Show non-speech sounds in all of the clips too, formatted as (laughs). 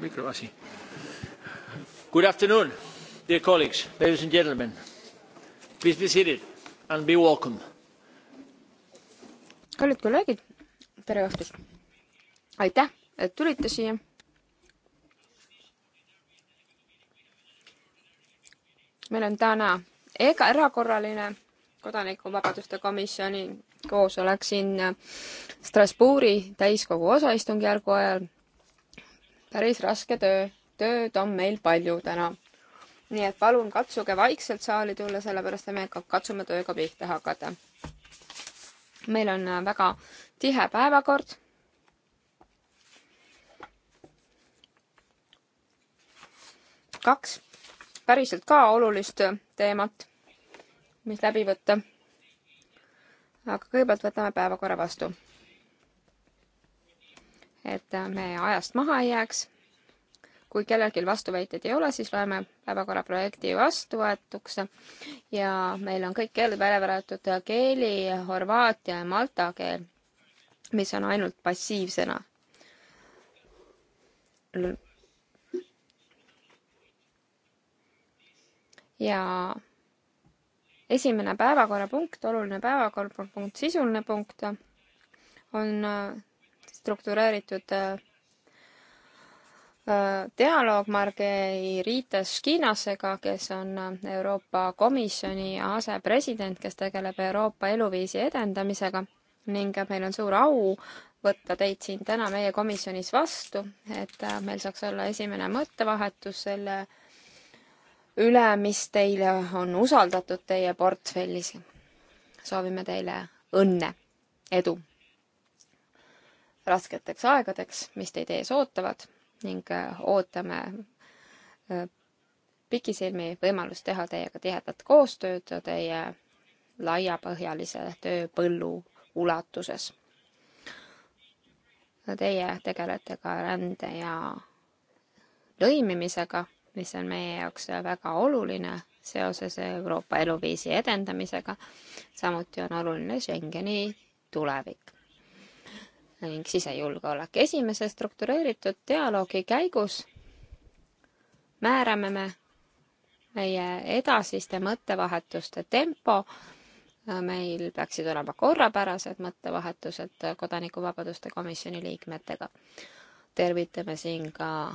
mikroasi. Good afternoon, dear colleagues, ladies and gentlemen. Please be seated and be welcome. kallid kolleegid, tere õhtust. aitäh, et tulite siia. meil on täna ega erakorraline kodanikuvabaduste komisjoni koosolek siin Strasbourgi täiskogu osaistungjärgu ajal päris raske töö. tööd on meil palju täna. nii et palun katsuge vaikselt saali tulla, sellepärast et me katsume tööga pihta hakata. meil on äh, väga tihe päevakord. kaks päriselt ka olulist teemat, mis läbi võtta. aga kõigepealt võtame päevakorra vastu et äh, me ajast maha ei jääks. kui kellelgi vastuväiteid ei ole, siis loeme päevakorra projekti vastuvõetuks ja meil on kõik keeled välja võetud keeli, horvaatia ja malta keel, mis on ainult passiivsena ja esimene päevakorrapunkt, oluline päevakorrapunkt, sisuline punkt on äh, struktureeritud äh, äh, dialoog Margherita Skinasega, kes on äh, Euroopa Komisjoni asepresident, kes tegeleb Euroopa eluviisi edendamisega ning meil on suur au võtta teid siin täna meie komisjonis vastu, et meil saaks olla esimene mõttevahetus selle üle, mis teile on usaldatud teie portfellis. soovime teile õnne, edu rasketeks aegadeks, mis teid ees ootavad ning äh, ootame äh, pikisilmi võimalust teha teiega tihedat koostööd teie laiapõhjalise tööpõllu ulatuses. Teie tegelete ka rände ja lõimimisega, mis on meie jaoks väga oluline seoses Euroopa eluviisi edendamisega. samuti on oluline Schengeni tulevik ning sisejulgeolek. esimese struktureeritud dialoogi käigus määrame me meie edasiste mõttevahetuste tempo, meil peaksid olema korrapärased mõttevahetused Kodanikuvabaduste Komisjoni liikmetega. tervitame siin ka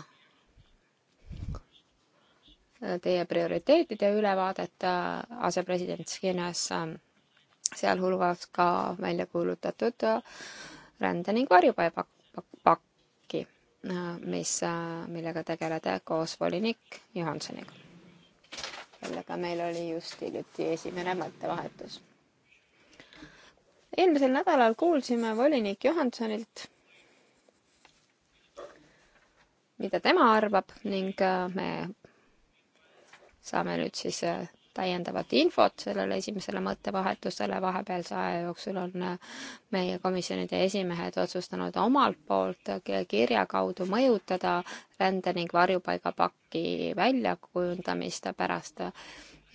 teie prioriteetide ülevaadet äh, asepresident Skinas, äh, sealhulgas ka välja kuulutatud äh, rände- ning varjupaigapakki, äh, mis, äh, millega tegeleda koos volinik Johansoniga. kellega meil oli just hiljuti esimene mõttevahetus. eelmisel nädalal kuulsime volinik Johansonilt, mida tema arvab ning äh, me saame nüüd siis täiendavat infot sellele esimesele mõttevahetusele, vahepealse aja jooksul on äh, meie komisjonide esimehed otsustanud omalt poolt äh, kirja kaudu mõjutada rände ning varjupaigapaki väljakujundamist pärast äh,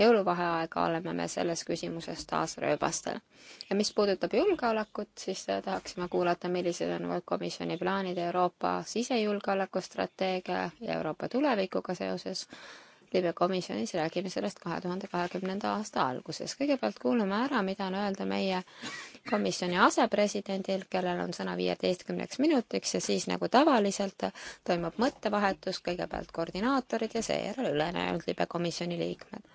jõuluvaheaega oleme me selles küsimuses taas rööbastel. ja mis puudutab julgeolekut, siis tahaksime kuulata, millised on komisjoni plaanid Euroopa sisejulgeolekustrateegia ja Euroopa tulevikuga seoses Libe komisjonis räägime sellest kahe tuhande kahekümnenda aasta alguses. kõigepealt kuulame ära, mida on öelda meie komisjoni asepresidendil, kellel on sõna viieteistkümneks minutiks ja siis nagu tavaliselt toimub mõttevahetus, kõigepealt koordinaatorid ja seejärel ülejäänud libe komisjoni liikmed.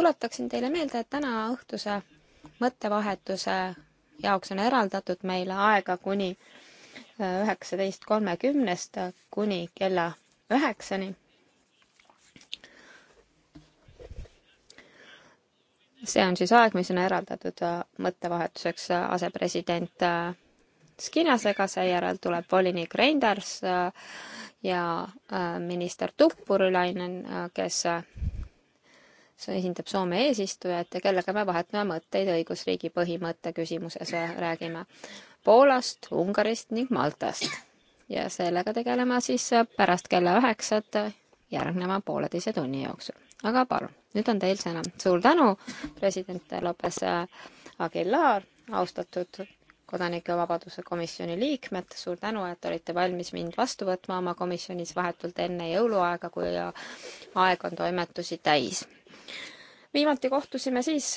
tuletaksin teile meelde, et täna õhtuse mõttevahetuse jaoks on eraldatud meile aega kuni üheksateist kolmekümnest kuni kella üheksani see on siis aeg, mis on eraldatud äh, mõttevahetuseks äh, asepresident äh, Skinasega, seejärel tuleb volinik Reinders ja minister Tuppurilainen, kes esindab Soome eesistujat ja kellega me vahetame mõtteid õigusriigi põhimõtte küsimuses, räägime Poolast, Ungarist ning Maltast. ja sellega tegeleme siis pärast kella üheksat järgneva pooleteise tunni jooksul, aga palun nüüd on teil sõna. suur tänu, president Lopes Aguilar, austatud kodanike vabaduse komisjoni liikmed, suur tänu, et olite valmis mind vastu võtma oma komisjonis vahetult enne jõuluaega, kui aeg on toimetusi täis. viimati kohtusime siis,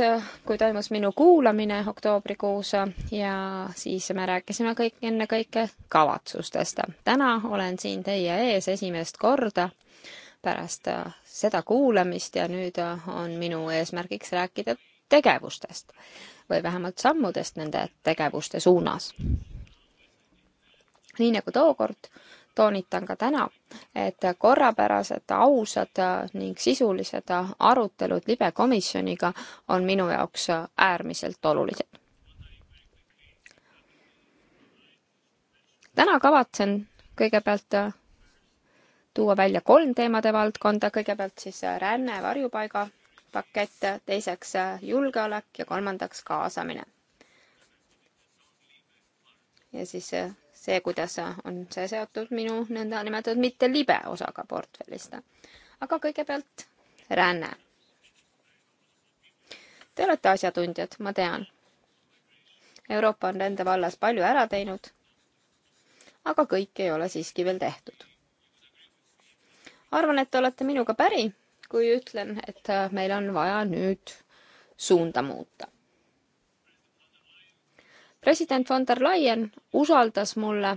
kui toimus minu kuulamine oktoobrikuus ja siis me rääkisime kõik, ennekõike kavatsustest. täna olen siin teie ees esimest korda pärast äh, seda kuulamist ja nüüd äh, on minu eesmärgiks rääkida tegevustest või vähemalt sammudest nende tegevuste suunas. nii nagu tookord, toonitan ka täna, et korrapärased, ausad äh, ning sisulised arutelud libe komisjoniga on minu jaoks äärmiselt olulised. täna kavatsen kõigepealt tuua välja kolm teemade valdkonda, kõigepealt siis äh, ränne, varjupaiga pakett, teiseks äh, julgeolek ja kolmandaks kaasamine. ja siis äh, see, kuidas on see seotud minu nõndanimetatud mitte libe osaga portfellist. aga kõigepealt ränne. Te olete asjatundjad, ma tean. Euroopa on rände vallas palju ära teinud, aga kõik ei ole siiski veel tehtud arvan, et te olete minuga päri, kui ütlen, et äh, meil on vaja nüüd suunda muuta. president von der Leyen usaldas mulle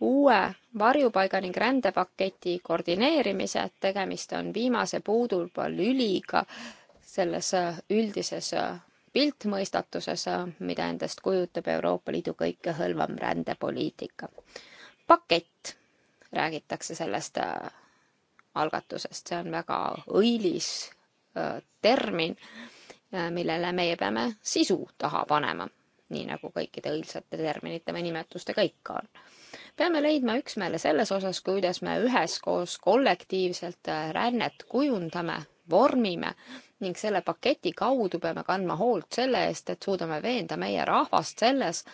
uue varjupaiga ning rändepaketi koordineerimise, tegemist on viimase puuduva lüliga selles äh, üldises äh, piltmõistatuses, mida endast kujutab Euroopa Liidu kõikehõlvam rändepoliitika. pakett, räägitakse sellest algatusest, see on väga õilis termin, millele meie peame sisu taha panema, nii nagu kõikide õilsate terminite või nimetustega ikka on. peame leidma üksmeele selles osas, kuidas me üheskoos kollektiivselt rännet kujundame, vormime ning selle paketi kaudu peame kandma hoolt selle eest, et suudame veenda meie rahvast selles,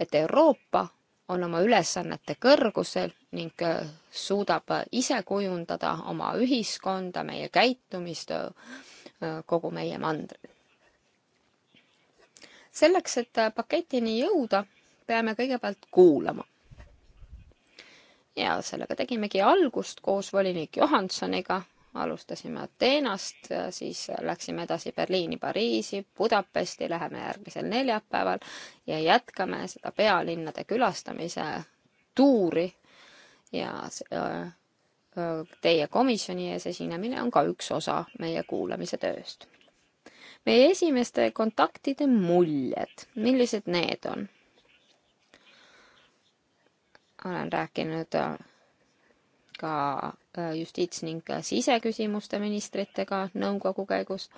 et Euroopa on oma ülesannete kõrgusel ning äh, suudab äh, ise kujundada oma ühiskonda, meie käitumist, äh, kogu meie mandril. selleks, et paketini jõuda, peame kõigepealt kuulama. ja sellega tegimegi algust koos volinik Johansoniga, alustasime Ateenast, siis läksime edasi Berliini, Pariisi, Budapesti, läheme järgmisel neljapäeval ja jätkame seda pealinnade külastamise tuuri. ja teie komisjoni ees esinemine on ka üks osa meie kuulamise tööst. meie esimeste kontaktide muljed, millised need on? olen rääkinud äh, ka Äh, justiits- ning äh, siseküsimuste ministritega nõukogu käigus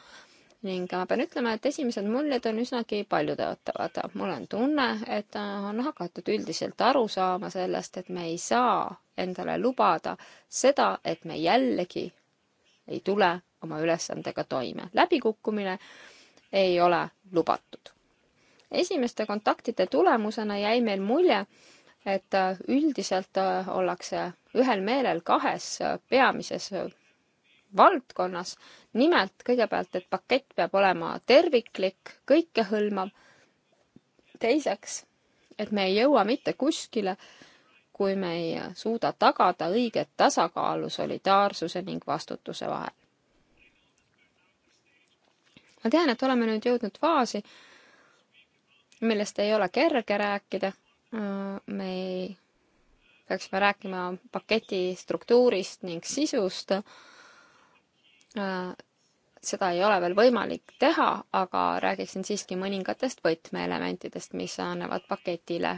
ning ma äh, pean ütlema, et esimesed muljed on üsnagi paljutõotavad. mul on tunne, et on hakatud üldiselt aru saama sellest, et me ei saa endale lubada seda, et me jällegi ei tule oma ülesandega toime. läbikukkumine ei ole lubatud. esimeste kontaktide tulemusena jäi meil mulje, et äh, üldiselt äh, ollakse ühel meelel kahes äh, peamises valdkonnas. nimelt kõigepealt, et pakett peab olema terviklik, kõikehõlmav. teiseks, et me ei jõua mitte kuskile, kui me ei suuda tagada õiget tasakaalu solidaarsuse ning vastutuse vahel. ma tean, et oleme nüüd jõudnud faasi, millest ei ole kerge rääkida me peaksime rääkima paketi struktuurist ning sisust. Äh, seda ei ole veel võimalik teha, aga räägiksin siiski mõningatest võtmeelementidest, mis annavad paketile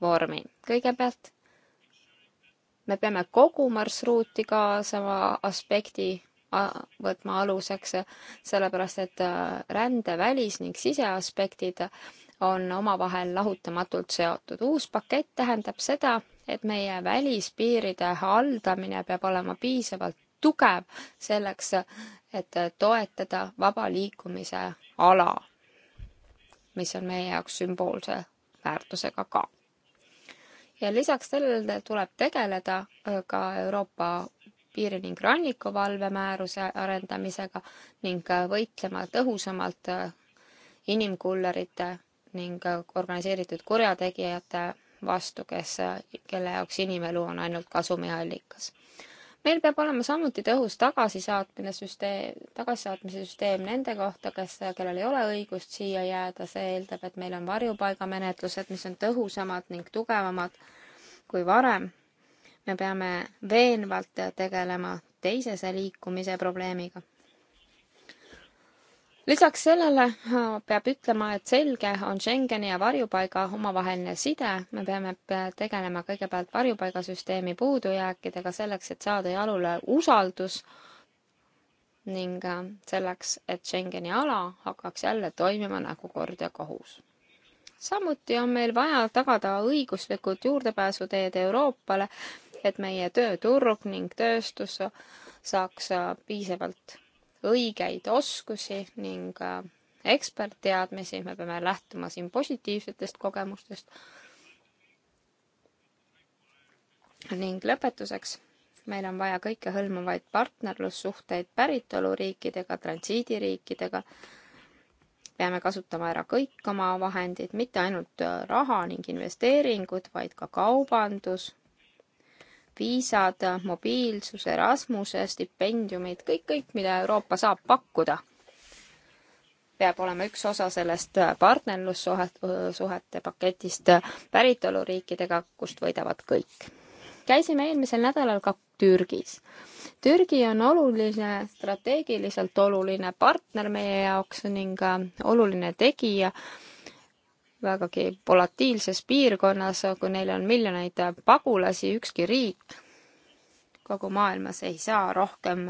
vormi. kõigepealt me peame kogu marsruuti kaasava aspekti võtma aluseks, sellepärast et äh, rände välis- ning siseaspektid on omavahel lahutamatult seotud. uus pakett tähendab seda, et meie välispiiride haldamine peab olema piisavalt tugev selleks, et toetada vaba liikumise ala, mis on meie jaoks sümboolse väärtusega ka. ja lisaks sellele tuleb tegeleda ka Euroopa piiri ning rannikuvalve määruse arendamisega ning võitlema tõhusamalt inimkullerite ning organiseeritud kurjategijate vastu, kes, kelle jaoks inimelu on ainult kasumiallikas. meil peab olema samuti tõhus tagasisaatmine süsteem, tagasisaatmise süsteem nende kohta, kes, kellel ei ole õigust siia jääda, see eeldab, et meil on varjupaigamenetlused, mis on tõhusamad ning tugevamad kui varem. me peame veenvalt tegelema teisese liikumise probleemiga lisaks sellele äh, peab ütlema, et selge on Schengeni ja varjupaiga omavaheline side, me peame tegelema kõigepealt varjupaigasüsteemi puudujääkidega selleks, et saada jalule usaldus ning äh, selleks, et Schengeni ala hakkaks jälle toimima nagu kord ja kohus samuti on meil vaja tagada õiguslikud juurdepääsuteed Euroopale, et meie tööturg ning tööstus saaks äh, piisavalt õigeid oskusi ning äh, ekspertteadmisi, me peame lähtuma siin positiivsetest kogemustest. ning lõpetuseks, meil on vaja kõikehõlmavaid partnerlussuhteid päritoluriikidega, transiidiriikidega. peame kasutama ära kõik oma vahendid, mitte ainult äh, raha ning investeeringud, vaid ka kaubandus, viisad, mobiilsus, Erasmuse, stipendiumid, kõik, kõik, mida Euroopa saab pakkuda, peab olema üks osa sellest partnerlussuhete paketist päritoluriikidega, kust võidavad kõik. käisime eelmisel nädalal ka Türgis. Türgi on oluline, strateegiliselt oluline partner meie jaoks ning äh, oluline tegija äh, vägagi volatiilses piirkonnas, kui neil on miljoneid pagulasi, ükski riik kogu maailmas ei saa rohkem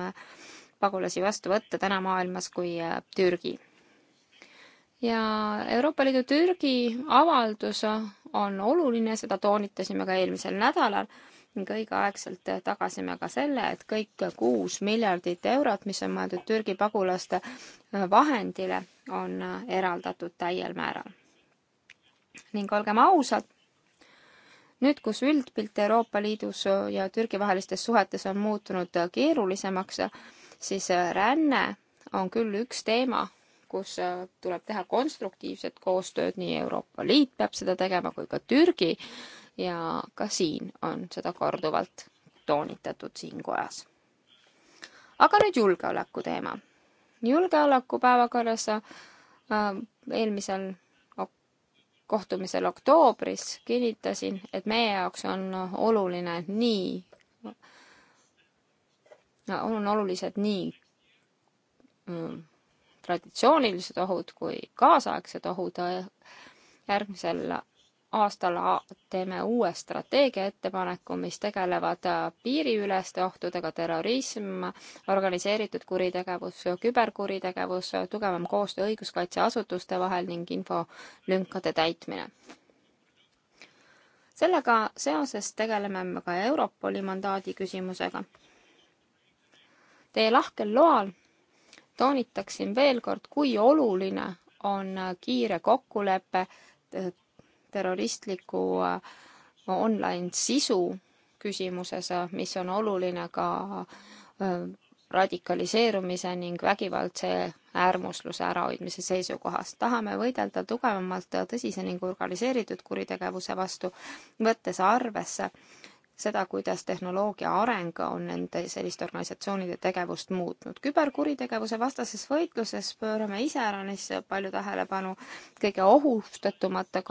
pagulasi vastu võtta täna maailmas kui äh, Türgi. ja Euroopa Liidu Türgi avaldus on oluline, seda toonitasime ka eelmisel nädalal ning õigeaegselt tagasime ka selle, et kõik kuus miljardit eurot, mis on mõeldud Türgi pagulaste vahendile, on äh, eraldatud täiel määral ning olgem ausad, nüüd, kus üldpilt Euroopa Liidus ja Türgi vahelistes suhetes on muutunud keerulisemaks, siis ränne on küll üks teema, kus tuleb teha konstruktiivset koostööd, nii Euroopa Liit peab seda tegema kui ka Türgi ja ka siin on seda korduvalt toonitatud siin kojas. aga nüüd julgeoleku teema. julgeoleku päevakorras äh, eelmisel kohtumisel oktoobris kinnitasin, et meie jaoks on oluline nii, on olulised nii mm, traditsioonilised ohud kui kaasaegsed ohud. Äh, järgmisel aastal teeme uue strateegiaettepaneku, mis tegelevad äh, piiriüleste ohtudega, terrorism, organiseeritud kuritegevus, küberkuritegevus, tugevam koostöö õiguskaitseasutuste vahel ning infolünkade täitmine. sellega seoses tegeleme me ka Europoli mandaadi küsimusega. Teie lahkel loal toonitaksin veel kord, kui oluline on kiire kokkulepe terroristliku äh, online sisu küsimuses, äh, mis on oluline ka äh, radikaliseerumise ning vägivaldse äärmusluse ärahoidmise seisukohast. tahame võidelda tugevamalt tõsise ning organiseeritud kuritegevuse vastu, võttes arvesse seda, kuidas tehnoloogia areng on nende selliste organisatsioonide tegevust muutnud. küberkuritegevuse vastases võitluses pöörame iseäranis palju tähelepanu kõige ohustatumate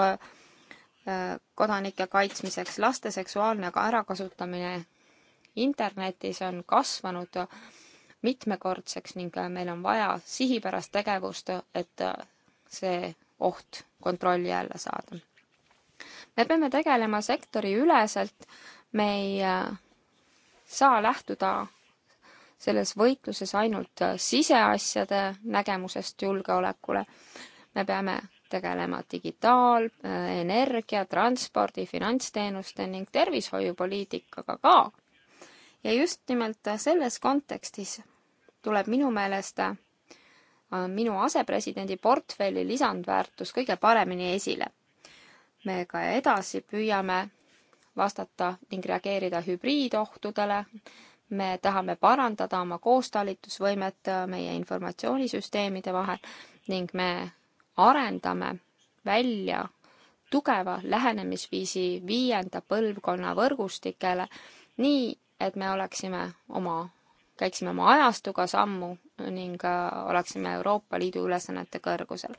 kodanike kaitsmiseks. laste seksuaalne ärakasutamine internetis on kasvanud mitmekordseks ning äh, meil on vaja sihipärast tegevust, et äh, see oht kontrolli alla saada. me peame tegelema sektoriüleselt, me ei äh, saa lähtuda selles võitluses ainult siseasjade nägemusest julgeolekule. me peame tegelema digitaal-, äh, energia, transpordi, finantsteenuste ning tervishoiupoliitikaga ka. ja just nimelt äh, selles kontekstis tuleb minu meelest äh, minu asepresidendi portfelli lisandväärtus kõige paremini esile. me ka edasi püüame vastata ning reageerida hübriidohtudele, me tahame parandada oma koostalitusvõimet meie informatsioonisüsteemide vahel ning me arendame välja tugeva lähenemisviisi viienda põlvkonna võrgustikele, nii et me oleksime oma, käiksime oma ajastuga sammu ning äh, oleksime Euroopa Liidu ülesannete kõrgusel.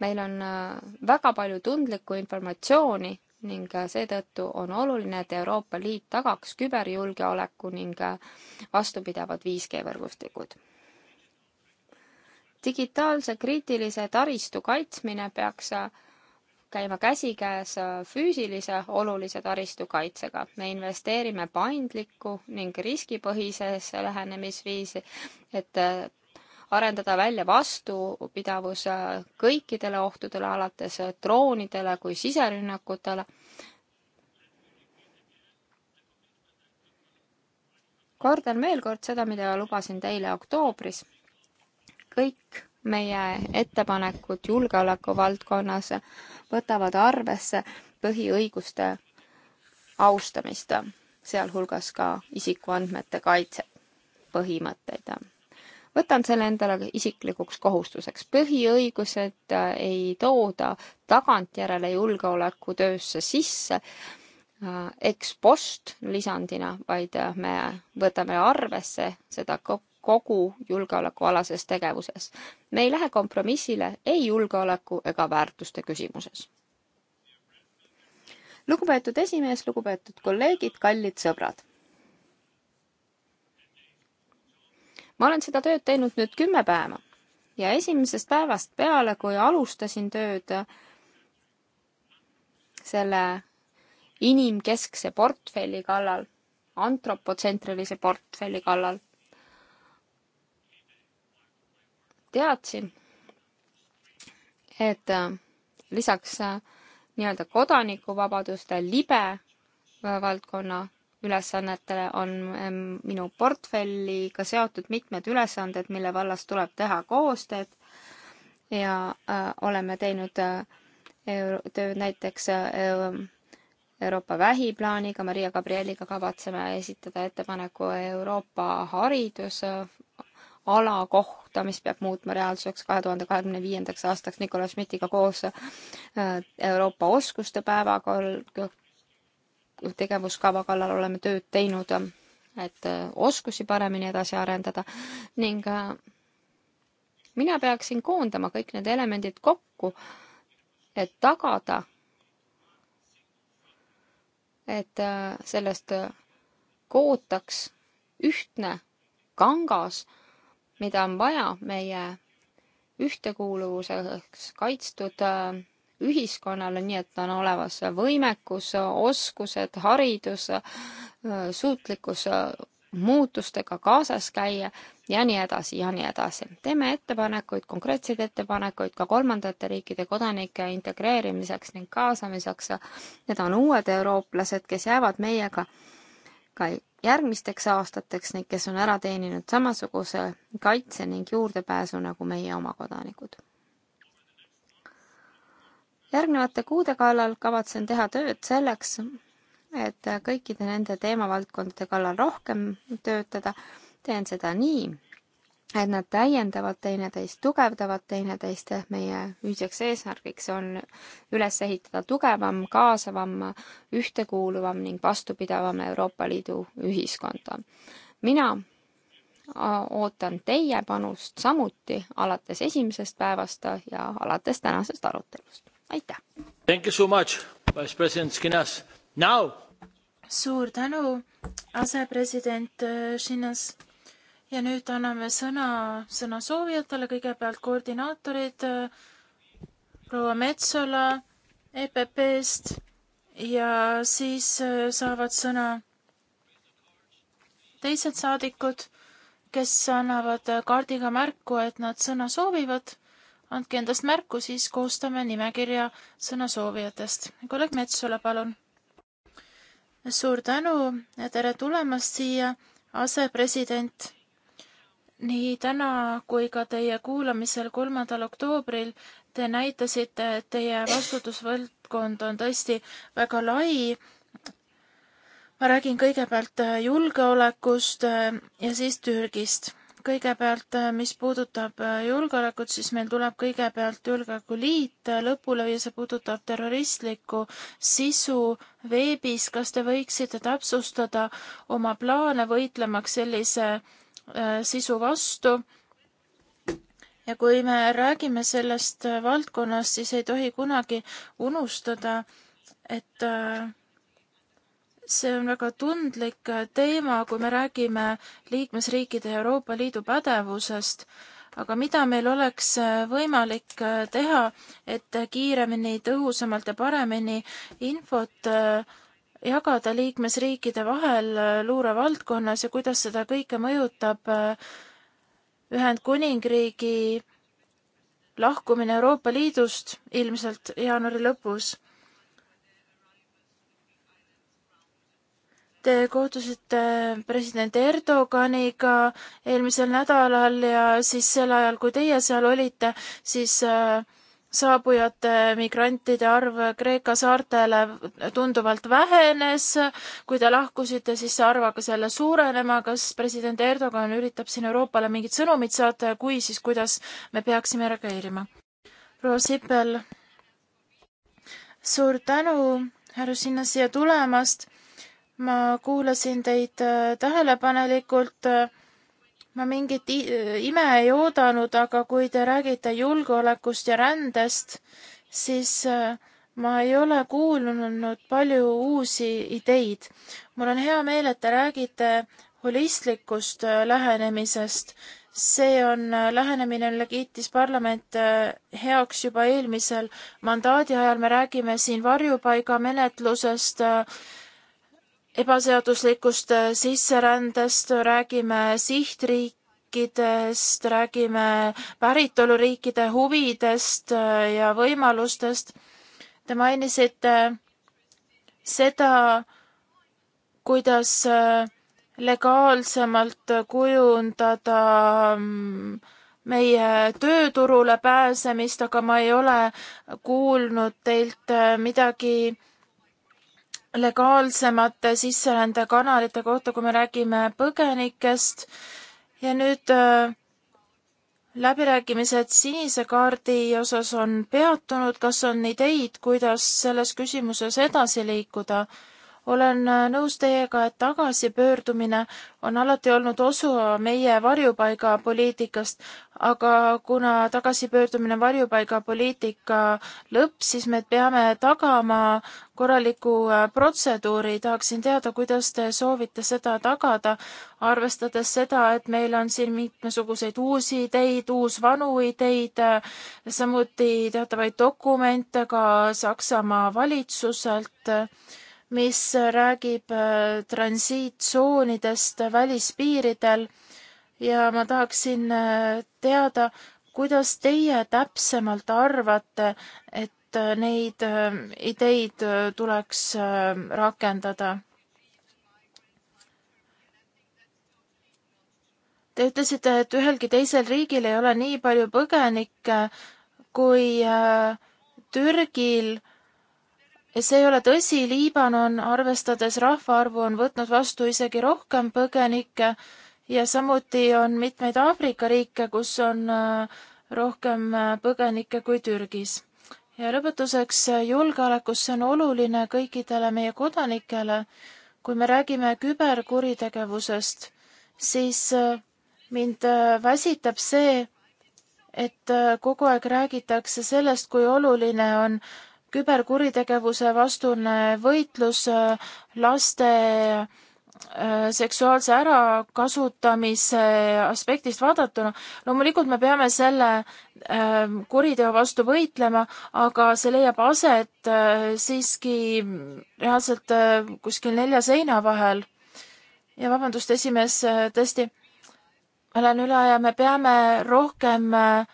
meil on äh, väga palju tundlikku informatsiooni ning äh, seetõttu on oluline, et Euroopa Liit tagaks küberjulgeoleku ning vastupidavat 5G võrgustikud digitaalse kriitilise taristu kaitsmine peaks äh, käima käsikäes äh, füüsilise olulise taristu kaitsega. me investeerime paindlikku ning riskipõhisesse lähenemisviisi, et äh, arendada välja vastupidavus kõikidele ohtudele, alates droonidele kui siserünnakutele. kordan veel kord seda, mida lubasin teile oktoobris kõik meie ettepanekud julgeoleku valdkonnas võtavad arvesse põhiõiguste austamist, sealhulgas ka isikuandmete kaitse põhimõtteid. võtan selle endale isiklikuks kohustuseks. põhiõigused ei tooda tagantjärele julgeolekutöösse sisse äh, ex post lisandina, vaid me võtame arvesse seda kogu julgeolekualases tegevuses. me ei lähe kompromissile ei julgeoleku ega väärtuste küsimuses. lugupeetud esimees, lugupeetud kolleegid, kallid sõbrad. ma olen seda tööd teinud nüüd kümme päeva ja esimesest päevast peale, kui alustasin tööd selle inimkeskse portfelli kallal, antropotsentrilise portfelli kallal teadsin, et äh, lisaks äh, nii-öelda kodanikuvabaduste libe äh, valdkonna ülesannetele on ähm, minu portfelliga seotud mitmed ülesanded, mille vallas tuleb teha koostööd ja äh, oleme teinud äh, tööd näiteks äh, Euroopa vähiplaaniga, Maria Gabrieliga kavatseme esitada ettepaneku Euroopa haridus ala kohta, mis peab muutma reaalsuseks kahe tuhande kahekümne viiendaks aastaks Nikolai Schmidtiga koos äh, Euroopa oskuste päevaga tegevuskava kallal oleme tööd teinud, et äh, oskusi paremini edasi arendada ning äh, mina peaksin koondama kõik need elemendid kokku, et tagada, et sellest kootaks ühtne kangas mida on vaja meie ühtekuuluvuseks kaitstud äh, ühiskonnale, nii et on olemas võimekus, oskused, haridus, äh, suutlikkus äh, muutustega kaasas käia ja nii edasi ja nii edasi. teeme ettepanekuid, konkreetseid ettepanekuid ka kolmandate riikide kodanike integreerimiseks ning kaasamiseks. Need on uued eurooplased, kes jäävad meiega ka järgmisteks aastateks ning kes on ära teeninud samasuguse kaitse ning juurdepääsu nagu meie oma kodanikud. järgnevate kuude kallal kavatsen teha tööd selleks, et kõikide nende teemavaldkondade kallal rohkem töötada. teen seda nii, et nad täiendavad teineteist, tugevdavad teineteist, meie ühiseks eesmärgiks on üles ehitada tugevam, kaasavam, ühtekuuluvam ning vastupidavam Euroopa Liidu ühiskonda. mina ootan teie panust samuti alates esimesest päevast ja alates tänasest arutelust. aitäh! Thank you so much, Vice President Skinas. Now! suur tänu, asepresident Šinas äh, ja nüüd anname sõna, sõna soovijatele, kõigepealt koordinaatorid, äh, proua Metsola EPP-st ja siis äh, saavad sõna teised saadikud, kes annavad äh, kaardiga märku, et nad sõna soovivad. andke endast märku, siis koostame nimekirja sõnasoovijatest. kolleeg Metsola, palun. suur tänu ja tere tulemast siia, asepresident nii täna kui ka teie kuulamisel kolmandal oktoobril te näitasite, et teie vastutusvaldkond on tõesti väga lai. ma räägin kõigepealt julgeolekust ja siis Türgist. kõigepealt, mis puudutab julgeolekut, siis meil tuleb kõigepealt julgeolekuliit lõpule ja see puudutab terroristlikku sisu veebis. kas te võiksite täpsustada oma plaane võitlemaks sellise Äh, sisu vastu. ja kui me räägime sellest valdkonnast, siis ei tohi kunagi unustada, et äh, see on väga tundlik teema, kui me räägime liikmesriikide ja Euroopa Liidu pädevusest. aga mida meil oleks äh, võimalik teha, et kiiremini, tõhusamalt ja paremini infot jagada liikmesriikide vahel äh, luurevaldkonnas ja kuidas seda kõike mõjutab äh, Ühendkuningriigi lahkumine Euroopa Liidust ilmselt jaanuari lõpus. Te kohtusite president Erdoganiga eelmisel nädalal ja siis sel ajal, kui teie seal olite, siis äh, saabujate migrantide arv Kreeka saartele tunduvalt vähenes. kui te lahkusite, siis see arv hakkas jälle suurenema. kas president Erdogan üritab siin Euroopale mingit sõnumit saata ja kui, siis kuidas me peaksime reageerima? proua Sipel, suur tänu, härra Sinna, siia tulemast. ma kuulasin teid äh, tähelepanelikult ma mingit ime ei oodanud, aga kui te räägite julgeolekust ja rändest, siis äh, ma ei ole kuulnud palju uusi ideid. mul on hea meel, et te räägite holistlikust äh, lähenemisest. see on äh, lähenemine, mille kiitis parlament heaks juba eelmisel mandaadi ajal. me räägime siin varjupaigamenetlusest, ebaseaduslikust äh, sisserändest, räägime sihtriikidest, räägime päritoluriikide huvidest äh, ja võimalustest. Te mainisite äh, seda, kuidas legaalsemalt kujundada mm, meie tööturule pääsemist, aga ma ei ole kuulnud teilt midagi legaalsemate sisserändekanalite kohta, kui me räägime põgenikest ja nüüd äh, läbirääkimised sinise kaardi osas on peatunud, kas on ideid, kuidas selles küsimuses edasi liikuda? olen äh, nõus teiega, et tagasipöördumine on alati olnud osa meie varjupaigapoliitikast, aga kuna tagasipöördumine on varjupaigapoliitika lõpp, siis me peame tagama korraliku äh, protseduuri. tahaksin teada, kuidas te soovite seda tagada, arvestades seda, et meil on siin mitmesuguseid uusi ideid, uus-vanu ideid, äh, samuti teatavaid dokumente ka Saksamaa valitsuselt mis äh, räägib äh, transiitsoonidest välispiiridel ja ma tahaksin äh, teada, kuidas teie täpsemalt arvate, et neid ähm, ideid tuleks ähm, rakendada? Te ütlesite, et ühelgi teisel riigil ei ole nii palju põgenikke kui Türgil see ei ole tõsi, Liibanon, arvestades rahvaarvu, on võtnud vastu isegi rohkem põgenikke ja samuti on mitmeid Aafrika riike, kus on äh, rohkem äh, põgenikke kui Türgis. ja lõpetuseks, äh, julgeolekus on oluline kõikidele meie kodanikele. kui me räägime küberkuritegevusest, siis mind väsitab see, et kogu aeg räägitakse sellest, kui oluline on küberkuritegevuse vastune võitlus, äh, laste äh, seksuaalse ärakasutamise aspektist vaadatuna, loomulikult me peame selle äh, kuriteo vastu võitlema, aga see leiab aset siiski reaalselt kuskil nelja seina vahel. ja vabandust, esimees, tõesti, ma lähen üle ja me peame rohkem äh,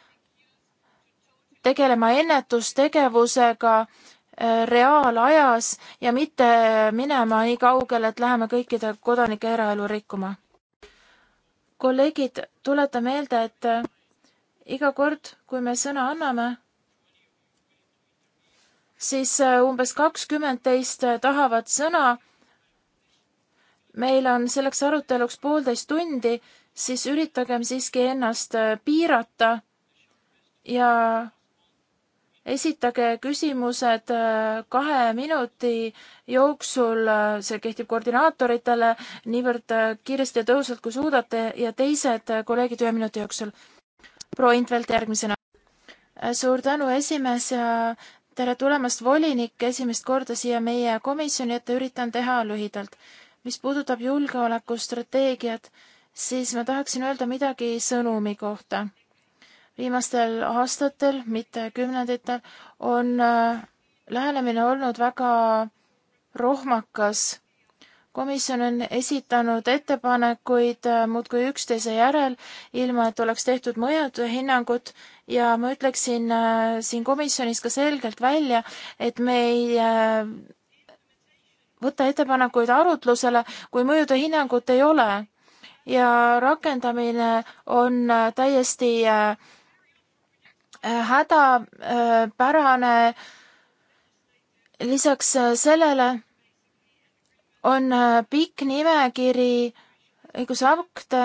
tegelema ennetustegevusega äh, reaalajas ja mitte minema nii kaugele, et läheme kõikide kodanike eraelu rikkuma. kolleegid, tuleta meelde, et äh, iga kord, kui me sõna anname, siis äh, umbes kakskümmend teist tahavad sõna. meil on selleks aruteluks poolteist tundi, siis üritagem siiski ennast piirata ja esitage küsimused äh, kahe minuti jooksul, äh, see kehtib koordinaatoritele, niivõrd äh, kiiresti ja tõhusalt, kui suudate ja teised kolleegid ühe minuti jooksul. proua Intvelt järgmisena. suur tänu, esimees ja tere tulemast, volinik, esimest korda siia meie komisjoni ette, üritan teha lühidalt. mis puudutab julgeolekustrateegiat, siis ma tahaksin öelda midagi sõnumi kohta viimastel aastatel, mitte kümnenditel, on äh, lähenemine olnud väga rohmakas. komisjon on esitanud ettepanekuid äh, muudkui üksteise järel, ilma et oleks tehtud mõjude hinnangut ja ma ütleksin äh, siin komisjonis ka selgelt välja, et me ei võta ettepanekuid arutlusele, kui mõjude hinnangut ei ole ja rakendamine on täiesti äh, Äh, hädapärane. Äh, lisaks äh, sellele on pikk nimekiri õigusakte,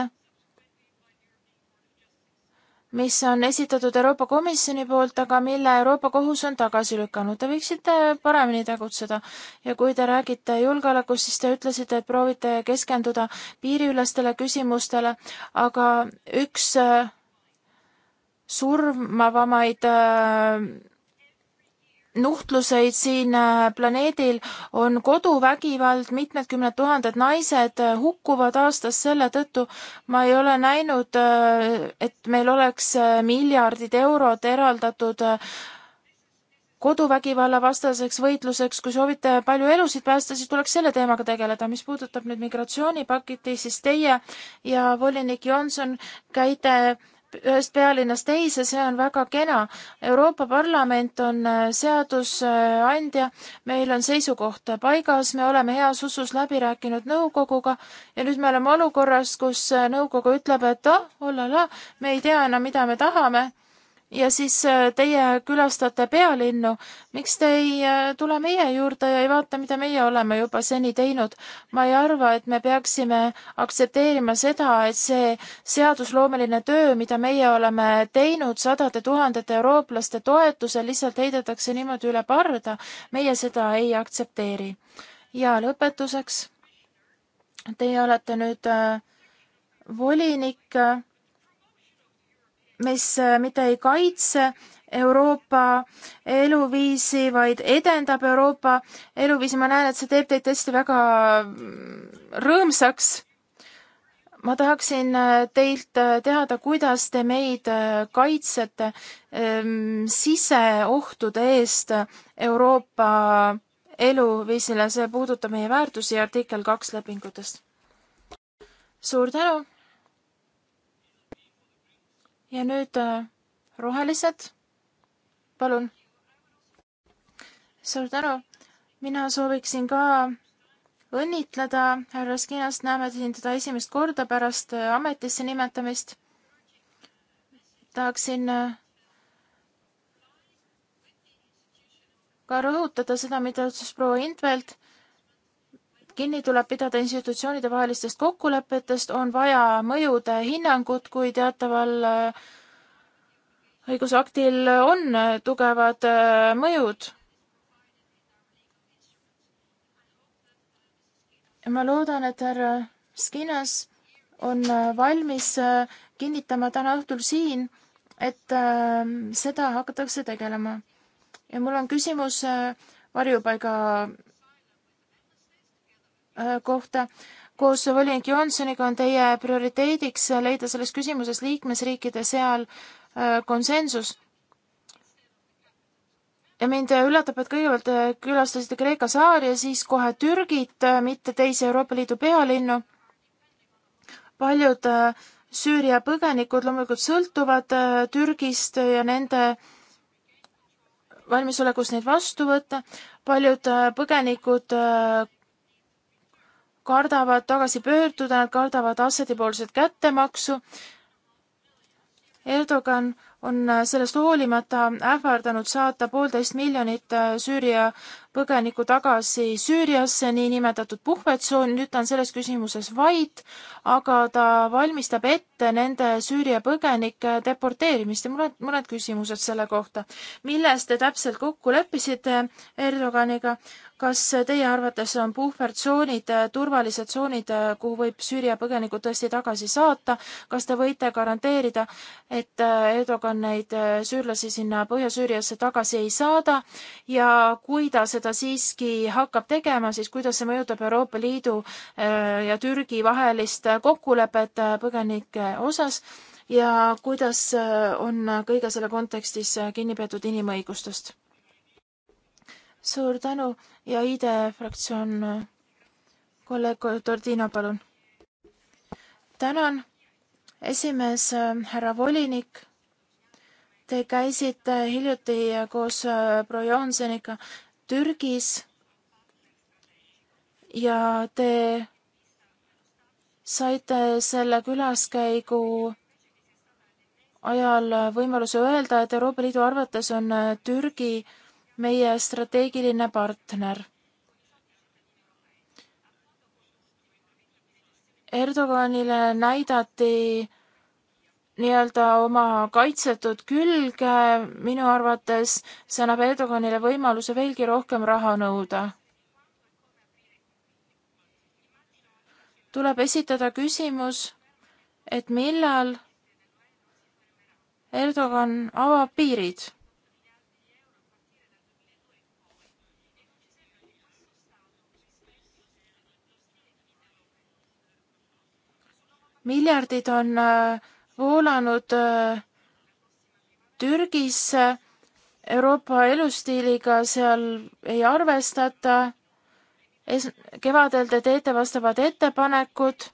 mis on esitatud Euroopa Komisjoni poolt, aga mille Euroopa Kohus on tagasi lükanud. Te võiksite paremini tegutseda ja kui te räägite julgeolekust, siis te ütlesite, et proovite keskenduda piiriülestele küsimustele, aga üks äh, surmavamaid äh, nuhtluseid siin äh, planeedil on koduvägivald, mitmedkümned tuhanded naised äh, hukkuvad aastas selle tõttu. ma ei ole näinud, et meil oleks miljardid eurod eraldatud koduvägivalla vastaseks võitluseks, kui soovite palju elusid päästa, siis tuleks selle teemaga tegeleda. mis puudutab nüüd migratsioonipaketi, siis teie ja volinik Johnson käite ühest pealinnast teise, see on väga kena. Euroopa Parlament on äh, seadusandja, meil on seisukoht paigas, me oleme heas usus läbi rääkinud nõukoguga ja nüüd me oleme olukorras, kus äh, nõukogu ütleb, et ah oh,, ollala, oh me ei tea enam, mida me tahame ja siis äh, teie külastate pealinnu, miks te ei äh, tule meie juurde ja ei vaata, mida meie oleme juba seni teinud? ma ei arva, et me peaksime aktsepteerima seda, et see seadusloomeline töö, mida meie oleme teinud sadade tuhandete eurooplaste toetusel, lihtsalt heidetakse niimoodi üle parda. meie seda ei aktsepteeri. ja lõpetuseks. Teie olete nüüd äh, volinik mis äh, mitte ei kaitse Euroopa eluviisi, vaid edendab Euroopa eluviisi. ma näen, et see teeb teid tõesti väga mm, rõõmsaks. ma tahaksin äh, teilt äh, teada, kuidas te meid kaitsete ähm, siseohtude eest Euroopa eluviisile, see puudutab meie väärtusi ja artikkel kaks lepingutest. suur tänu ja nüüd äh, rohelised, palun. suur tänu, mina sooviksin ka õnnitleda härra Skinast, näeme siin teda esimest korda pärast äh, ametisse nimetamist. tahaksin äh, ka rõhutada seda, mida ütles proua Intvelt kinni tuleb pidada institutsioonide vahelistest kokkulepetest, on vaja mõjude hinnangut, kui teataval äh, õigusaktil on äh, tugevad äh, mõjud. ma loodan, et härra Skinas on valmis kinnitama täna õhtul siin, et seda hakatakse tegelema. ja mul on küsimus varjupaiga Äh, kohta. koos volinik Johnsoniga on teie prioriteediks leida selles küsimuses liikmesriikide seal äh, konsensus. ja mind üllatab, et kõigepealt äh, külastasite Kreeka saari ja siis kohe Türgit, mitte teisi Euroopa Liidu pealinnu. paljud Süüria põgenikud loomulikult sõltuvad Türgist ja nende valmisolekus neid vastu võtta. paljud põgenikud kardavad tagasi pöörduda, nad kardavad Assadi poolset kättemaksu. Erdogan on äh, sellest hoolimata ähvardanud saata poolteist miljonit äh, Süüria põgenikku tagasi Süüriasse, niinimetatud puhvetsooni, nüüd ta on selles küsimuses vait, aga ta valmistab ette nende Süüria põgenike deporteerimist ja mul on mõned küsimused selle kohta. milles te täpselt kokku leppisite Erdoganiga, kas teie arvates on puhvertsoonid äh, turvalised tsoonid, kuhu võib Süüria põgenikud tõesti tagasi saata, kas te võite garanteerida, et Erdogan Erdogan neid äh, süürlasi sinna Põhja-Süüriasse tagasi ei saada ja kui ta seda siiski hakkab tegema, siis kuidas see mõjutab Euroopa Liidu äh, ja Türgi vahelist kokkulepet äh, põgenike osas ja kuidas on kõige selle kontekstis kinni peetud inimõigustest? suur tänu ja IDE fraktsioon, kolleeg Tordino, palun. tänan esimees härra volinik, Te käisite hiljuti koos äh, Projonseniga Türgis ja te saite selle külaskäigu ajal võimaluse öelda, et Euroopa Liidu arvates on äh, Türgi meie strateegiline partner. Erdoganile näidati nii-öelda oma kaitsetud külge minu arvates, see annab Erdoganile võimaluse veelgi rohkem raha nõuda. tuleb esitada küsimus, et millal Erdogan avab piirid. miljardid on äh, voolanud äh, Türgisse. Euroopa elustiiliga seal ei arvestata. Es-, kevadel te teete vastavad ettepanekud.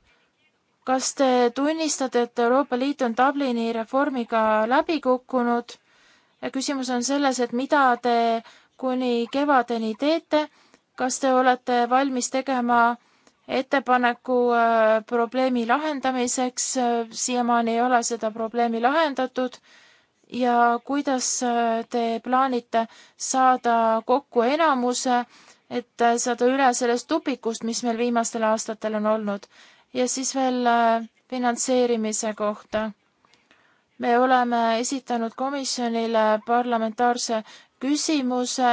kas te tunnistate, et Euroopa Liit on Dublini reformiga läbi kukkunud? ja küsimus on selles, et mida te kuni kevadeni teete, kas te olete valmis tegema ettepaneku äh, probleemi lahendamiseks. Äh, siiamaani ei ole seda probleemi lahendatud ja kuidas äh, te plaanite saada kokku enamuse, et saada üle sellest tupikust, mis meil viimastel aastatel on olnud ja siis veel finantseerimise kohta. me oleme esitanud komisjonile parlamentaarse küsimuse,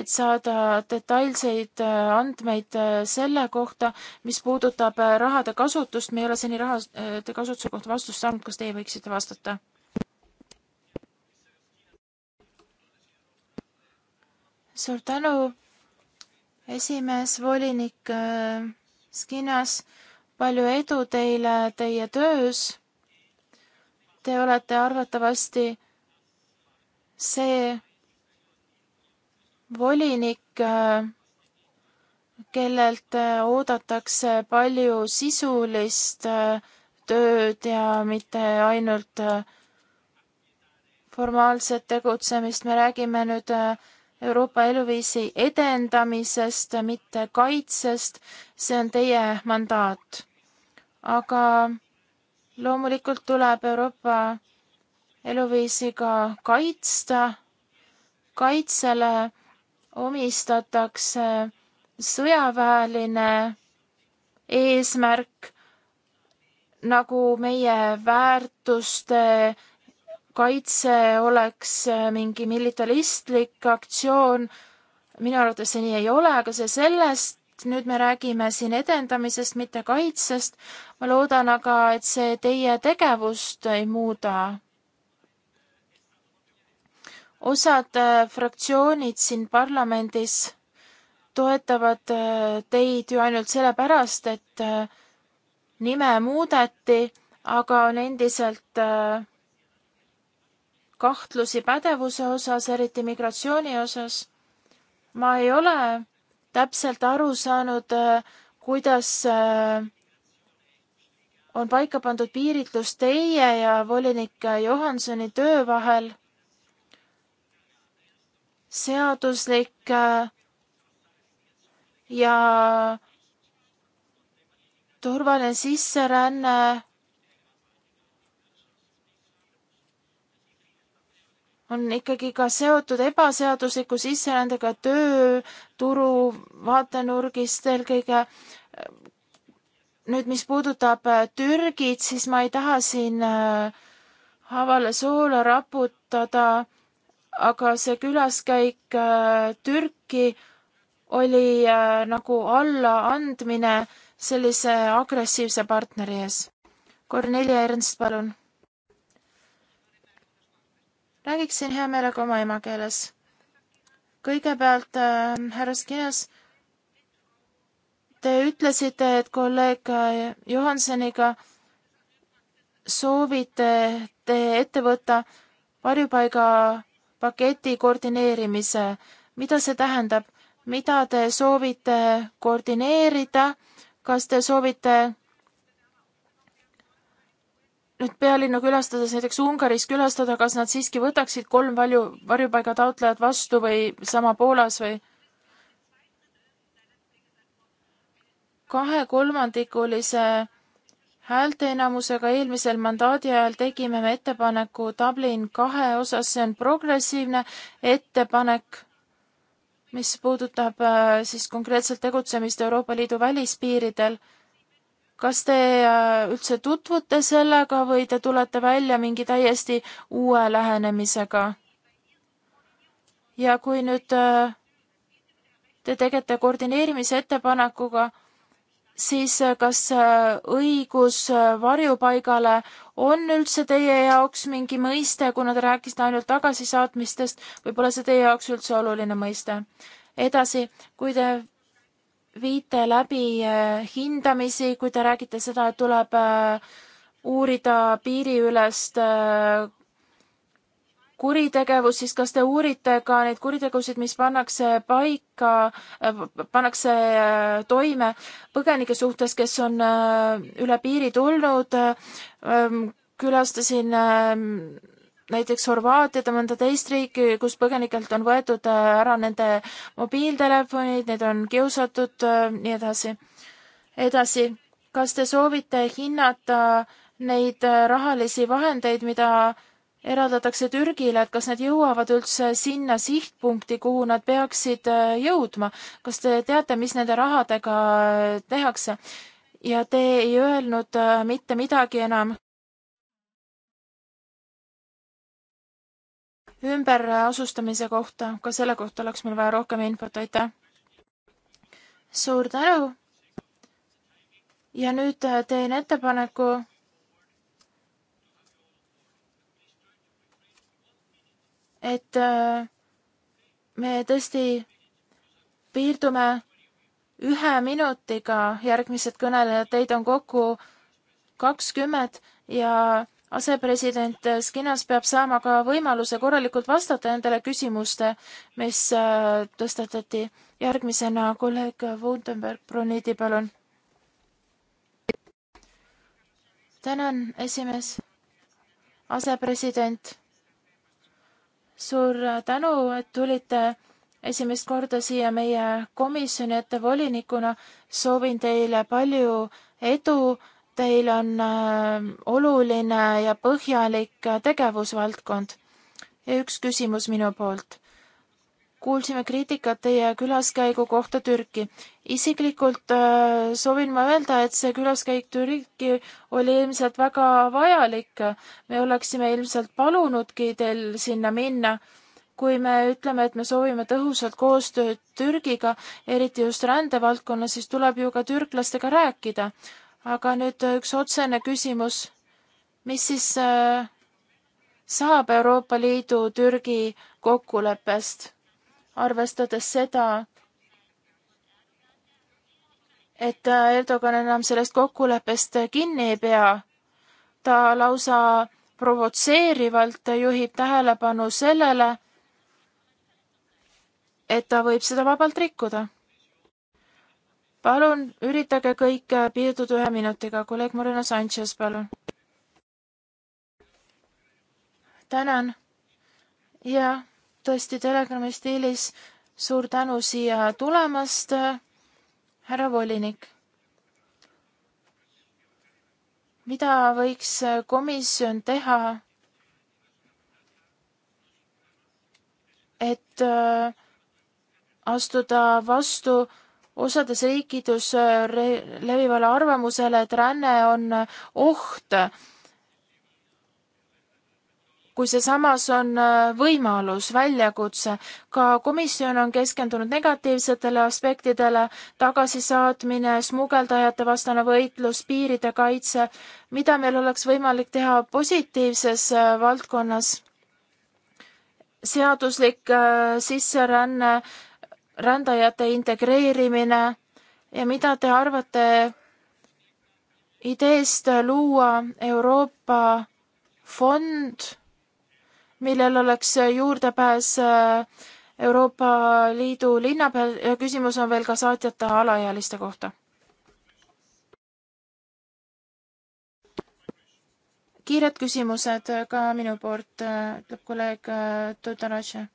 et saada detailseid äh, andmeid äh, selle kohta, mis puudutab äh, rahade kasutust, me ei ole seni rahade kasutuse kohta vastust saanud, kas teie võiksite vastata? suur tänu, esimees, volinik Skinas, palju edu teile teie töös. Te olete arvatavasti see volinik, äh, kellelt äh, oodatakse palju sisulist äh, tööd ja mitte ainult formaalset tegutsemist, me räägime nüüd Euroopa eluviisi edendamisest, mitte kaitsest, see on teie mandaat. aga loomulikult tuleb Euroopa eluviisi ka kaitsta, kaitsele omistatakse sõjaväeline eesmärk nagu meie väärtuste kaitse oleks mingi militaristlik aktsioon. minu arvates see nii ei ole, aga see sellest, nüüd me räägime siin edendamisest, mitte kaitsest. ma loodan aga, et see teie tegevust ei muuda osad äh, fraktsioonid siin parlamendis toetavad äh, teid ju ainult sellepärast, et äh, nime muudeti, aga on endiselt kahtlusi pädevuse osas, eriti migratsiooni osas. ma ei ole täpselt aru saanud, kuidas on paika pandud piiritlus teie ja volinik Johansoni töö vahel seaduslik äh, ja turvaline sisseränne on ikkagi ka seotud ebaseadusliku sisserändega tööturu vaatenurgist eelkõige. nüüd, mis puudutab äh, Türgit, siis ma ei taha siin äh, haavale soola raputada aga see külaskäik äh, Türki oli äh, nagu allaandmine sellise agressiivse partneri ees. Kornelia Ernst, palun. räägiksin hea meelega oma emakeeles. kõigepealt äh, härra Skinas, te ütlesite, et kolleeg äh, Johansoniga soovite te ette võtta varjupaiga paketi koordineerimise. mida see tähendab, mida te soovite koordineerida, kas te soovite nüüd pealinna külastades, näiteks Ungaris külastada, kas nad siiski võtaksid kolm valju, varjupaiga taotlejat vastu või sama Poolas või? kahekolmandikulise häälteenamusega eelmisel mandaadi ajal tegime me ettepaneku Dublin kahe osas, see on progressiivne ettepanek, mis puudutab äh, siis konkreetselt tegutsemist Euroopa Liidu välispiiridel. kas te äh, üldse tutvute sellega või te tulete välja mingi täiesti uue lähenemisega? ja kui nüüd äh, te tegelete koordineerimise ettepanekuga, siis äh, kas äh, õigus äh, varjupaigale on üldse teie jaoks mingi mõiste, kuna te rääkisite ainult tagasisaatmistest, võib-olla see teie jaoks üldse oluline mõiste? edasi, kui te viite läbi hindamisi, kui te räägite seda, et tuleb uurida piiriülest kuritegevus, siis kas te uurite ka neid kuritegusid, mis pannakse paika, pannakse äh, toime põgenike suhtes, kes on äh, üle piiri tulnud? Ähm, külastasin ähm, näiteks Horvaatiat ja mõnda teist riiki, kus põgenikelt on võetud äh, ära nende mobiiltelefonid, need on kiusatud, nii edasi. edasi, kas te soovite hinnata neid rahalisi vahendeid, mida äh, eraldatakse Türgile, et kas nad jõuavad üldse sinna sihtpunkti, kuhu nad peaksid äh, jõudma. kas te teate, mis nende rahadega äh, tehakse? ja te ei öelnud äh, mitte midagi enam ümberasustamise kohta, ka selle kohta oleks meil vaja rohkem infot, aitäh! suur tänu! ja nüüd teen ettepaneku et äh, me tõesti piirdume ühe minutiga, järgmised kõnelejad, teid on kokku kakskümmend ja asepresident Skinas peab saama ka võimaluse korralikult vastata nendele küsimuste, mis äh, tõstatati. järgmisena kolleeg Wundenberg, Brunidi, palun. tänan, esimees, asepresident suur tänu, et tulite esimest korda siia meie komisjoni ette volinikuna. soovin teile palju edu. Teil on äh, oluline ja põhjalik tegevusvaldkond. ja üks küsimus minu poolt kuulsime kriitikat teie külaskäigu kohta Türki. isiklikult äh, soovin ma öelda, et see külaskäik Türki oli ilmselt väga vajalik. me oleksime ilmselt palunudki teil sinna minna. kui me ütleme, et me soovime tõhusat koostööd Türgiga, eriti just rändevaldkonnas, siis tuleb ju ka türklastega rääkida. aga nüüd üks otsene küsimus. mis siis äh, saab Euroopa Liidu Türgi kokkuleppest? arvestades seda, et Erdogan enam sellest kokkuleppest kinni ei pea. ta lausa provotseerivalt juhib tähelepanu sellele, et ta võib seda vabalt rikkuda. palun üritage kõik piirduda ühe minutiga, kolleeg Moreno Sanchez, palun. tänan. jah tõesti telegrami stiilis. suur tänu siia tulemast, härra volinik. mida võiks komisjon teha, et äh, astuda vastu osades riikides äh, levivale arvamusele, et ränne on äh, oht kui see samas on äh, võimalus, väljakutse. ka komisjon on keskendunud negatiivsetele aspektidele, tagasisaatmine, smugeldajate vastane võitlus, piiride kaitse, mida meil oleks võimalik teha positiivses äh, valdkonnas. seaduslik äh, sisseränne, rändajate integreerimine ja mida te arvate ideest luua Euroopa fond millel oleks juurdepääs äh, Euroopa Liidu linna peal ja küsimus on veel ka saatjate alaealiste kohta. kiired küsimused ka minu poolt, äh, ütleb kolleeg äh, Tudoratše.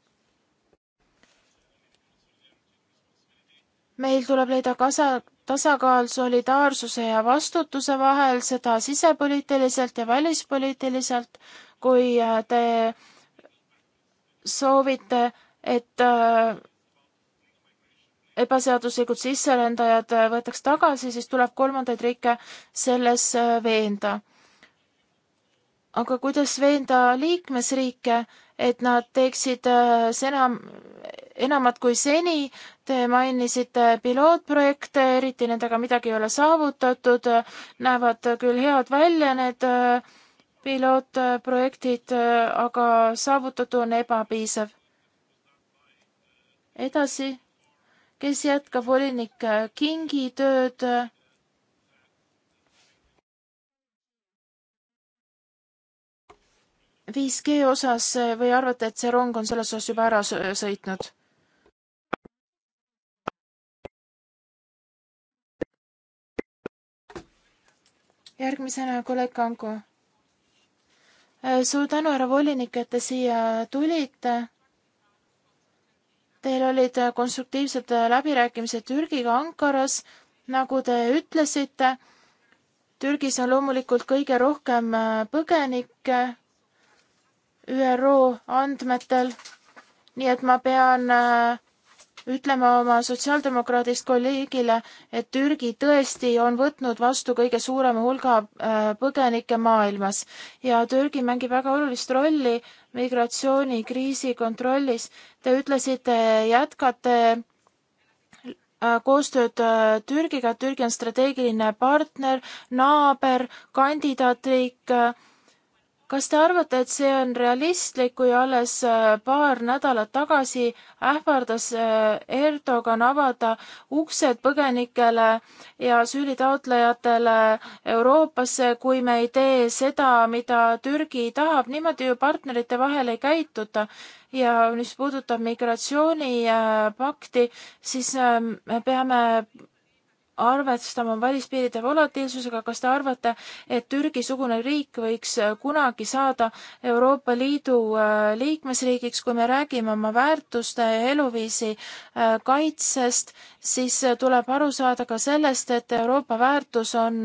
meil tuleb leida kasa, tasakaal solidaarsuse ja vastutuse vahel, seda sisepoliitiliselt ja välispoliitiliselt. kui te soovite, et äh, ebaseaduslikud sisserändajad äh, võetaks tagasi, siis tuleb kolmandaid riike selles äh, veenda. aga kuidas veenda liikmesriike, et nad teeksid enam, enamat kui seni. Te mainisite pilootprojekte, eriti nendega midagi ei ole saavutatud, näevad küll head välja need äh, pilootprojektid, äh, aga saavutatu on ebapiisav. edasi, kes jätkab volinik äh, Kingi tööd? viis G osas äh, või arvate, et see rong on selles osas juba ära sõitnud? järgmisena kolleeg Kangu Äh, suur tänu, härra volinik, et te siia tulite. Teil olid äh, konstruktiivsed äh, läbirääkimised Türgiga Ankaras, nagu te ütlesite. Türgis on loomulikult kõige rohkem põgenikke ÜRO andmetel. nii et ma pean äh, ütlema oma sotsiaaldemokraadist kolleegile, et Türgi tõesti on võtnud vastu kõige suurema hulga äh, põgenikke maailmas ja Türgi mängib väga olulist rolli migratsioonikriisi kontrollis. Te ütlesite, jätkate äh, koostööd äh, Türgiga, Türgi on strateegiline partner, naaber, kandidaatriik kas te arvate, et see on realistlik, kui alles äh, paar nädalat tagasi ähvardas äh, Erdogan avada uksed põgenikele ja süülitaotlejatele Euroopasse, kui me ei tee seda, mida Türgi tahab, niimoodi ju partnerite vahel ei käituta. ja mis puudutab migratsioonipakti, siis äh, me peame arvestama välispiiride volatiilsusega, kas te arvate, et Türgi-sugune riik võiks äh, kunagi saada Euroopa Liidu äh, liikmesriigiks, kui me räägime oma väärtuste ja eluviisi äh, kaitsest, siis tuleb aru saada ka sellest, et Euroopa väärtus on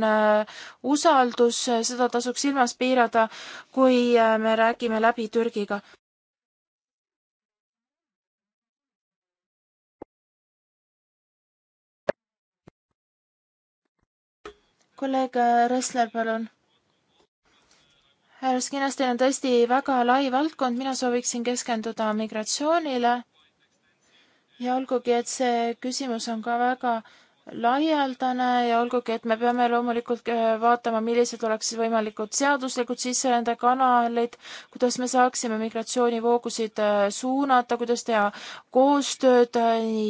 usaldus, seda tasuks silmas piirada, kui me räägime läbi Türgiga. kolleeg äh, Ressler, palun. härra Skinas, teil on tõesti väga lai valdkond, mina sooviksin keskenduda migratsioonile. ja olgugi, et see küsimus on ka väga laialdane ja olgugi, et me peame loomulikult äh, vaatama, millised oleks võimalikud seaduslikud sisserändekanalid, kuidas me saaksime migratsioonivoogusid äh, suunata, kuidas teha koostööd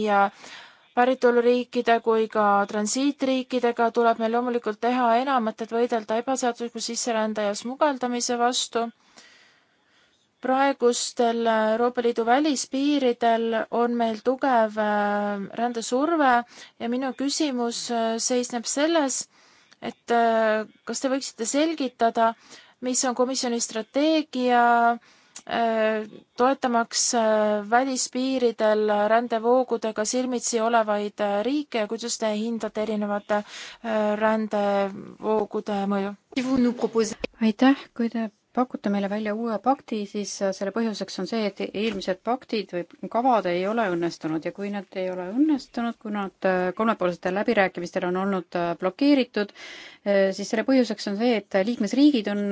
ja äh, päritoluriikide kui ka transiitriikidega tuleb meil loomulikult teha enamat, et võidelda ebaseadusliku sisserände ja smugeldamise vastu. praegustel Euroopa Liidu välispiiridel on meil tugev äh, rändesurve ja minu küsimus äh, seisneb selles, et äh, kas te võiksite selgitada, mis on komisjoni strateegia äh, toetamaks äh, välispiiridel rändevoogudega silmitsi olevaid äh, riike ja kuidas te hindate erinevate äh, rändevoogude mõju? aitäh, kui te pakute meile välja uue pakti, siis selle põhjuseks on see, et eelmised paktid või kavad ei ole õnnestunud ja kui nad ei ole õnnestunud, kui nad kolmepoolsetel läbirääkimistel on olnud blokeeritud, siis selle põhjuseks on see, et liikmesriigid on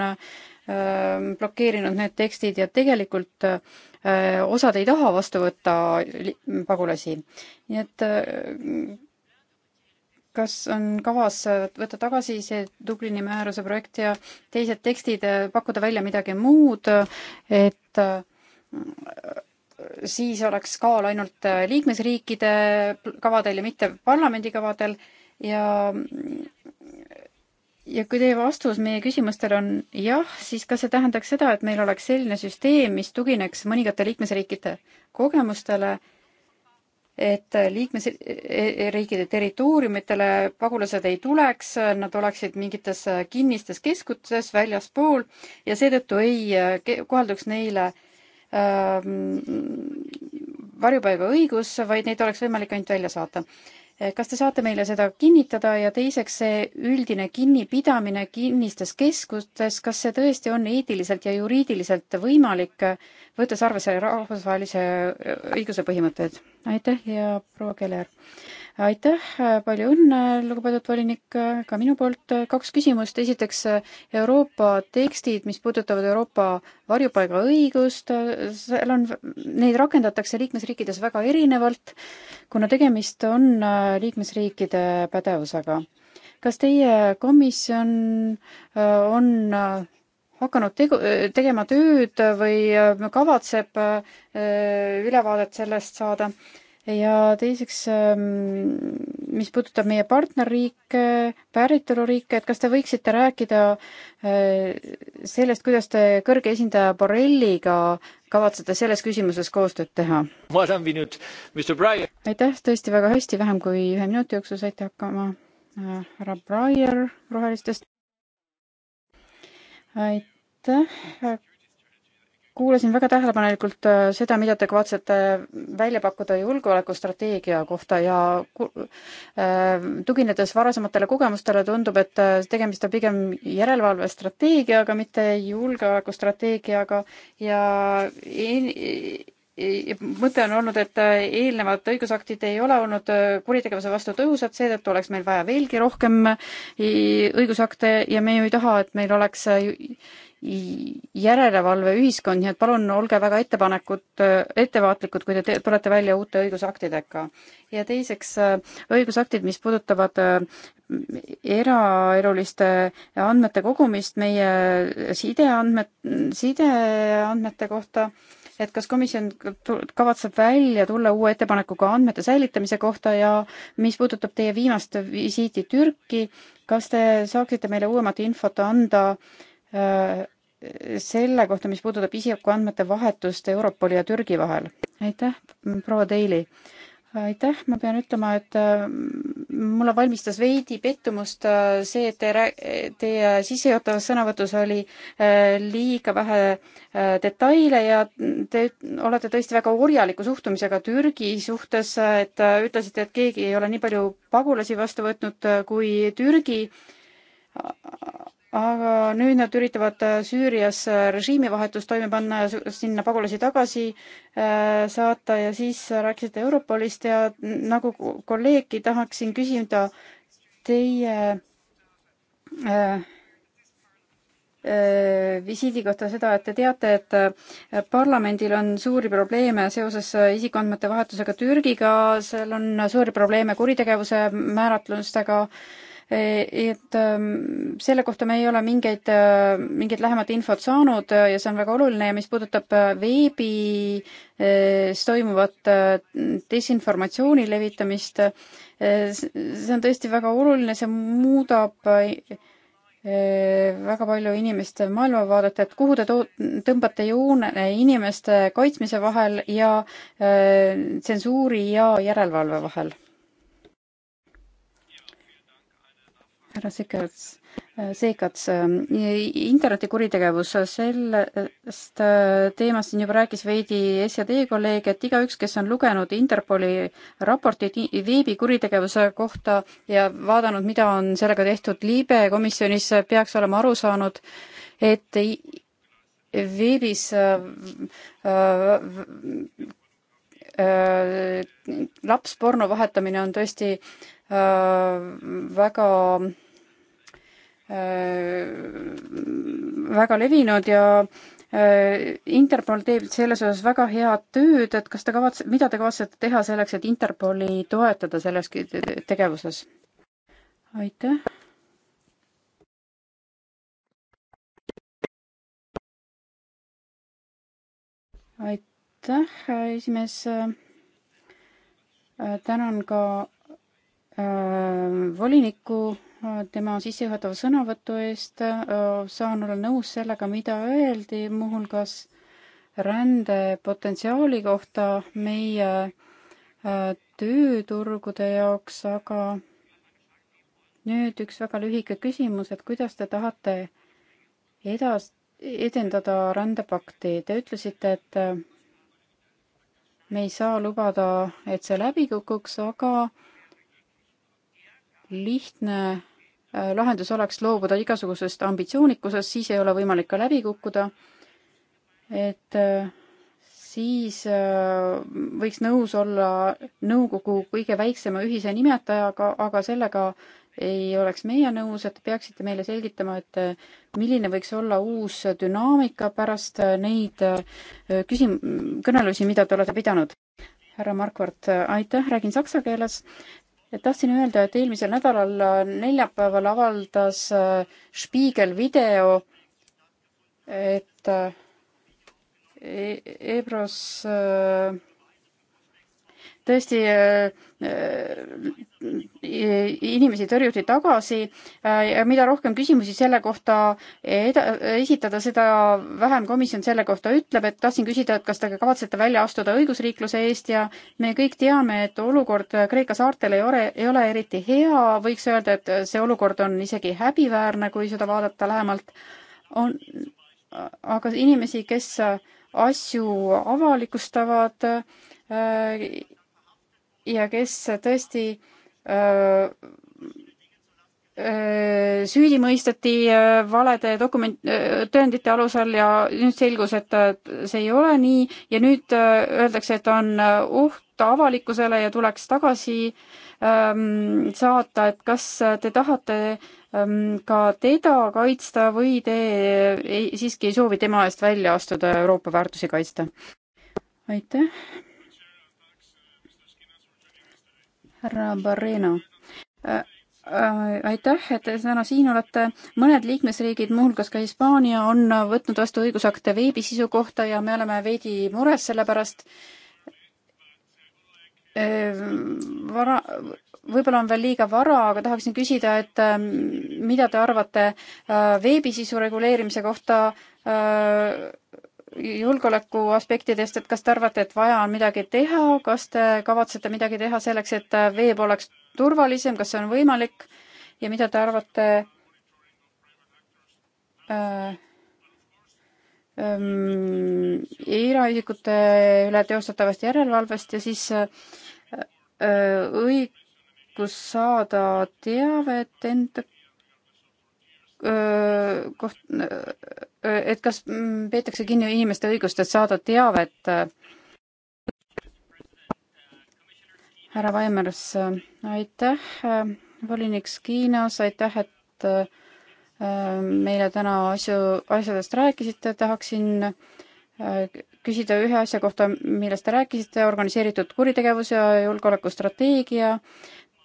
Ähm, blokeerinud need tekstid ja tegelikult äh, osad ei taha vastu võtta pagulasi. nii et äh, kas on kavas äh, võtta tagasi see Dublini määruse projekt ja teised tekstid, pakkuda välja midagi muud, et siis oleks kaal ainult liikmesriikide kavadel ja mitte parlamendi kavadel ja ja kui teie vastus meie küsimustele on jah, siis kas see tähendaks seda, et meil oleks selline süsteem, mis tugineks mõningate liikmesriikide kogemustele, et liikmesriikide e-, e-, territooriumitele pagulased ei tuleks, nad oleksid mingites kinnistes keskustes väljaspool ja seetõttu ei e, kohalduks neile ähm, varjupaigaõigus, vaid neid oleks võimalik ainult välja saata. Eh, kas te saate meile seda kinnitada ja teiseks see üldine kinnipidamine kinnistes keskustes, kas see tõesti on eetiliselt ja juriidiliselt võimalik, võttes arvesse rahvusvahelise eh, õiguse põhimõtteid? aitäh ja proua Keller aitäh, palju õnne, lugupeetud volinik, ka minu poolt kaks küsimust. esiteks Euroopa tekstid, mis puudutavad Euroopa varjupaigaõigust, seal on, neid rakendatakse liikmesriikides väga erinevalt, kuna tegemist on äh, liikmesriikide pädevusega. kas teie komisjon äh, on äh, hakanud tegu, tegema tööd või kavatseb ülevaadet sellest saada? ja teiseks, ähm, mis puudutab meie partnerriike, päritoluriike, et kas te võiksite rääkida äh, sellest, kuidas te kõrge esindaja Borrelliga kavatsete selles küsimuses koostööd teha? aitäh, tõesti väga hästi, vähem kui ühe minuti jooksul saite hakkama. Äh, härra Breyer Rohelistest. aitäh kuulasin väga tähelepanelikult äh, seda, mida te kavatsete äh, välja pakkuda julgeolekustrateegia kohta ja äh, tuginedes varasematele kogemustele, tundub, et tegemist on pigem järelevalvestrateegiaga, mitte julgeolekustrateegiaga ja mõte on olnud, et eelnevad õigusaktid ei ole olnud kuritegevuse vastu tõhusad, seetõttu oleks meil vaja veelgi rohkem õigusakte ja me ju ei taha, et meil oleks järelevalve ühiskond, nii et palun olge väga ettepanekud, ettevaatlikud, kui te, te tulete välja uute õigusaktidega. ja teiseks õigusaktid, mis puudutavad mm, eraeluliste andmete kogumist meie sideandmed, sideandmete kohta et kas komisjon kavatseb välja tulla uue ettepanekuga andmete säilitamise kohta ja mis puudutab teie viimast visiiti Türki, kas te saaksite meile uuemat infot anda äh, selle kohta, mis puudutab isikuandmete vahetust Europoli ja Türgi vahel. aitäh, proua Daly. aitäh, ma pean ütlema, et mulle valmistas veidi pettumust äh, see, et te, teie sissejuhatavas sõnavõtus oli äh, liiga vähe äh, detaile ja te olete tõesti väga orjaliku suhtumisega Türgi suhtes, et ütlesite, et keegi ei ole nii palju pagulasi vastu võtnud kui Türgi aga nüüd nad üritavad äh, Süürias äh, režiimivahetust toime panna ja sinna pagulasi tagasi äh, saata ja siis rääkisite Europolist ja nagu kolleegi tahaksin küsida teie visiidi kohta seda, et te teate, et parlamendil on suuri probleeme seoses isikuandmete vahetusega Türgiga, seal on suuri probleeme kuritegevuse määratlustega äh, Eh, et ähm, selle kohta me ei ole mingeid, äh, mingit lähemat infot saanud äh, ja see on väga oluline ja mis puudutab äh, veebis toimuvat desinformatsiooni levitamist, see on tõesti väga oluline, see muudab väga palju inimeste maailmavaadet, et kuhu te tõmbate joone inimeste kaitsmise vahel ja tsensuuri ja järelevalve vahel härra Sikerts, Seikats, ähm, internetikuritegevus, sellest äh, teemast siin juba rääkis veidi SED kolleeg, et igaüks, kes on lugenud Interpoli raportit veebikuritegevuse kohta ja vaadanud, mida on sellega tehtud Liibe komisjonis, peaks olema aru saanud, et veebis äh, äh, lapsporno vahetamine on tõesti väga Äh, väga levinud ja äh, Interpol teeb selles osas väga head tööd, et kas te kavatse, mida te kavatsete teha selleks, et Interpoli toetada selles tegevuses? aitäh. aitäh, esimees. Äh, tänan ka Äh, volinikku äh, tema sissejuhatava sõnavõtu eest. Äh, saan olla nõus sellega, mida öeldi muuhulgas rände potentsiaali kohta meie tööturgude jaoks, aga nüüd üks väga lühike küsimus, et kuidas te tahate edas-, edendada rändepakti? Te ütlesite, et me ei saa lubada, et see läbi kukuks, aga lihtne äh, lahendus oleks loobuda igasugusest ambitsioonikusest, siis ei ole võimalik ka läbi kukkuda. et äh, siis äh, võiks nõus olla nõukogu kõige väiksema ühise nimetajaga, aga sellega ei oleks meie nõus, et te peaksite meile selgitama, et milline võiks olla uus dünaamika pärast neid küsim-, kõnelusi, mida te olete pidanud. härra Markvart, aitäh, räägin saksa keeles et tahtsin öelda, et eelmisel nädalal äh, neljapäeval avaldas äh, Spiegel video, et äh, e-, Ebros e tõesti äh, äh, inimesi tõrjuti tagasi äh, ja mida rohkem küsimusi selle kohta esitada, seda vähem komisjon selle kohta ütleb, et tahtsin küsida, et kas te kavatsete välja astuda õigusriikluse eest ja me kõik teame, et olukord Kreeka saartel ei ole, ei ole eriti hea, võiks öelda, et see olukord on isegi häbiväärne, kui seda vaadata lähemalt. on aga inimesi, kes asju avalikustavad, ja kes tõesti öö, süüdi mõisteti valede dokument, tõendite alusel ja nüüd selgus, et see ei ole nii ja nüüd öeldakse, et on oht avalikkusele ja tuleks tagasi ähm, saata, et kas te tahate ähm, ka teda kaitsta või te ei, siiski ei soovi tema eest välja astuda ja Euroopa väärtusi kaitsta? aitäh, härra Barreno äh, äh, aitäh, et te täna siin olete. mõned liikmesriigid, muuhulgas ka Hispaania, on võtnud vastu õigusakte veebisisu kohta ja me oleme veidi mures selle pärast. Äh, vara, võib-olla on veel liiga vara, aga tahaksin küsida, et mida te arvate veebisisu reguleerimise kohta julgeoleku aspektidest, et kas te arvate, et vaja on midagi teha, kas te kavatsete midagi teha selleks, et veeb oleks turvalisem, kas see on võimalik ja mida te arvate äh, ähm, eraisikute üle teostatavast järelevalvest ja siis äh, õigus saada teavet enda koht, et kas peetakse kinni inimeste õigustest saada teavet? härra Vaimers, aitäh, volinik Skiinas, aitäh, et äh, meile täna asju, asjadest rääkisite, tahaksin äh, küsida ühe asja kohta, millest te rääkisite, organiseeritud kuritegevus ja julgeolekustrateegia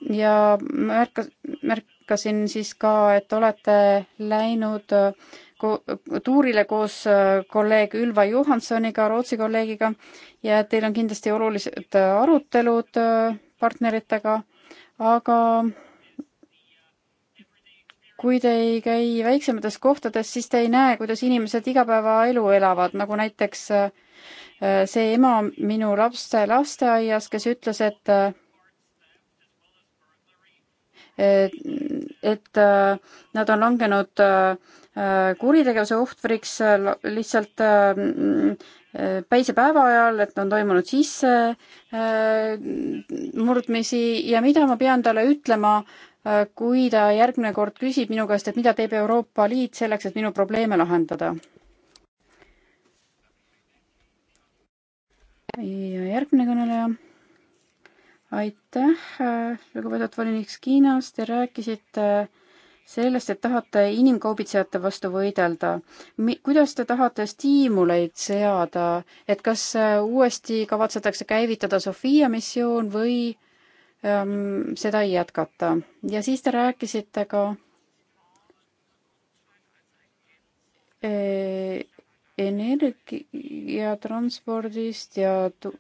ja märkas, märkasin siis ka, et olete läinud ko tuurile koos äh, kolleeg Ylva Johansoniga, Rootsi kolleegiga ja teil on kindlasti olulised arutelud äh, partneritega, aga kui te ei käi väiksemates kohtades, siis te ei näe, kuidas inimesed igapäevaelu elavad, nagu näiteks äh, see ema minu lapse lasteaias, kes ütles, et et äh, nad on langenud äh, äh, kuritegevuse ohvriks lihtsalt mm, päise päeva ajal, et on toimunud sissemurdmisi ja mida ma pean talle ütlema, kui ta järgmine kord küsib minu käest, et mida teeb Euroopa Liit selleks, et minu probleeme lahendada? ja järgmine kõneleja aitäh, äh, lugupeetud volinik Skinas, te rääkisite äh, sellest, et tahate inimkaubitsejate vastu võidelda. kuidas te tahate stiimuleid seada, et kas äh, uuesti kavatsetakse käivitada Sofia missioon või ähm, seda ei jätkata? ja siis te rääkisite ka energia transpordist ja tu-,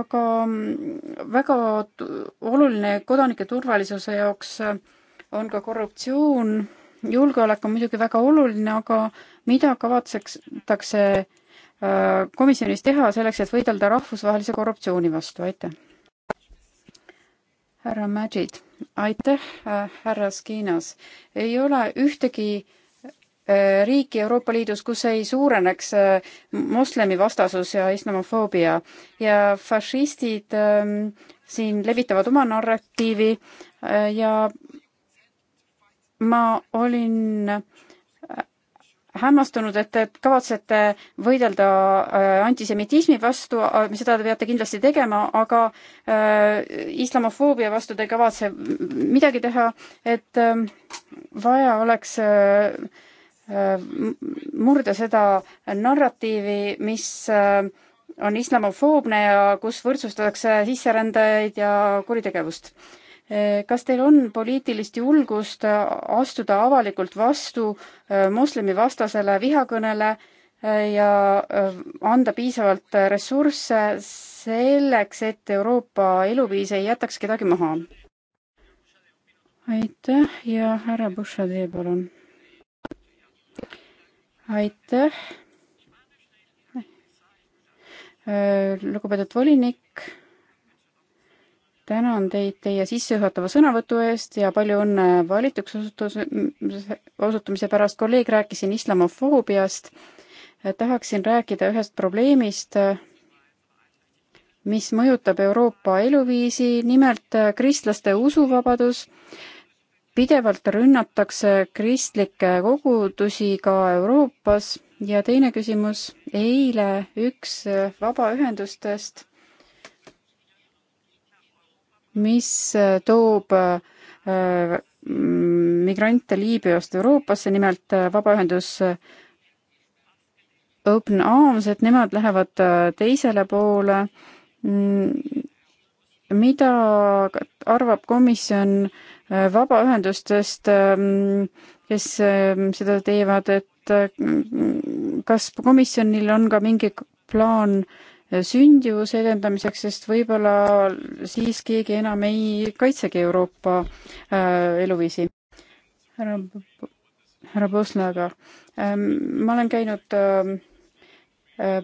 aga mm, väga oluline kodanike turvalisuse jaoks äh, on ka korruptsioon. julgeolek on muidugi väga oluline, aga mida kavatsetakse äh, komisjonis teha selleks, et võidelda rahvusvahelise korruptsiooni vastu, aitäh. härra Madžid, aitäh, äh, härra Skinas. ei ole ühtegi Äh, riiki Euroopa Liidus, kus ei suureneks äh, moslemi vastasus ja islamofoobia ja fašistid ähm, siin levitavad oma narratiivi äh, ja ma olin hämmastunud, et te kavatsete võidelda antisemitismi vastu, seda te peate kindlasti tegema, aga islamofoobia vastu te ei kavatse midagi teha, et ähm, vaja oleks äh, Äh, murda seda narratiivi, mis äh, on islamofoobne ja kus võrdsustatakse sisserändajaid ja kuritegevust. Äh, kas teil on poliitilist julgust astuda avalikult vastu moslemivastasele vihakõnele ja anda piisavalt ressursse selleks, et Euroopa eluviis ei jätaks kedagi maha? aitäh ja härra Bushadi, palun aitäh. Äh, lugupeetud volinik, tänan teid teie sissejuhatava sõnavõtu eest ja palju õnne valituks osutus, osutumise pärast. kolleeg rääkis siin islamofoobiast. tahaksin rääkida ühest probleemist, mis mõjutab Euroopa eluviisi, nimelt kristlaste usuvabadus pidevalt rünnatakse kristlikke kogudusi ka Euroopas ja teine küsimus, eile üks vabaühendustest, mis toob äh, migrante Liibüast Euroopasse, nimelt äh, vabaühendus Open Arms, et nemad lähevad äh, teisele poole. Mm, mida arvab komisjon Äh, vabaühendustest, ähm, kes ähm, seda teevad, et äh, kas komisjonil on ka mingi plaan äh, sündivuse edendamiseks, sest võib-olla siis keegi enam ei kaitsegi Euroopa eluviisi. härra, härra Puslaga, ähm, ma olen käinud Äh,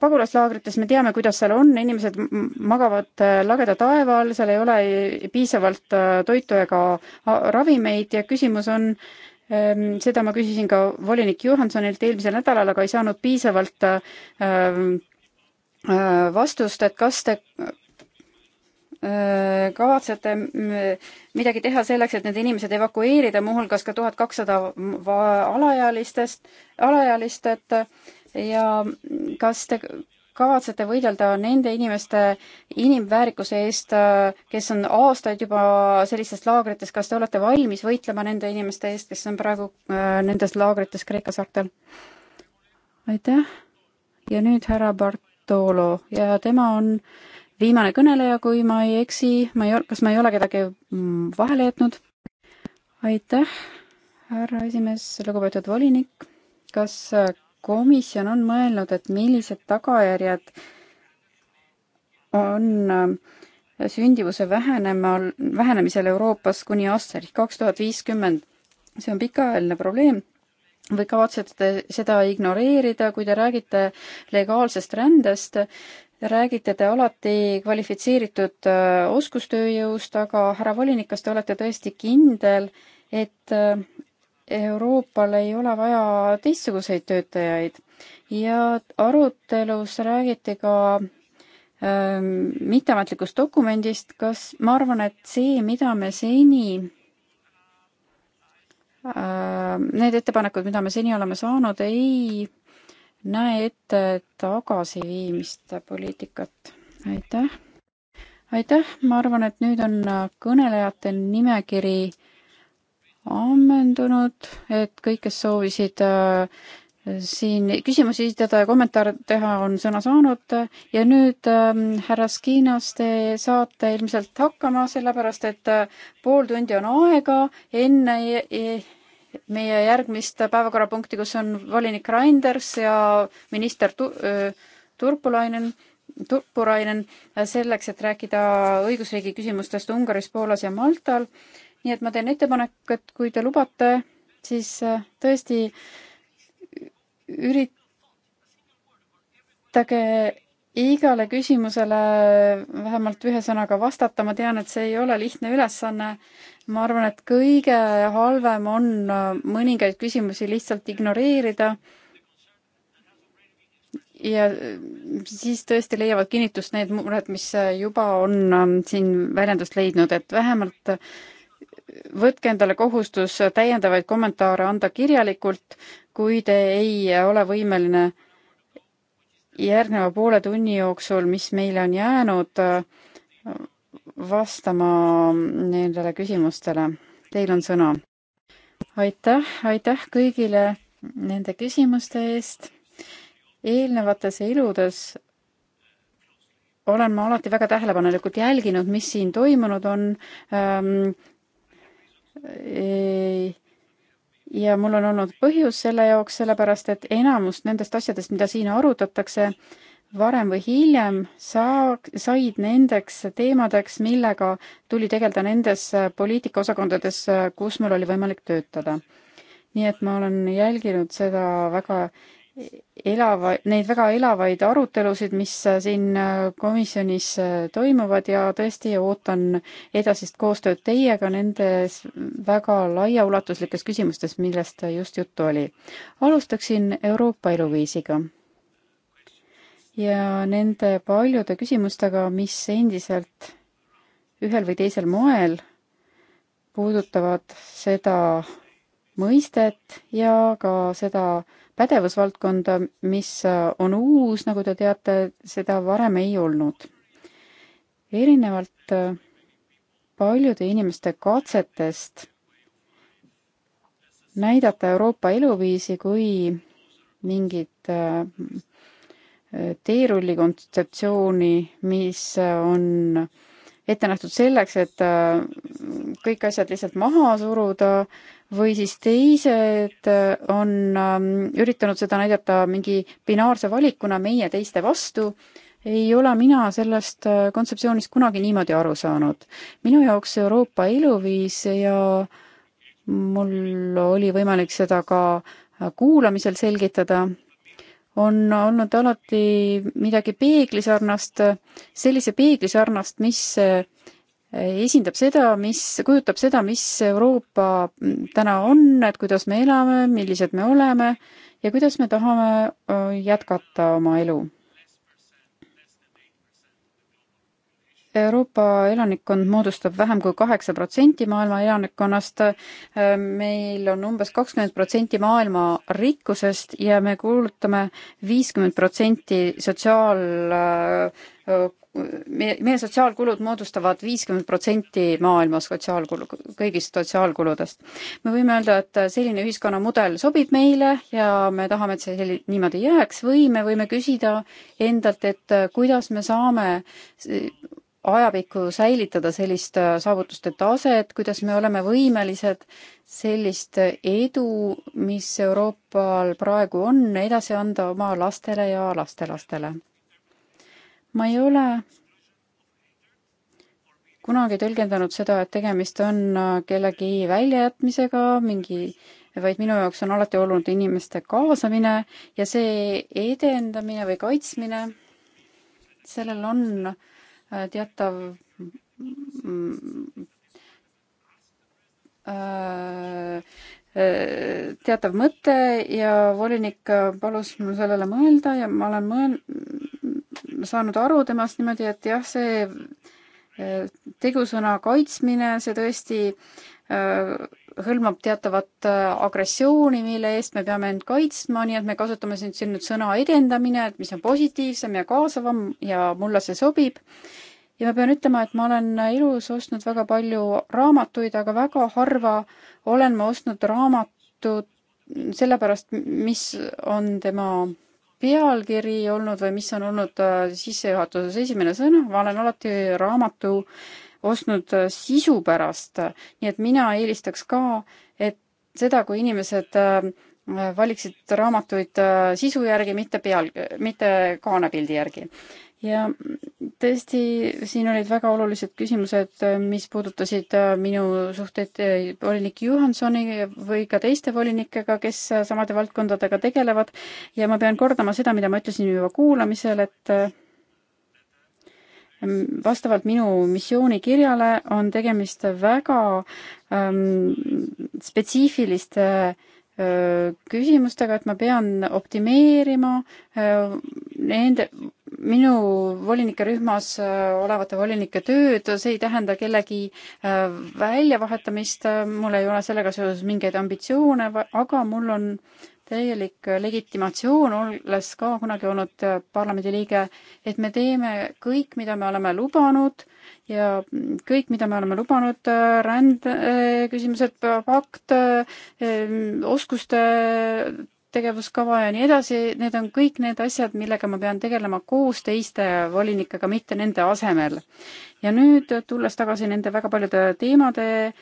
pagulaslaagrites me teame, kuidas seal on, inimesed magavad äh, lageda taeva all, seal ei ole piisavalt äh, toitu ega ravimeid ja küsimus on, ähm, seda ma küsisin ka volinik Johansonilt eelmisel nädalal, aga ei saanud piisavalt ähm, vastust, et kas te kavatsete mm, midagi teha selleks, et need inimesed evakueerida, muuhulgas ka tuhat kakssada alaealistest, alaealist, et ja kas te kavatsete võidelda nende inimeste inimväärikuse eest, kes on aastaid juba sellistes laagrites, kas te olete valmis võitlema nende inimeste eest, kes on praegu nendes laagrites Kreeka saartel? aitäh. ja nüüd härra Bartolo ja tema on äh, viimane kõneleja, kui ma ei eksi, ma ei, kas ma ei ole kedagi mm, vahele jätnud? aitäh, härra esimees, lugupeetud volinik. kas äh, komisjon on mõelnud, et millised tagajärjed on äh, sündivuse vähenemal, vähenemisel Euroopas kuni aastani kaks tuhat viiskümmend. see on pikaajaline probleem või kavatsete seda ignoreerida, kui te räägite legaalsest rändest, räägite te alati kvalifitseeritud äh, oskustööjõust, aga härra volinik, kas te olete tõesti kindel, et äh, Euroopal ei ole vaja teistsuguseid töötajaid ja arutelus räägiti ka ähm, mitteametlikust dokumendist, kas, ma arvan, et see, mida me seni ähm,, need ettepanekud, mida me seni oleme saanud, ei näe ette tagasiviimist poliitikat. aitäh! aitäh, ma arvan, et nüüd on kõnelejate nimekiri ammendunud, et kõik, kes soovisid äh, siin küsimusi esitada ja kommentaare teha, on sõna saanud ja nüüd äh, härra Skinas, te saate ilmselt hakkama, sellepärast et äh, pool tundi on aega enne e e meie järgmist päevakorrapunkti, kus on volinik Reinders ja minister tu-, Turpulainen, Turpurainen, selleks, et rääkida õigusriigi küsimustest Ungaris, Poolas ja Maltal. nii et ma teen ettepaneku, et kui te lubate, siis tõesti üritage igale küsimusele vähemalt ühe sõnaga vastata, ma tean, et see ei ole lihtne ülesanne. ma arvan, et kõige halvem on äh, mõningaid küsimusi lihtsalt ignoreerida. ja äh, siis tõesti leiavad kinnitust need mured, mis äh, juba on siin väljendust leidnud, et vähemalt võtke endale kohustus täiendavaid kommentaare anda kirjalikult, kui te ei ole võimeline äh, järgneva poole tunni jooksul, mis meile on jäänud, vastama nendele küsimustele. Teil on sõna. aitäh, aitäh kõigile nende küsimuste eest. eelnevates eludes olen ma alati väga tähelepanelikult jälginud, mis siin toimunud on ähm, ja mul on olnud põhjus selle jaoks, sellepärast et enamus nendest asjadest, mida siin arutatakse, varem või hiljem saa-, said nendeks teemadeks, millega tuli tegeleda nendes poliitikaosakondades, kus mul oli võimalik töötada. nii et ma olen jälginud seda väga elava, neid väga elavaid arutelusid, mis äh, siin äh, komisjonis äh, toimuvad ja tõesti ootan edasist koostööd teiega nendes väga laiaulatuslikes küsimustes, millest just juttu oli. alustaksin Euroopa eluviisiga ja nende paljude küsimustega, mis endiselt ühel või teisel moel puudutavad seda mõistet ja ka seda pädevusvaldkonda, mis äh, on uus, nagu te teate, seda varem ei olnud. erinevalt äh, paljude inimeste katsetest näidata Euroopa eluviisi kui mingit äh, teerulli kontseptsiooni, mis on ette nähtud selleks, et kõik asjad lihtsalt maha suruda, või siis teised äh, on ähm, üritanud seda näidata mingi binaarse valikuna meie teiste vastu, ei ole mina sellest äh, kontseptsioonist kunagi niimoodi aru saanud. minu jaoks Euroopa eluviis ja mul oli võimalik seda ka äh, kuulamisel selgitada, on olnud alati midagi peeglisarnast, sellise peeglisarnast, mis esindab seda, mis, kujutab seda, mis Euroopa mm, täna on, et kuidas me elame, millised me oleme ja kuidas me tahame jätkata oma elu. Euroopa elanikkond moodustab vähem kui kaheksa protsenti maailma elanikkonnast. meil on umbes kakskümmend protsenti maailma rikkusest ja me kulutame viiskümmend protsenti sotsiaal meie, meie sotsiaalkulud moodustavad viiskümmend protsenti maailma sotsiaalkulu, kõigist sotsiaalkuludest. me võime öelda, et selline ühiskonnamudel sobib meile ja me tahame, et see selli-, niimoodi jääks või me võime küsida endalt, et kuidas me saame ajapikku säilitada sellist äh, saavutuste taset, kuidas me oleme võimelised sellist edu, mis Euroopal praegu on, edasi anda oma lastele ja lastelastele ma ei ole kunagi tõlgendanud seda, et tegemist on äh, kellegi väljajätmisega, mingi, vaid minu jaoks on alati olnud inimeste kaasamine ja see edendamine või kaitsmine, sellel on äh, teatav mm, äh, teatav mõte ja volinik palus mul sellele mõelda ja ma olen mõelnud saanud aru temast niimoodi, et jah, see eh, tegusõna kaitsmine, see tõesti eh, hõlmab teatavat eh, agressiooni, mille eest me peame end kaitsma, nii et me kasutame siin, siin nüüd sõna edendamine, et mis on positiivsem ja kaasavam ja mulle see sobib. ja ma pean ütlema, et ma olen elus ostnud väga palju raamatuid, aga väga harva olen ma ostnud raamatut sellepärast, mis on tema pealkiri olnud või mis on olnud äh, sissejuhatuses esimene sõna, ma olen alati raamatu ostnud äh, sisu pärast, nii et mina eelistaks ka, et seda, kui inimesed äh, valiksid raamatuid sisu järgi, mitte peal, mitte kaanepildi järgi ja mm, tõesti, siin olid väga olulised küsimused, äh, mis puudutasid äh, minu suhteid äh, volinik Johansoni või ka teiste volinikega, kes samade valdkondadega tegelevad ja ma pean kordama seda, mida ma ütlesin juba kuulamisel, et vastavalt minu missioonikirjale on tegemist väga ähm, spetsiifiliste äh, küsimustega, et ma pean optimeerima äh, nende, minu volinike rühmas äh, olevate volinike tööd, see ei tähenda kellegi äh, väljavahetamist, mul ei ole sellega seoses mingeid ambitsioone, aga mul on täielik legitimatsioon, olles ka kunagi olnud parlamendiliige, et me teeme kõik, mida me oleme lubanud ja kõik, mida me oleme lubanud, äh, rändeküsimused, äh, pakt, äh, oskuste tegevuskava ja nii edasi, need on kõik need asjad, millega ma pean tegelema koos teiste volinikega, mitte nende asemel. ja nüüd tulles tagasi nende väga paljude teemade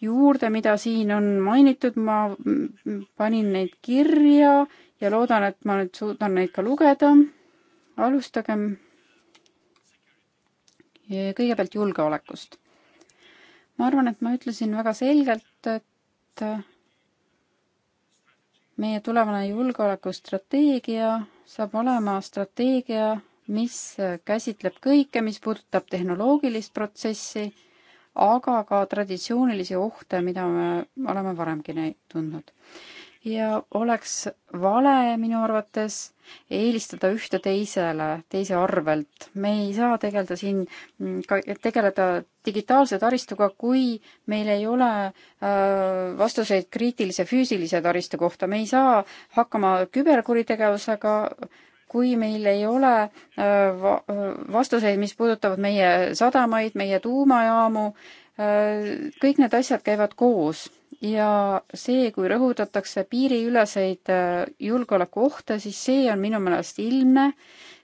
juurde, mida siin on mainitud, ma mm, panin neid kirja ja loodan, et ma nüüd suudan neid ka lugeda. alustagem kõigepealt julgeolekust. ma arvan, et ma ütlesin väga selgelt, et äh, meie tulevane julgeolekustrateegia saab olema strateegia, mis käsitleb kõike, mis puudutab tehnoloogilist protsessi, aga ka traditsioonilisi ohte, mida me oleme varemgi tundnud ja oleks vale minu arvates eelistada ühte teisele, teise arvelt. me ei saa tegeleda siin, mm, tegeleda digitaalse taristuga, kui meil ei ole äh, vastuseid kriitilise füüsilise taristu kohta. me ei saa hakkama küberkuritegevusega, kui meil ei ole äh, äh, vastuseid, mis puudutavad meie sadamaid, meie tuumajaamu, kõik need asjad käivad koos ja see, kui rõhutatakse piiriüleseid äh, julgeolekuohte, siis see on minu meelest ilmne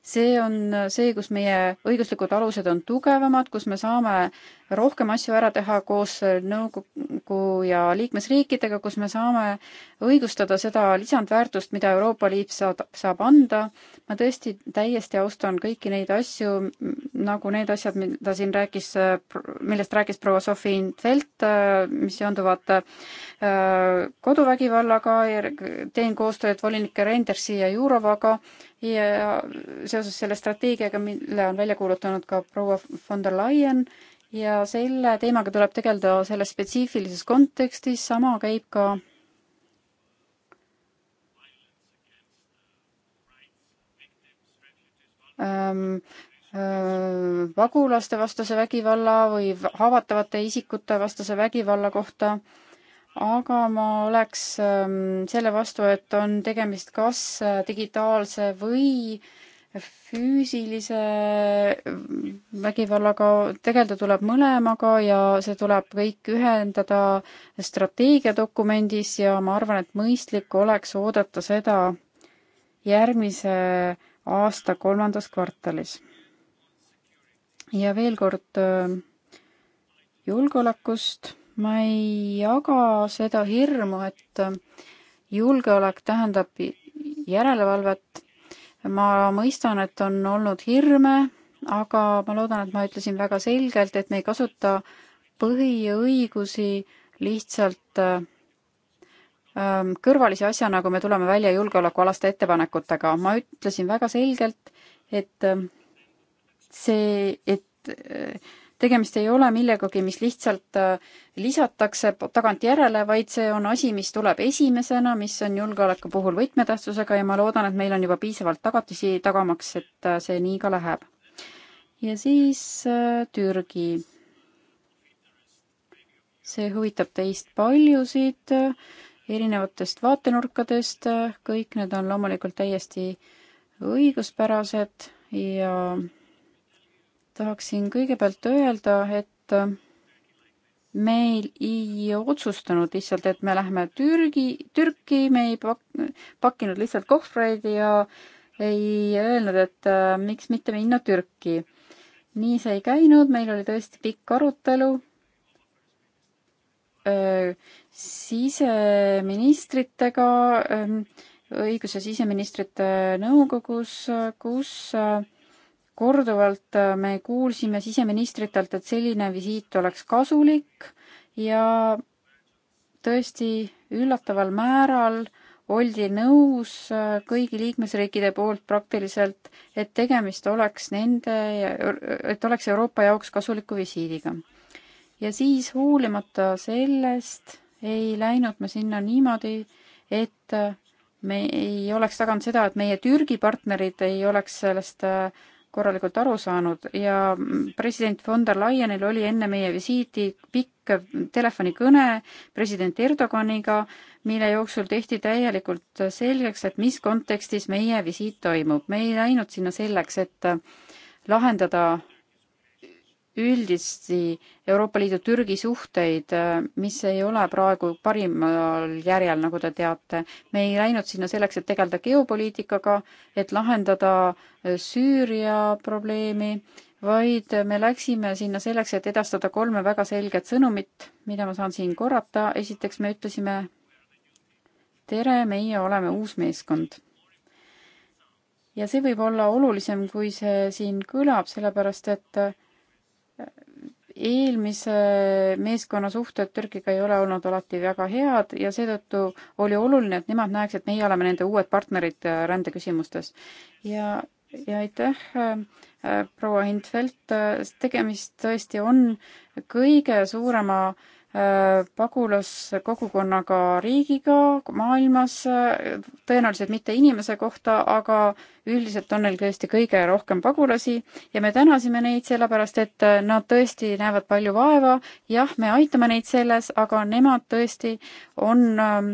see on see, kus meie õiguslikud alused on tugevamad, kus me saame rohkem asju ära teha koos nõukogu ja liikmesriikidega, kus me saame õigustada seda lisandväärtust, mida Euroopa Liit saab, saab anda. ma tõesti täiesti austan kõiki neid asju, nagu need asjad, mida siin rääkis, millest rääkis proua Sofi Intvelt, mis seonduvad äh, koduvägivallaga ja teen koostööd volinike Rendersi ja Jurovaga ja seoses selle strateegiaga, mille on välja kuulutanud ka proua von der Leyen ja selle teemaga tuleb tegeleda selles spetsiifilises kontekstis, sama käib ka ähm, äh, pagulaste vastase vägivalla või haavatavate isikute vastase vägivalla kohta äh, aga ma oleks ähm, selle vastu, et on tegemist kas äh, digitaalse või füüsilise äh, vägivallaga tegeleda tuleb mõlemaga ja see tuleb kõik ühendada strateegiadokumendis ja ma arvan, et mõistlik oleks oodata seda järgmise aasta kolmandas kvartalis. ja veel kord äh, julgeolekust ma ei jaga seda hirmu, et äh, julgeolek tähendab järelevalvet. ma mõistan, et on olnud hirme, aga ma loodan, et ma ütlesin väga selgelt, et me ei kasuta põhiõigusi lihtsalt äh, ähm, kõrvalise asjana, nagu kui me tuleme välja julgeolekualaste ettepanekutega. ma ütlesin väga selgelt, et äh, see, et tegemist ei ole millegagi, mis lihtsalt äh, lisatakse tagantjärele, vaid see on asi, mis tuleb esimesena, mis on julgeoleku puhul võtmetähtsusega ja ma loodan, et meil on juba piisavalt tagatisi tagamaks, et äh, see nii ka läheb. ja siis äh, Türgi. see huvitab teist paljusid erinevatest vaatenurkadest, kõik need on loomulikult täiesti õiguspärased ja tahaksin kõigepealt öelda, et äh, meil ei otsustanud lihtsalt, et me läheme Türgi, Türki, me ei pak-, pakkinud lihtsalt kohvreid ja ei öelnud, et äh, miks mitte minna Türki. nii see ei käinud, meil oli tõesti pikk arutelu äh, siseministritega äh,, õigus- ja siseministrite nõukogus, äh, kus äh, korduvalt äh, me kuulsime siseministritelt, et selline visiit oleks kasulik ja tõesti üllataval määral oldi nõus äh, kõigi liikmesriikide poolt praktiliselt, et tegemist oleks nende, et oleks Euroopa jaoks kasuliku visiidiga. ja siis hoolimata sellest ei läinud me sinna niimoodi, et äh, me ei oleks taganud seda, et meie Türgi partnerid ei oleks sellest äh, korralikult aru saanud ja president von der Leyenil oli enne meie visiiti pikk telefonikõne president Erdoganiga, mille jooksul tehti täielikult selgeks, et mis kontekstis meie visiit toimub. me ei läinud sinna selleks, et lahendada üldisti Euroopa Liidu Türgi suhteid, äh, mis ei ole praegu parimal järjel, nagu te teate. me ei läinud sinna selleks, et tegeleda geopoliitikaga, et lahendada äh, Süüria probleemi, vaid me läksime sinna selleks, et edastada kolme väga selget sõnumit, mida ma saan siin korrata. esiteks me ütlesime tere, meie oleme uus meeskond ja see võib olla olulisem, kui see siin kõlab, sellepärast et äh, eelmise meeskonna suhted Türgiga ei ole olnud alati väga head ja seetõttu oli oluline, et nemad näeks, et meie oleme nende uued partnerid äh, rändeküsimustes. ja, ja aitäh äh,, äh proua Hindfeld, äh, tegemist tõesti on kõige suurema äh, Äh, pagulaskogukonnaga riigiga maailmas, äh, tõenäoliselt mitte inimese kohta, aga üldiselt on neil tõesti kõige rohkem pagulasi ja me tänasime neid sellepärast, et äh, nad tõesti näevad palju vaeva. jah, me aitame neid selles, aga nemad tõesti on ähm,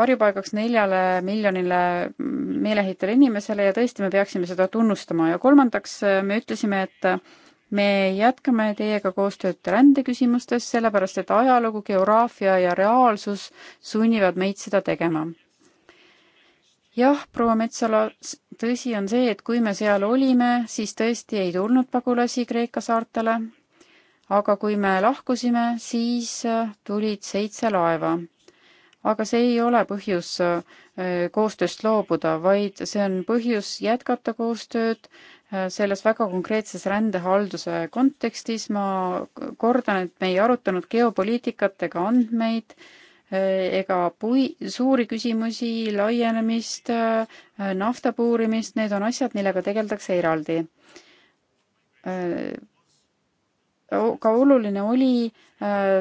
varjupaigaks neljale miljonile mm, meeleheitel inimesele ja tõesti, me peaksime seda tunnustama ja kolmandaks me ütlesime, et me jätkame teiega koostööd rändeküsimustes, sellepärast et ajalugu, geograafia ja reaalsus sunnivad meid seda tegema. jah, proua Metsala, tõsi on see, et kui me seal olime, siis tõesti ei tulnud pagulasi Kreeka saartele, aga kui me lahkusime, siis äh, tulid seitse laeva. aga see ei ole põhjus äh, koostööst loobuda, vaid see on põhjus jätkata koostööd Äh, selles väga konkreetses rändehalduse kontekstis. ma kordan, et me ei arutanud geopoliitikat ega andmeid äh, ega pui-, suuri küsimusi, laienemist, äh, nafta puurimist, need on asjad, millega tegeldakse eraldi. ka oluline oli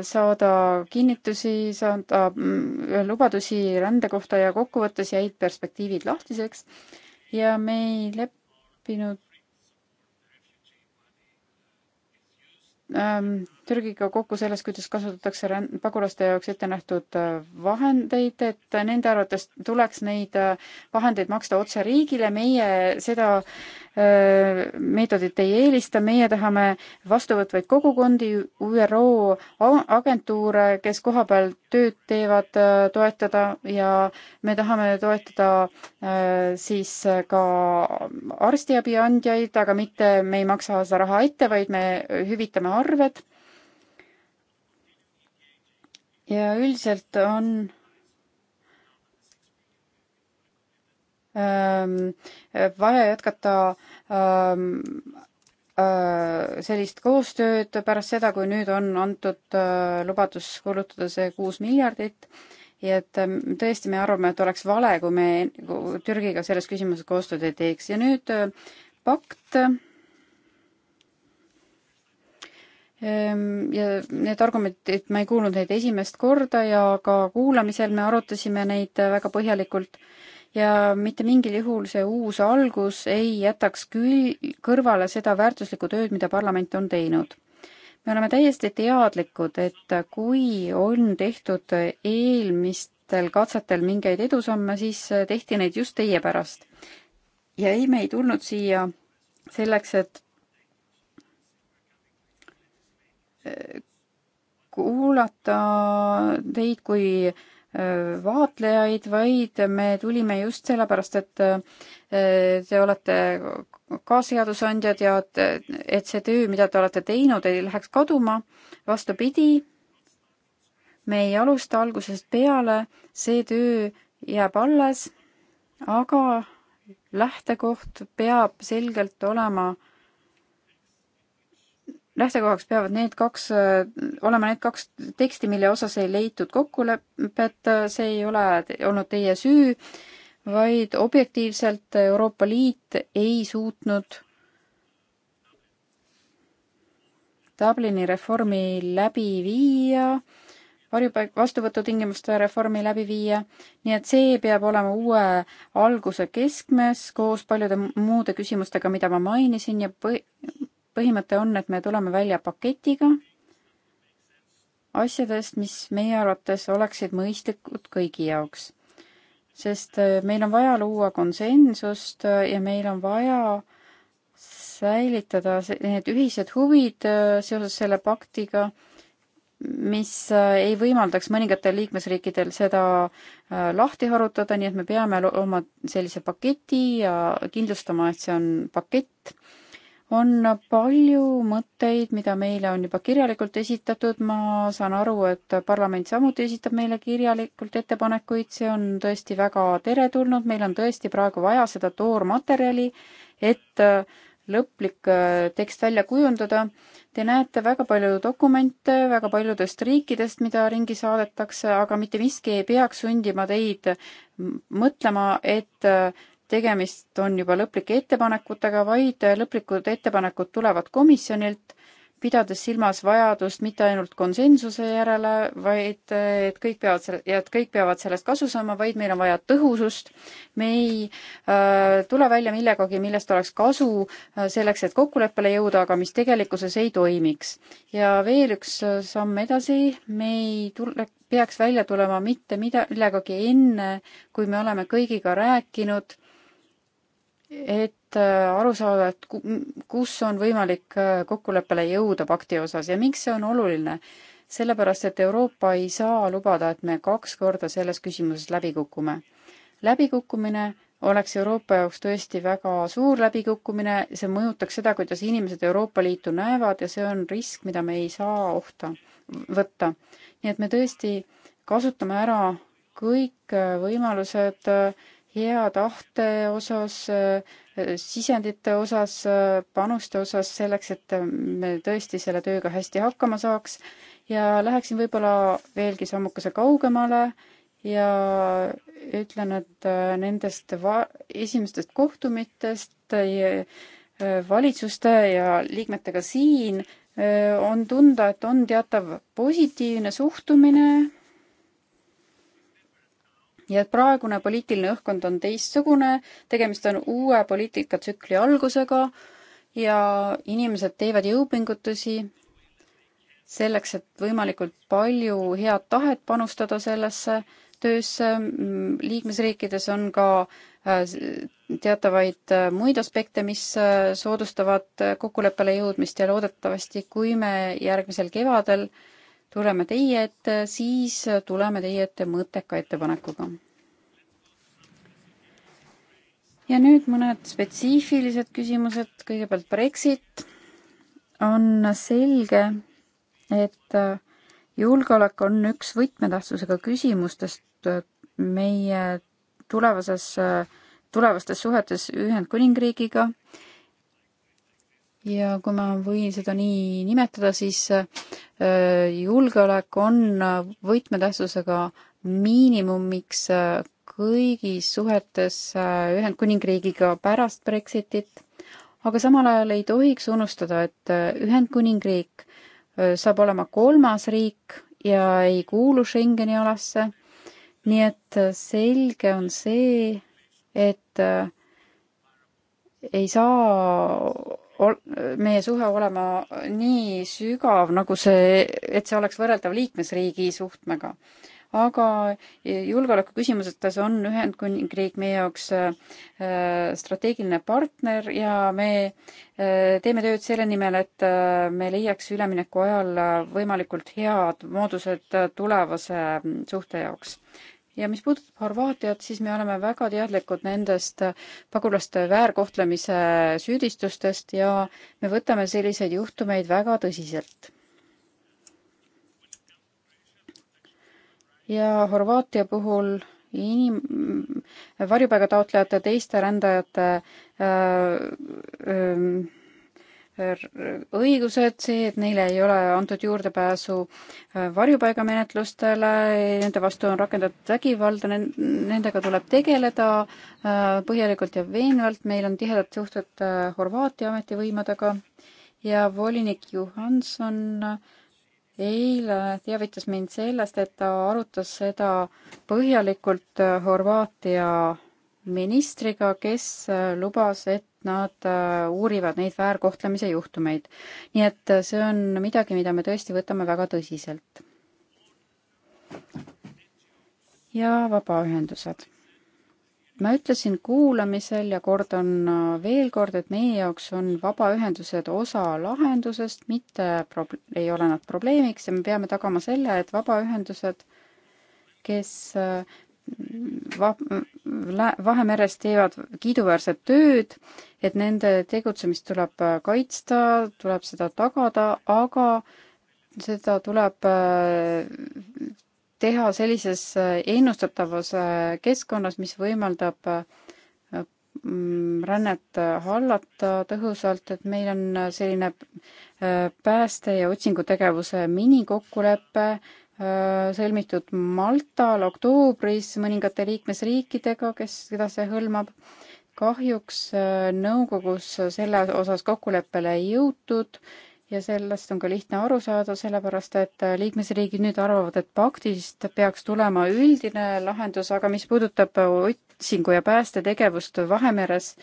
saada kinnitusi, saada mm, lubadusi rände kohta ja kokkuvõttes jäid perspektiivid lahtiseks ja me ei leppinud Ähm, Türgiga kokku selles, kuidas kasutatakse pagulaste jaoks ette nähtud äh, vahendeid, et nende arvates tuleks neid äh, vahendeid maksta otse riigile, meie seda meetodit ei eelista, meie tahame vastuvõtvaid kogukondi, ÜRO agentuure, kes kohapeal tööd teevad, äh, toetada ja me tahame toetada äh, siis äh, ka arstiabi andjaid, aga mitte me ei maksa seda raha ette, vaid me hüvitame arved. ja üldiselt on Ehm, eh, vaja jätkata ehm, eh, sellist koostööd pärast seda, kui nüüd on antud eh, lubadus kulutada see kuus miljardit ja et ehm, tõesti, me arvame, et oleks vale, kui me Türgiga selles küsimuses koostööd ei teeks ja nüüd pakt. ja need argumendid, ma ei kuulnud neid esimest korda ja ka kuulamisel me arutasime neid väga põhjalikult ja mitte mingil juhul see uus algus ei jätaks küll kõrvale seda väärtuslikku tööd, mida parlament on teinud. me oleme täiesti teadlikud, et kui on tehtud eelmistel katsetel mingeid edusamme, siis tehti neid just teie pärast. ja ei, me ei tulnud siia selleks, et kuulata teid kui Äh, vaatlejaid, vaid me tulime just sellepärast, et äh, te olete ka seadusandjad ja et, et see töö, mida te olete teinud, ei läheks kaduma. vastupidi, me ei alusta algusest peale, see töö jääb alles, aga lähtekoht peab selgelt olema äh, lähtekohaks peavad need kaks, äh, olema need kaks teksti, mille osas ei leitud kokkulepet, äh, see ei ole olnud teie süü, vaid objektiivselt Euroopa Liit ei suutnud Dublini reformi läbi viia, varjupaik, vastuvõtutingimuste reformi läbi viia, nii et see peab olema uue alguse keskmes koos paljude muude küsimustega, mida ma mainisin ja põh-, põhimõte on, et me tuleme välja paketiga asjadest, mis meie arvates oleksid mõistlikud kõigi jaoks. sest äh, meil on vaja luua konsensust äh, ja meil on vaja säilitada need ühised huvid äh, seoses selle paktiga, mis ei võimaldaks mõningatel liikmesriikidel seda lahti harutada, nii et me peame oma sellise paketi ja kindlustama, et see on pakett on palju mõtteid, mida meile on juba kirjalikult esitatud, ma saan aru, et parlament samuti esitab meile kirjalikult ettepanekuid, see on tõesti väga teretulnud, meil on tõesti praegu vaja seda toormaterjali, et lõplik äh, tekst välja kujundada. Te näete väga palju dokumente väga paljudest riikidest, mida ringi saadetakse, aga mitte miski ei peaks sundima teid mõtlema, et äh, tegemist on juba lõplike ettepanekutega, vaid lõplikud ettepanekud tulevad komisjonilt, pidades silmas vajadust mitte ainult konsensuse järele, vaid et kõik peavad selle, ja et kõik peavad sellest kasu saama, vaid meil on vaja tõhusust. me ei äh, tule välja millegagi, millest oleks kasu äh, selleks, et kokkuleppele jõuda, aga mis tegelikkuses ei toimiks. ja veel üks äh, samm edasi, me ei tule, peaks välja tulema mitte mida, millegagi enne, kui me oleme kõigiga rääkinud et äh, aru saada, et kus on võimalik äh, kokkuleppele jõuda pakti osas ja miks see on oluline. sellepärast, et Euroopa ei saa lubada, et me kaks korda selles küsimuses läbi kukume. läbikukkumine oleks Euroopa jaoks tõesti väga suur läbikukkumine, see mõjutaks seda, kuidas inimesed Euroopa Liitu näevad ja see on risk, mida me ei saa ohta, võtta. nii et me tõesti kasutame ära kõik äh, võimalused äh, hea tahte osas, äh, sisendite osas, äh, panuste osas selleks, et äh, me tõesti selle tööga hästi hakkama saaks ja läheksin võib-olla veelgi sammukese kaugemale ja ütlen, et nendest va-, esimestest kohtumitest valitsuste ja liikmetega siin on tunda, et on teatav positiivne suhtumine nii et praegune poliitiline õhkkond on teistsugune, tegemist on uue poliitikatsükli algusega ja inimesed teevad jõupingutusi selleks, et võimalikult palju head tahet panustada sellesse töösse. Mm, liikmesriikides on ka äh, teatavaid äh, muid aspekte, mis äh, soodustavad kokkuleppele jõudmist ja loodetavasti, kui me järgmisel kevadel äh, tuleme teie ette, siis tuleme teie ette mõtteka ettepanekuga. ja nüüd mõned spetsiifilised küsimused, kõigepealt Brexit. on selge, et julgeolek on üks võtmetähtsusega küsimustest meie tulevases, tulevastes suhetes Ühendkuningriigiga ja kui ma võin seda nii nimetada, siis äh, julgeolek on äh, võtmetähtsusega miinimumiks äh, kõigis suhetes Ühendkuningriigiga pärast Brexitit. aga samal ajal ei tohiks unustada, et Ühendkuningriik saab olema kolmas riik ja ei kuulu Schengeni alasse. nii et selge on see, et ei saa ol-, meie suhe olema nii sügav, nagu see, et see oleks võrreldav liikmesriigi suhtmega. aga julgeoleku küsimustes on Ühendkuningriik meie jaoks äh, strateegiline partner ja me äh, teeme tööd selle nimel, et äh, me leiaks ülemineku ajal võimalikult head moodused tulevase mm, suhte jaoks ja mis puudutab Horvaatiat, siis me oleme väga teadlikud nendest pagulaste väärkohtlemise süüdistustest ja me võtame selliseid juhtumeid väga tõsiselt. ja Horvaatia puhul inim-, varjupaigataotlejate, teiste rändajate öö, äh, öö, ähm, õigused, see, et neile ei ole antud juurdepääsu äh, varjupaigamenetlustele, nende vastu on rakendatud vägivalda, nendega tuleb tegeleda äh, põhjalikult ja veenvalt, meil on tihedad suhted äh, Horvaatia ametivõimudega ja volinik Johanson eile teavitas mind sellest, et ta arutas seda põhjalikult Horvaatia ministriga, kes lubas, et nad äh, uurivad neid väärkohtlemise juhtumeid. nii et äh, see on midagi, mida me tõesti võtame väga tõsiselt. ja vabaühendused. ma ütlesin kuulamisel ja kordan äh, veel kord, et meie jaoks on vabaühendused osa lahendusest, mitte prob-, ei ole nad probleemiks ja me peame tagama selle, et vabaühendused kes Vahemeres teevad kiiduväärset tööd, et nende tegutsemist tuleb äh, kaitsta, tuleb seda tagada, aga seda tuleb äh, teha sellises äh, ennustatavas keskkonnas, mis võimaldab mm, rännet hallata tõhusalt, et meil on selline pääste- ja otsingutegevuse minikokkulepe, sõlmitud Maltal oktoobris mõningate liikmesriikidega, kes, keda see hõlmab. kahjuks nõukogus selle osas kokkuleppele ei jõutud ja sellest on ka lihtne aru saada, sellepärast et liikmesriigid nüüd arvavad, et paktist peaks tulema üldine lahendus, aga mis puudutab otsingu ja päästetegevust Vahemeres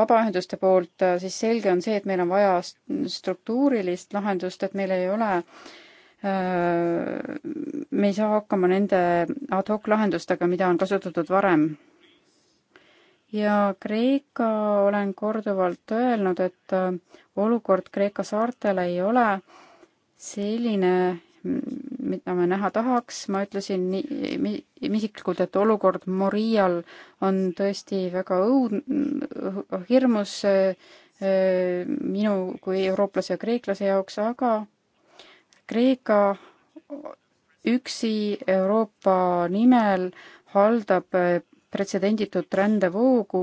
vabaühenduste poolt, siis selge on see, et meil on vaja struktuurilist lahendust, et meil ei ole äh, Äh, me ei saa hakkama nende ad hoc lahendustega, mida on kasutatud varem. ja Kreeka olen korduvalt öelnud, et äh, olukord Kreeka saartel ei ole selline, mida me näha tahaks, ma ütlesin nii, isiklikult, et olukord Morial on tõesti väga õud-, hirmus äh, minu kui eurooplase ja kreeklase jaoks, aga Kreeka üksi Euroopa nimel haldab eh, pretsedenditut rändevoogu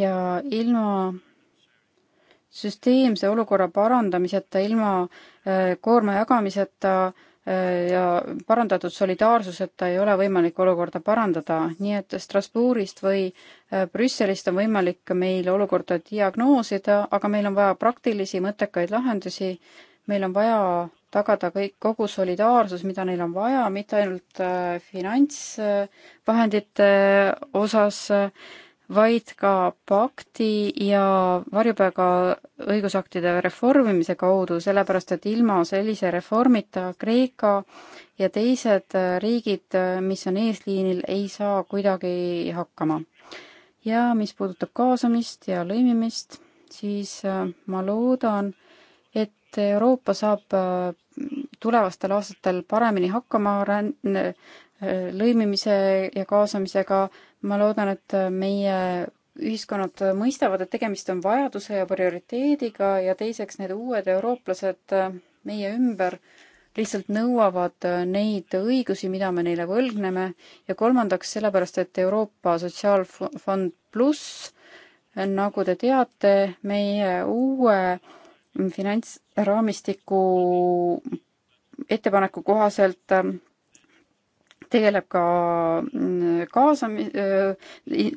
ja ilma süsteemse olukorra parandamiseta, ilma eh, koorma jagamiseta eh, ja parandatud solidaarsuseta ei ole võimalik olukorda parandada, nii et Strasbourgist või Äh, Brüsselist on võimalik meil olukorda diagnoosida, aga meil on vaja praktilisi mõttekaid lahendusi, meil on vaja tagada kõik, kogu solidaarsus, mida neil on vaja, mitte ainult äh, finantsvahendite äh, osas, vaid ka pakti ja varjupaiga õigusaktide reformimise kaudu, sellepärast et ilma sellise reformita Kreeka ja teised riigid, mis on eesliinil, ei saa kuidagi hakkama ja mis puudutab kaasamist ja lõimimist, siis äh, ma loodan, et Euroopa saab äh, tulevastel aastatel paremini hakkama ränn-, äh, lõimimise ja kaasamisega. ma loodan, et meie ühiskonnad mõistavad, et tegemist on vajaduse ja prioriteediga ja teiseks need uued eurooplased meie ümber lihtsalt nõuavad äh, neid õigusi, mida me neile võlgneme ja kolmandaks sellepärast, et Euroopa Sotsiaalfond pluss, äh, nagu te teate, meie uue mm, finantsraamistiku ettepaneku kohaselt äh, tegeleb ka mm, kaasami-,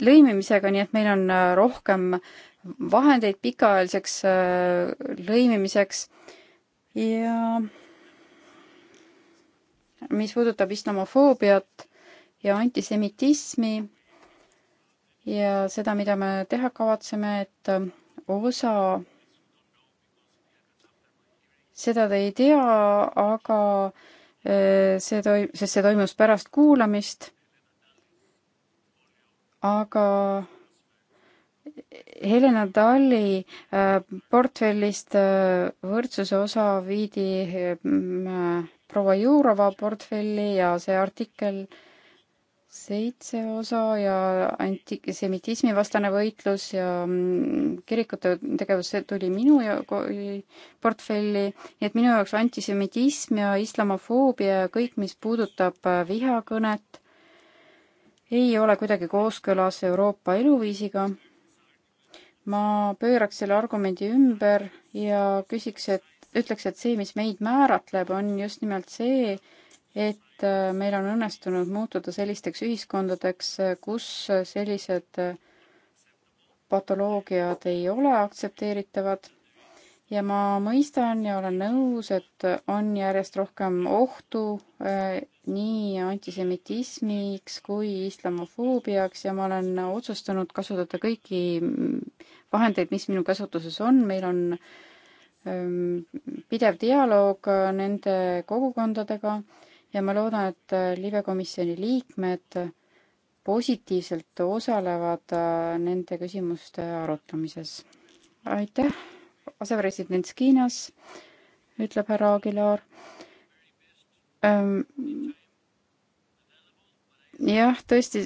lõimimisega, nii et meil on rohkem vahendeid pikaajaliseks lõimimiseks ja mis puudutab islamofoobiat ja antisemitismi ja seda, mida me teha kavatseme, et ähm, osa seda te ei tea, aga äh, see toim-, sest see toimus pärast kuulamist, aga Helena Talli äh, portfellist äh, võrdsuse osa viidi äh, proua Jurova portfelli ja see artikkel seitse osa ja antisemitismi vastane võitlus ja mm, kirikute tegevus, see tuli minu portfelli, nii et minu jaoks antisemitism ja islamofoobia ja kõik, mis puudutab vihakõnet, ei ole kuidagi kooskõlas Euroopa eluviisiga ma pööraks selle argumendi ümber ja küsiks, et, ütleks, et see, mis meid määratleb, on just nimelt see, et äh, meil on õnnestunud muutuda sellisteks ühiskondadeks, äh, kus sellised äh, patoloogiad ei ole aktsepteeritavad. ja ma mõistan ja olen nõus, et on järjest rohkem ohtu nii antisemitismiks kui islamofoobiaks ja ma olen otsustanud kasutada kõiki mm, vahendeid, mis minu käsutuses on, meil on ähm, pidev dialoog äh, nende kogukondadega ja ma loodan, et äh, libekomisjoni liikmed positiivselt osalevad äh, nende küsimuste arutamises. aitäh, asepresident Skinas, ütleb härra Aguilar. Ähm, jah, tõesti,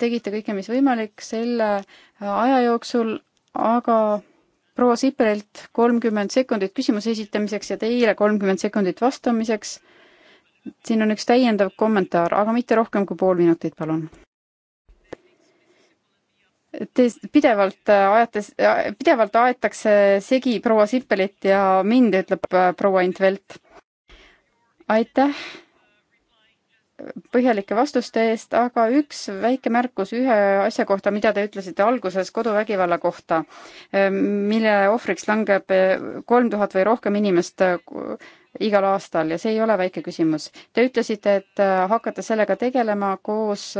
tegite kõike, mis võimalik selle aja jooksul, aga proua Siperilt kolmkümmend sekundit küsimuse esitamiseks ja teile kolmkümmend sekundit vastamiseks. siin on üks täiendav kommentaar, aga mitte rohkem kui pool minutit, palun. Te pidevalt äh, ajate, äh, pidevalt aetakse segi proua Sipelit ja mind, ütleb äh, proua Intvelt. aitäh põhjalike vastuste eest, aga üks väike märkus ühe asja kohta, mida te ütlesite alguses koduvägivalla kohta, ehm, mille ohvriks langeb eh, kolm tuhat või rohkem inimest eh, igal aastal ja see ei ole väike küsimus. Te ütlesite, et eh, hakkate sellega tegelema koos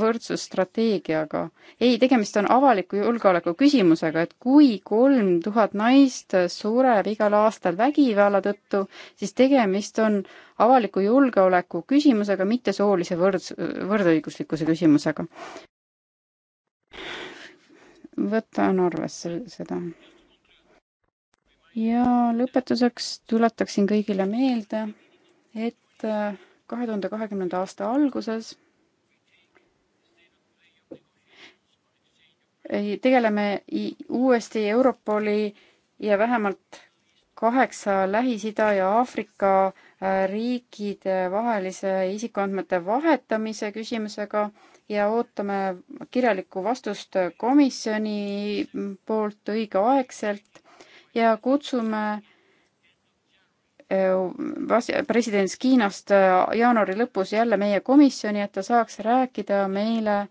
võrdsusstrateegiaga. ei, tegemist on avaliku julgeoleku küsimusega, et kui kolm tuhat naist sureb igal aastal vägivalla tõttu, siis tegemist on avaliku julgeoleku küsimusega, mitte soolise võrd-, võrdõiguslikkuse küsimusega. võtan arvesse seda. ja lõpetuseks tuletaksin kõigile meelde, et kahe tuhande kahekümnenda aasta alguses tegeleme uuesti Europoli ja vähemalt kaheksa Lähis-Ida ja Aafrika äh, riikide vahelise isikuandmete vahetamise küsimusega ja ootame kirjalikku vastust komisjoni poolt õigeaegselt ja kutsume äh, president Kiinast äh, jaanuari lõpus jälle meie komisjoni, et ta saaks rääkida meile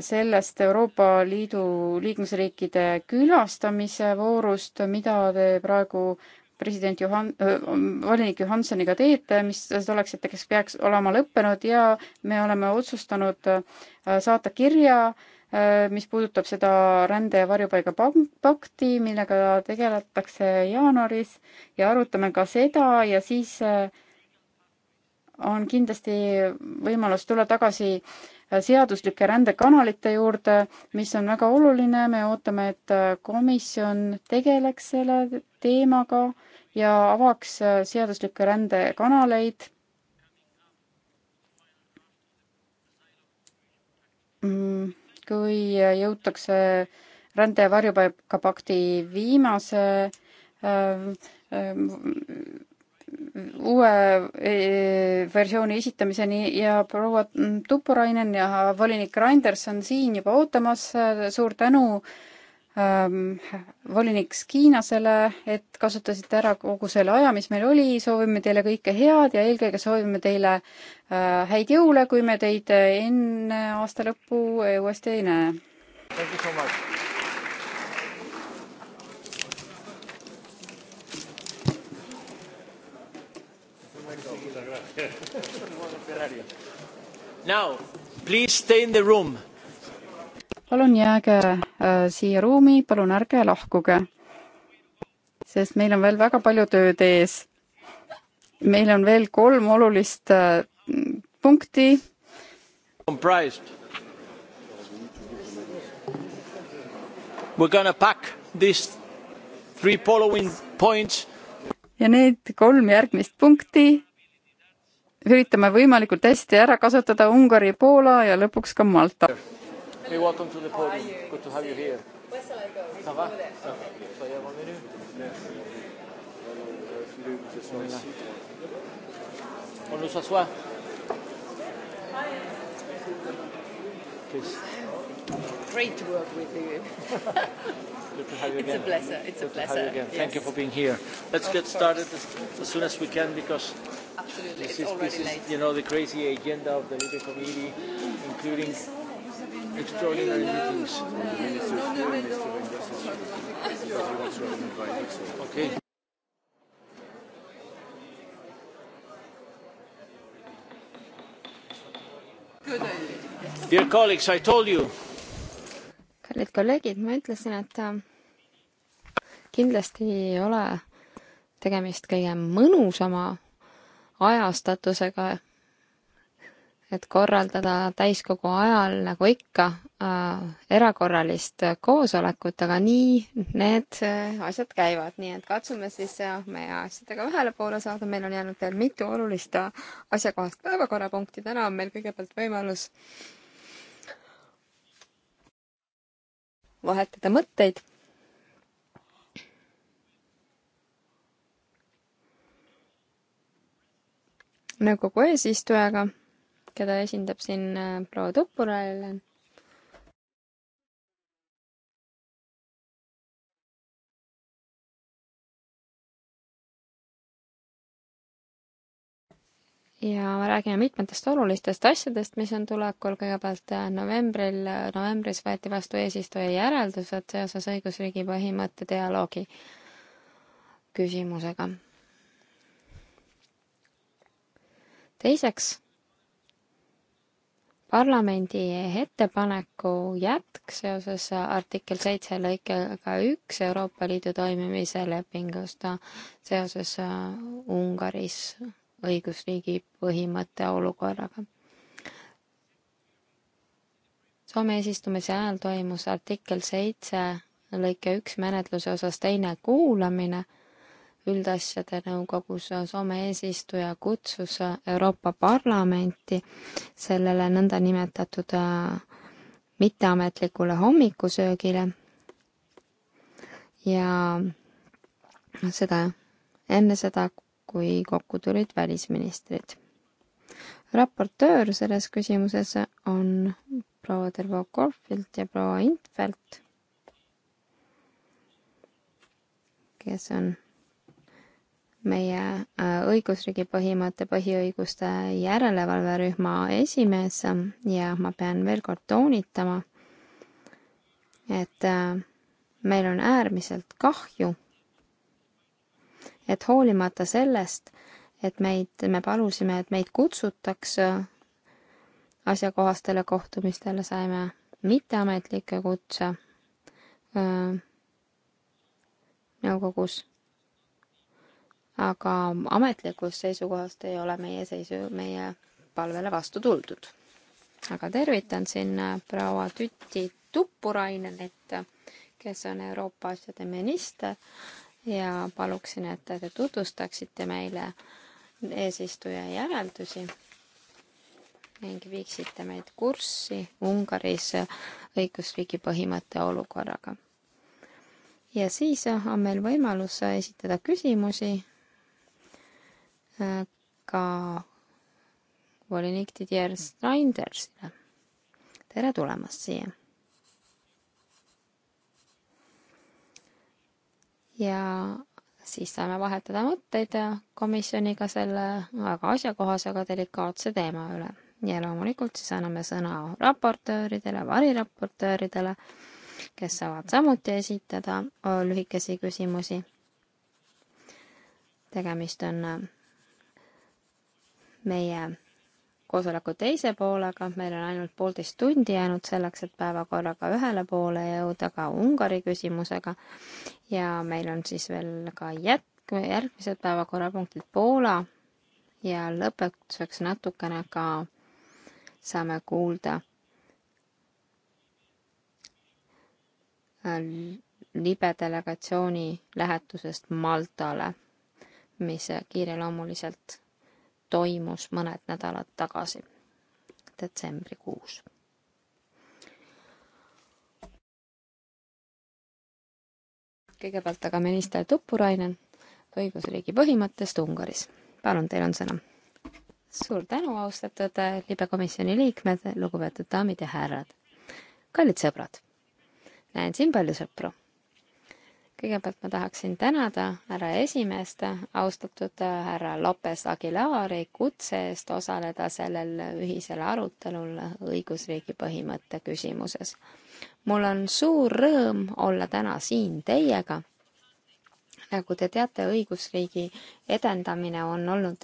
sellest Euroopa Liidu liikmesriikide külastamise voorust, mida te praegu president Johan- äh,, volinik Johansoniga teete, mis oleks, et kas peaks olema lõppenud ja me oleme otsustanud äh, saata kirja, äh, mis puudutab seda rände ja varjupaiga pakti, millega tegeletakse jaanuaris ja arutame ka seda ja siis äh, on kindlasti võimalus tulla tagasi äh, seaduslike rändekanalite juurde, mis on väga oluline, me ootame, et komisjon tegeleks selle teemaga ja avaks seaduslikke rändekanaleid. Mm, kui jõutakse rände ja varjupaikapakti viimase äh, äh, uue e, versiooni esitamiseni ja proua Tuppurainen ja volinik Reinders on siin juba ootamas, suur tänu ähm, volinik Skiinasele, et kasutasite ära kogu selle aja, mis meil oli, soovime teile kõike head ja eelkõige soovime teile äh, häid jõule, kui me teid enne aasta lõppu äh, uuesti ei näe. Thank you so much. Now, please stay in the room. palun jääge äh, siia ruumi, palun ärge lahkuge, sest meil on veel väga palju tööd ees. meil on veel kolm olulist äh, punkti. Comprised. We are gonna pack these three following points. ja need kolm järgmist punkti üritame võimalikult hästi ära kasutada Ungari, Poola ja lõpuks ka Malta. On nous s'assoit Please. Great to work with you. (laughs) Good to have you again. It's a pleasure. It's Good a pleasure. To have you again. Yes. Thank you for being here. Let's get started as, as soon as we can because Absolutely, this it's is, already this late. Is, you know, the crazy agenda of the Libre Committee, including extraordinary meetings. Okay. Dear colleagues, I told you. kallid kolleegid, ma ütlesin, et ähm, kindlasti ei ole tegemist kõige mõnusama ajastatusega, et korraldada täiskogu ajal, nagu ikka äh,, erakorralist koosolekut, aga nii need äh, asjad käivad, nii et katsume siis äh, meie asjadega ühele poole saada, meil on jäänud veel mitu olulist äh, asjakohast päevakorrapunkti, täna on meil kõigepealt võimalus vahetada mõtteid nõukogu eesistujaga, keda esindab siin äh, proua Tuppurainen ja me räägime mitmetest olulistest asjadest, mis on tulekul, kõigepealt äh, novembril, äh, novembris võeti vastu eesistuja järeldused seoses õigusriigi põhimõtte dialoogi küsimusega teiseks, parlamendi ettepaneku jätk seoses artikkel seitse lõikega üks Euroopa Liidu toimimise lepingust seoses äh, Ungaris õigusriigi põhimõtte olukorraga. Soome eesistumise ajal toimus artikkel seitse lõike üks menetluse osas teine kuulamine üldasjade nõukogus Soome eesistuja kutsus Euroopa Parlamenti sellele nõndanimetatud äh, mitteametlikule hommikusöögile ja seda enne seda, kui kokku tulid välisministrid. raportöör selles küsimuses on proua Tervo Korfilt ja proua Intfelt, kes on meie äh, õigusriigi põhimõtte põhiõiguste järelevalverühma esimees ja ma pean veel kord toonitama, et äh, meil on äärmiselt kahju, et hoolimata sellest, et meid, me palusime, et meid kutsutaks äh, asjakohastele kohtumistele, saime mitteametlikke kutse öö, nõukogus aga ametlikust seisukohast ei ole meie seisu, meie palvele vastu tuldud. aga tervitan siin äh, proua Tüti Tuppurainenit, äh, kes on Euroopa asjade minister ja paluksin, et te tutvustaksite meile eesistuja järeldusi ning viiksite meid kurssi Ungaris õigusriigi põhimõtte olukorraga. ja siis äh, on meil võimalus esitada küsimusi ka volinik Didier Reindersile. tere tulemast siia. ja siis saame vahetada mõtteid komisjoniga selle väga asjakohase, aga delikaatse teema üle. ja loomulikult siis anname sõna raportööridele, variraportööridele, kes saavad samuti esitada lühikesi küsimusi. tegemist on meie koosoleku teise poolega, meil on ainult poolteist tundi jäänud selleks, et päevakorraga ühele poole jõuda, ka Ungari küsimusega. ja meil on siis veel ka jätk, järgmised päevakorrapunktid Poola ja lõpetuseks natukene ka saame kuulda äh, libe delegatsiooni lähetusest Maltale, mis kiireloomuliselt toimus mõned nädalad tagasi, detsembrikuus kõigepealt aga minister Tuppurainen õigusriigi põhimõttest Ungaris. palun, teil on sõna. suur tänu, austatud libekomisjoni liikmed, lugupeetud daamid ja härrad. kallid sõbrad, näen siin palju sõpru kõigepealt ma tahaksin tänada härra esimeest, austatud härra Lopes Aguilari kutse eest osaleda sellel ühisel arutelul õigusriigi põhimõtte küsimuses. mul on suur rõõm olla täna siin teiega. nagu te teate, õigusriigi edendamine on olnud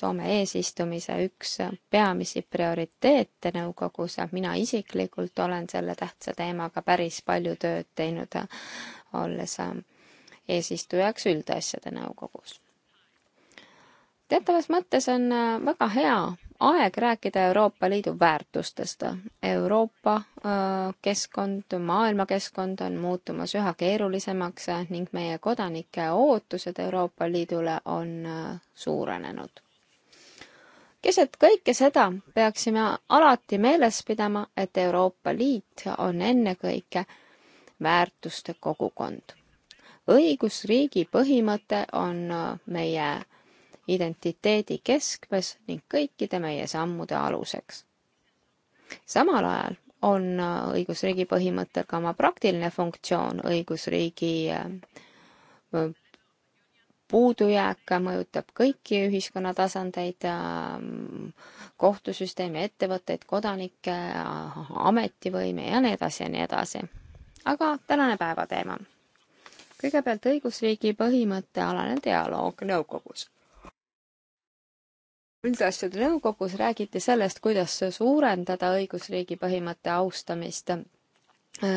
Soome eesistumise üks peamisi prioriteete nõukogus ja mina isiklikult olen selle tähtsa teemaga päris palju tööd teinud olles ähm, eesistujaks üldasjade nõukogus. teatavas mõttes on äh, väga hea aeg rääkida Euroopa Liidu väärtustest. Euroopa äh, keskkond, maailmakeskkond on muutumas üha keerulisemaks äh, ning meie kodanike ootused Euroopa Liidule on suurenenud. keset kõike seda peaksime alati meeles pidama, et Euroopa Liit on ennekõike väärtuste kogukond. õigusriigi põhimõte on äh, meie identiteedi keskmes ning kõikide meie sammude aluseks. samal ajal on äh, õigusriigi põhimõttel ka oma praktiline funktsioon, õigusriigi äh, puudujääk mõjutab kõiki ühiskonna tasandeid, kohtusüsteemi, ettevõtteid, kodanikke, ametivõime ja nii edasi ja nii edasi aga tänane päevateema. kõigepealt õigusriigi põhimõttealane dialoog nõukogus. üldasjade nõukogus räägiti sellest, kuidas suurendada õigusriigi põhimõtte austamist äh,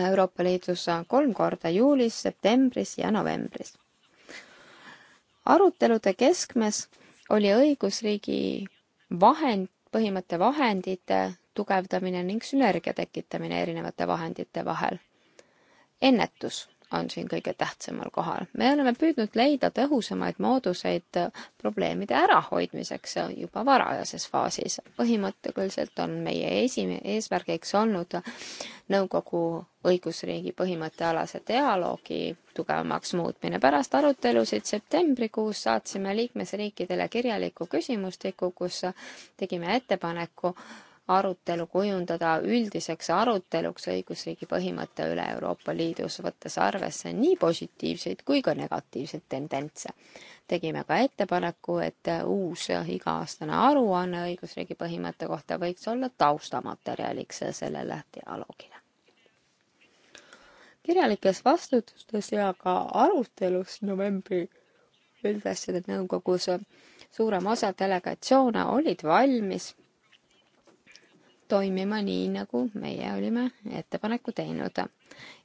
Euroopa Liidus kolm korda juulis, septembris ja novembris. arutelude keskmes oli õigusriigi vahend, põhimõtte vahendite tugevdamine ning sünergia tekitamine erinevate vahendite vahel ennetus on siin kõige tähtsamal kohal. me oleme püüdnud leida tõhusamaid mooduseid äh, probleemide ärahoidmiseks äh, juba varajases faasis. põhimõtteliselt on meie esimene eesmärgiks olnud äh, nõukogu õigusriigi põhimõttealase dialoogi tugevamaks muutmine. pärast arutelusid septembrikuus saatsime liikmesriikidele kirjaliku küsimustiku, kus tegime ettepaneku arutelu kujundada üldiseks aruteluks õigusriigi põhimõtte üle Euroopa Liidus, võttes arvesse nii positiivseid kui ka negatiivseid tendentse. tegime ka ettepaneku, et uus iga-aastane aruanne õigusriigi põhimõtte kohta võiks olla taustamaterjaliks sellele dialoogile. kirjalikes vastutustes ja ka arutelus novembri üldasjade nõukogus suurem osa delegatsioone olid valmis toimima nii, nagu meie olime ettepaneku teinud.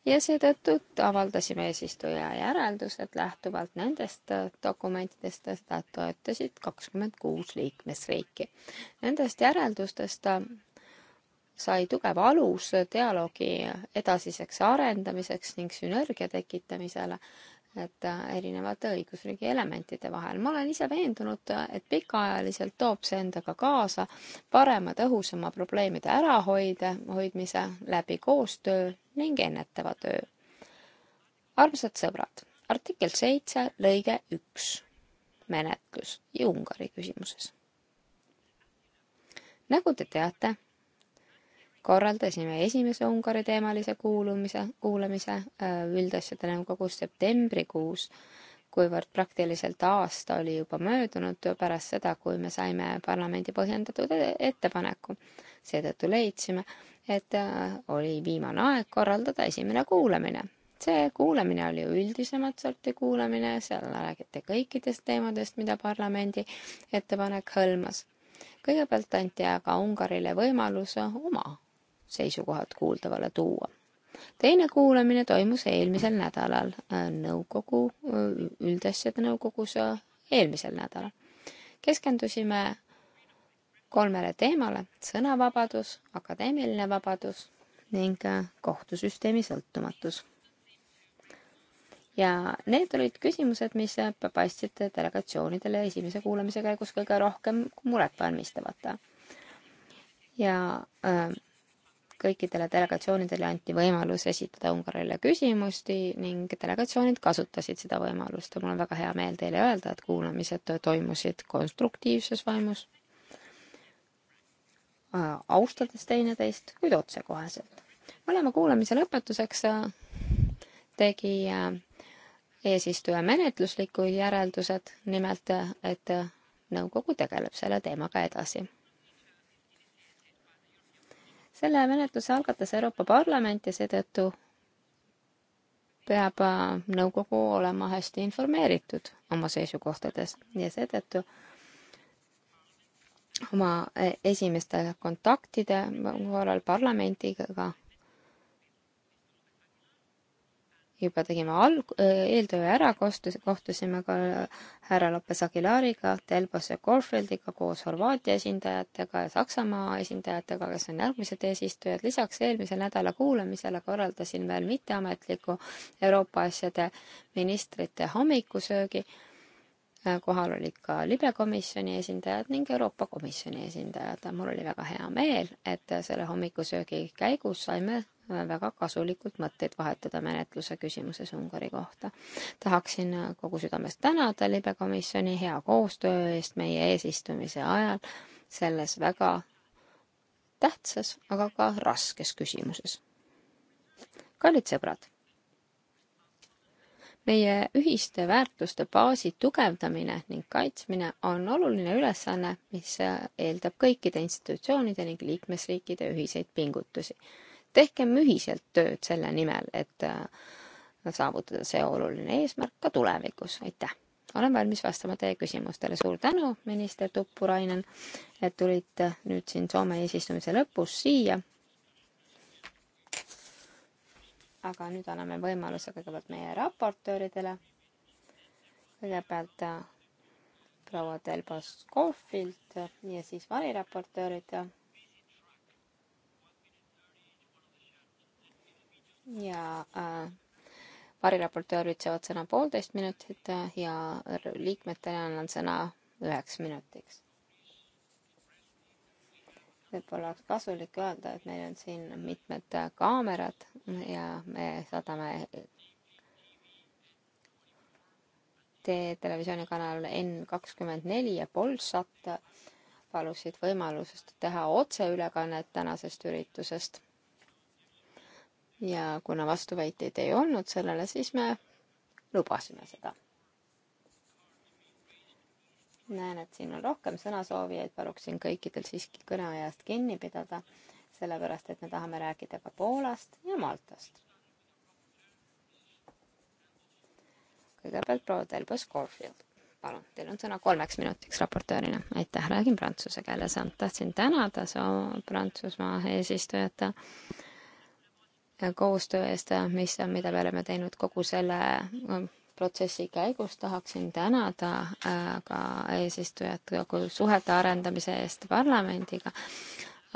ja seetõttu avaldasime eesistuja järeldused lähtuvalt nendest dokumentidest, seda toetasid kakskümmend kuus liikmesriiki. Nendest järeldustest sai tugev alus dialoogi edasiseks arendamiseks ning sünergia tekitamisele et äh, erinevate õigusriigi elementide vahel. ma olen ise veendunud, et pikaajaliselt toob see endaga kaasa parema, tõhusama probleemide ärahoide, hoidmise läbi koostöö ning ennetava töö. armsad sõbrad, artikkel seitse, lõige üks, menetlus ja Ungari küsimuses. nagu te teate korraldasime esimese Ungari-teemalise kuulumise, kuulamise äh, üldasjade nõukogus septembrikuus, kuivõrd praktiliselt aasta oli juba möödunud pärast seda, kui me saime parlamendi põhjendatud e-, ettepaneku. seetõttu leidsime, et äh, oli viimane aeg korraldada esimene kuulamine. see kuulamine oli üldisemat sorti kuulamine, seal räägiti kõikidest teemadest, mida parlamendi ettepanek hõlmas. kõigepealt anti aga Ungarile võimalus oma seisukohad kuuldavale tuua. teine kuulamine toimus eelmisel nädalal äh, nõukogu, äh, üldasjade nõukogus äh, eelmisel nädalal. keskendusime kolmele teemale, sõnavabadus, akadeemiline vabadus ning kohtusüsteemi sõltumatus. ja need olid küsimused, mis paistsid delegatsioonidele esimese kuulamise käigus kõige rohkem muret valmistavate. ja äh, kõikidele delegatsioonidele anti võimalus esitada Ungarile küsimusi ning delegatsioonid kasutasid seda võimalust ja mul on väga hea meel teile öelda, et kuulamised toimusid konstruktiivses vaimus, äh, austades teineteist, kuid otsekoheselt. me oleme kuulamise lõpetuseks äh, tegi äh, eesistuja menetluslikud järeldused, nimelt et nõukogu tegeleb selle teemaga edasi selle menetluse algatas Euroopa Parlament ja seetõttu peab äh, nõukogu olema hästi informeeritud oma seisukohtadest ja seetõttu oma äh, esimeste kontaktide korral parlamendiga juba tegime alg-, eeltöö ära, kohtus, kohtusime ka härra Lopez Aguilariga, Delbos ja Gorfeldiga koos Horvaatia esindajatega ja Saksamaa esindajatega, kes on järgmised eesistujad. lisaks eelmise nädala kuulamisele korraldasin veel mitteametliku Euroopa asjade ministrite hommikusöögi Äh, kohal olid ka libekomisjoni esindajad ning Euroopa Komisjoni esindajad. mul oli väga hea meel, et selle hommikusöögi käigus saime äh, väga kasulikult mõtteid vahetada menetluse küsimuses Ungari kohta. tahaksin äh, kogu südamest tänada libekomisjoni hea koostöö eest meie eesistumise ajal selles väga tähtsas, aga ka raskes küsimuses. kallid sõbrad meie ühiste väärtuste baasi tugevdamine ning kaitsmine on oluline ülesanne, mis äh, eeldab kõikide institutsioonide ning liikmesriikide ühiseid pingutusi. tehkem ühiselt tööd selle nimel, et äh, saavutada see oluline eesmärk ka tulevikus, aitäh! olen valmis vastama teie küsimustele. suur tänu, minister Tuppurainen, et tulite nüüd siin Soome eesistumise lõpus siia aga nüüd anname võimaluse kõigepealt meie raportööridele. kõigepealt äh, proua Delbos Kohvilt ja siis variraportöörid. ja äh, variraportöörid saavad sõna poolteist minutit ja liikmetele annan sõna üheks minutiks võib-olla oleks kasulik öelda, et meil on siin mitmed kaamerad ja me saadame televisioonikanal N24 ja Polsat palusid võimalusest teha otseülekannet tänasest üritusest. ja kuna vastuväiteid ei olnud sellele, siis me lubasime seda näen, et siin on rohkem sõnasoovijaid, paluksin kõikidel siiski kõneajast kinni pidada, sellepärast et me tahame rääkida ka Poolast ja Maltast. kõigepealt proua Delbo Scorfield, palun, teil on sõna kolmeks minutiks raportöörina. aitäh, räägin prantsuse keeles. tahtsin tänada Prantsusmaa eesistujat koostöö eest, mis, mida me oleme teinud kogu selle protsessi käigus tahaksin tänada äh, ka eesistujat suhete arendamise eest parlamendiga,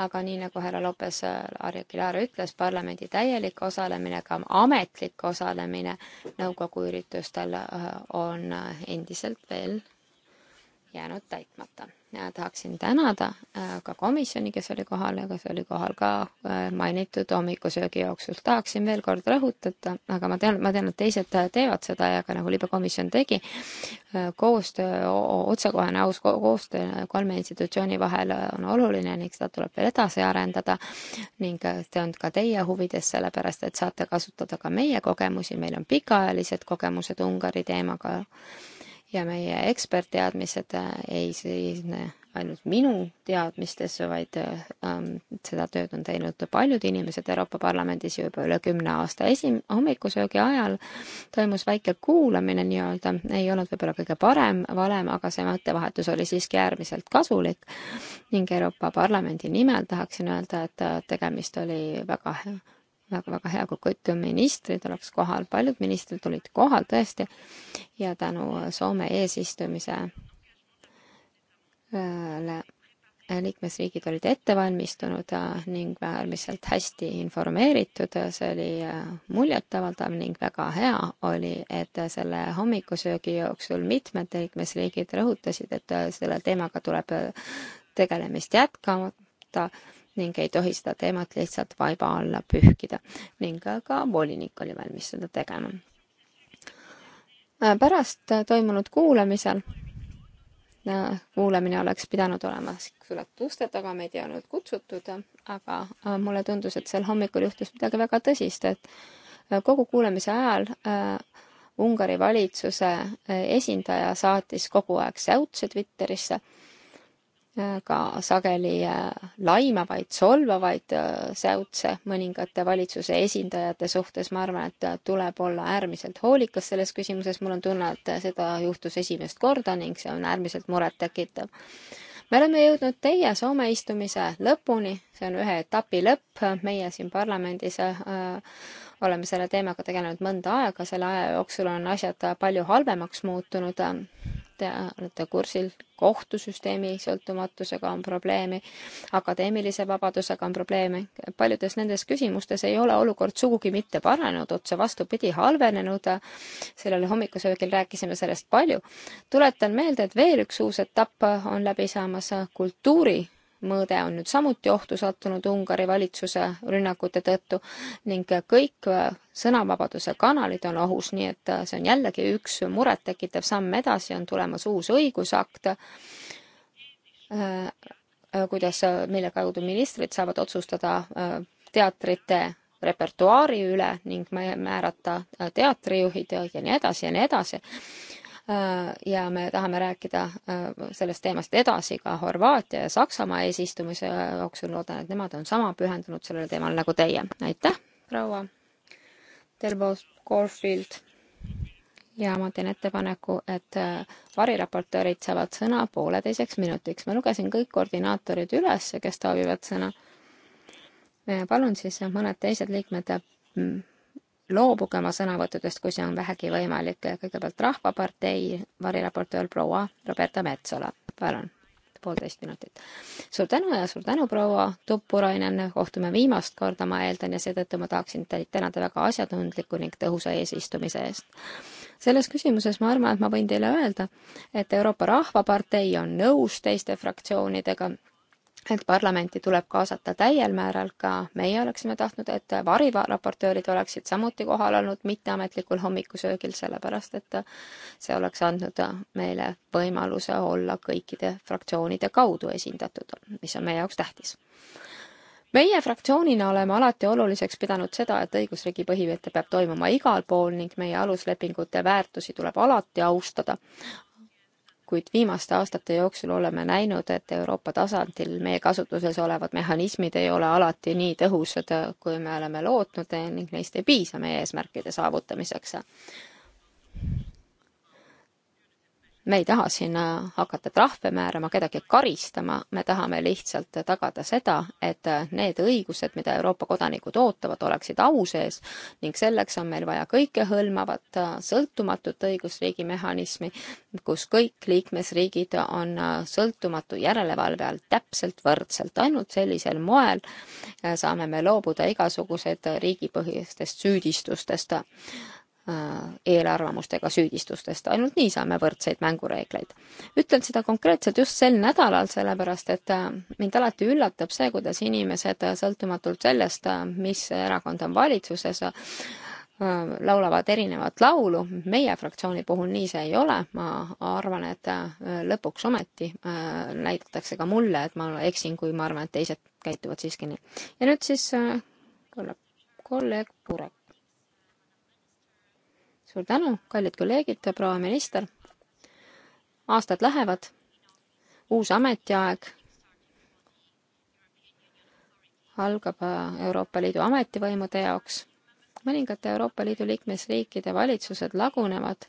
aga nii, nagu härra Lopes äh, Aguilar ütles, parlamendi täielik osalemine, ka ametlik osalemine nõukogu üritustel äh, on endiselt veel jäänud täitmata. tahaksin tänada äh, ka komisjoni, kes oli kohal ja kes oli kohal ka äh, mainitud hommikusöögi jooksul. tahaksin veel kord rõhutada, aga ma tean, ma tean, et teised äh, teevad seda ja ka nagu libekomisjon tegi, koostöö, otsekohene aus koostöö kolme institutsiooni vahel on oluline ning seda tuleb veel edasi arendada ning see on ka teie huvides, sellepärast et saate kasutada ka meie kogemusi, meil on pikaajalised kogemused Ungari teemaga ja meie ekspertteadmised äh, ei seisne ainult minu teadmistes, vaid äh, ähm, seda tööd on teinud paljud inimesed Euroopa Parlamendis juba üle kümne aasta. esim-, hommikusöögi ajal toimus väike kuulamine nii-öelda, ei olnud võib-olla kõige parem valem, aga see mõttevahetus oli siiski äärmiselt kasulik ning Euroopa Parlamendi nimel tahaksin öelda, et äh, tegemist oli väga hea väga-väga hea, kui kõik ministrid oleks kohal, paljud ministrid olid kohal tõesti ja tänu äh, Soome eesistumisele äh, liikmesriigid olid ette valmistunud äh, ning äärmiselt hästi informeeritud, see oli muljetavaldav ning väga hea oli, et selle hommikusöögi jooksul mitmed liikmesriigid rõhutasid, et selle teemaga tuleb tegelemist jätkata ning ei tohi seda teemat lihtsalt vaiba alla pühkida ning ka volinik oli valmis seda tegema. Äh, pärast toimunud kuulamisel äh, kuulamine oleks pidanud olema suletud uste taga, meid ei olnud kutsutud, aga äh, mulle tundus, et sel hommikul juhtus midagi väga tõsist, et kogu kuulamise ajal äh, Ungari valitsuse esindaja saatis kogu aeg säutse Twitterisse äh, ka sageli äh, laimavaid, solvavaid äh, säutse mõningate valitsuse esindajate suhtes, ma arvan, et äh, tuleb olla äärmiselt hoolikas selles küsimuses, mul on tunne, et seda juhtus esimest korda ning see on äärmiselt murettekitav. me oleme jõudnud teie Soome istumise lõpuni, see on ühe etapi lõpp, meie siin parlamendis oleme selle teemaga tegelenud mõnda aega, selle aja jooksul on asjad palju halvemaks muutunud. Te olete kursil, kohtusüsteemi sõltumatusega on probleemi, akadeemilise vabadusega on probleeme. paljudes nendes küsimustes ei ole olukord sugugi mitte paranenud, otse vastupidi, halvenenud. sellel hommikusöögil rääkisime sellest palju. tuletan meelde, et veel üks uus etapp on läbi saamas kultuuri mõõde on nüüd samuti ohtu sattunud Ungari valitsuse rünnakute tõttu ning kõik äh, sõnavabaduse kanalid on ohus, nii et äh, see on jällegi üks murettekitav samm edasi, on tulemas uus õigusakt, äh, kuidas, mille kaudu ministrid saavad otsustada teatrite repertuaari üle ning määrata teatrijuhid ja nii edasi ja nii edasi. Äh, ja me tahame rääkida äh, sellest teemast edasi ka Horvaatia ja Saksamaa eesistumise äh, jooksul, loodan, et nemad on sama pühendunud sellele teemale nagu teie. aitäh, proua Terbo-Corfield! ja ma teen ettepaneku, et variraportöörid saavad sõna pooleteiseks minutiks. ma lugesin kõik koordinaatorid üles, kes soovivad sõna. palun siis mõned teised liikmed loobuge oma sõnavõttudest, kui see on vähegi võimalik. kõigepealt Rahvapartei variraportöör proua Roberta Metsola, palun, poolteist minutit. suur tänu ja suur tänu, proua Tuppurainen, kohtume viimast korda, ma eeldan, ja seetõttu ma tahaksin teid tänada väga asjatundliku ning tõhusa eesistumise eest selles küsimuses ma arvan, et ma võin teile öelda, et Euroopa Rahvapartei on nõus teiste fraktsioonidega et parlamenti tuleb kaasata täiel määral, ka meie oleksime tahtnud, et variraportöörid oleksid samuti kohal olnud mitteametlikul hommikusöögil, sellepärast et see oleks andnud meile võimaluse olla kõikide fraktsioonide kaudu esindatud, mis on meie jaoks tähtis meie fraktsioonina oleme alati oluliseks pidanud seda, et õigusriigi põhimõte peab toimuma igal pool ning meie aluslepingute väärtusi tuleb alati austada kuid viimaste aastate jooksul oleme näinud, et Euroopa tasandil meie kasutuses olevad mehhanismid ei ole alati nii tõhusad, kui me oleme lootnud eh, ning neist ei piisa meie eesmärkide saavutamiseks me ei taha siin hakata trahve määrama, kedagi karistama, me tahame lihtsalt tagada seda, et need õigused, mida Euroopa kodanikud ootavad, oleksid au sees ning selleks on meil vaja kõikehõlmavat sõltumatut õigusriigi mehhanismi, kus kõik liikmesriigid on sõltumatu järelevalve all täpselt võrdselt. ainult sellisel moel saame me loobuda igasugused riigipõhistest süüdistustest Äh, eelarvamustega süüdistustest, ainult nii saame võrdseid mängureegleid. ütlen seda konkreetselt just sel nädalal, sellepärast et äh, mind alati üllatab see, kuidas inimesed äh, sõltumatult sellest, mis erakond on valitsuses, laulavad erinevat laulu, meie fraktsiooni puhul nii see ei ole, ma arvan, et lõpuks ometi näidatakse ka mulle, et ma eksin, kui ma arvan, et teised käituvad siiski nii. ja nüüd siis kolleeg Purek suur tänu, kallid kolleegid, proua minister. aastad lähevad, uus ametiaeg algab äh, Euroopa Liidu ametivõimude jaoks. mõningate Euroopa Liidu liikmesriikide valitsused lagunevad,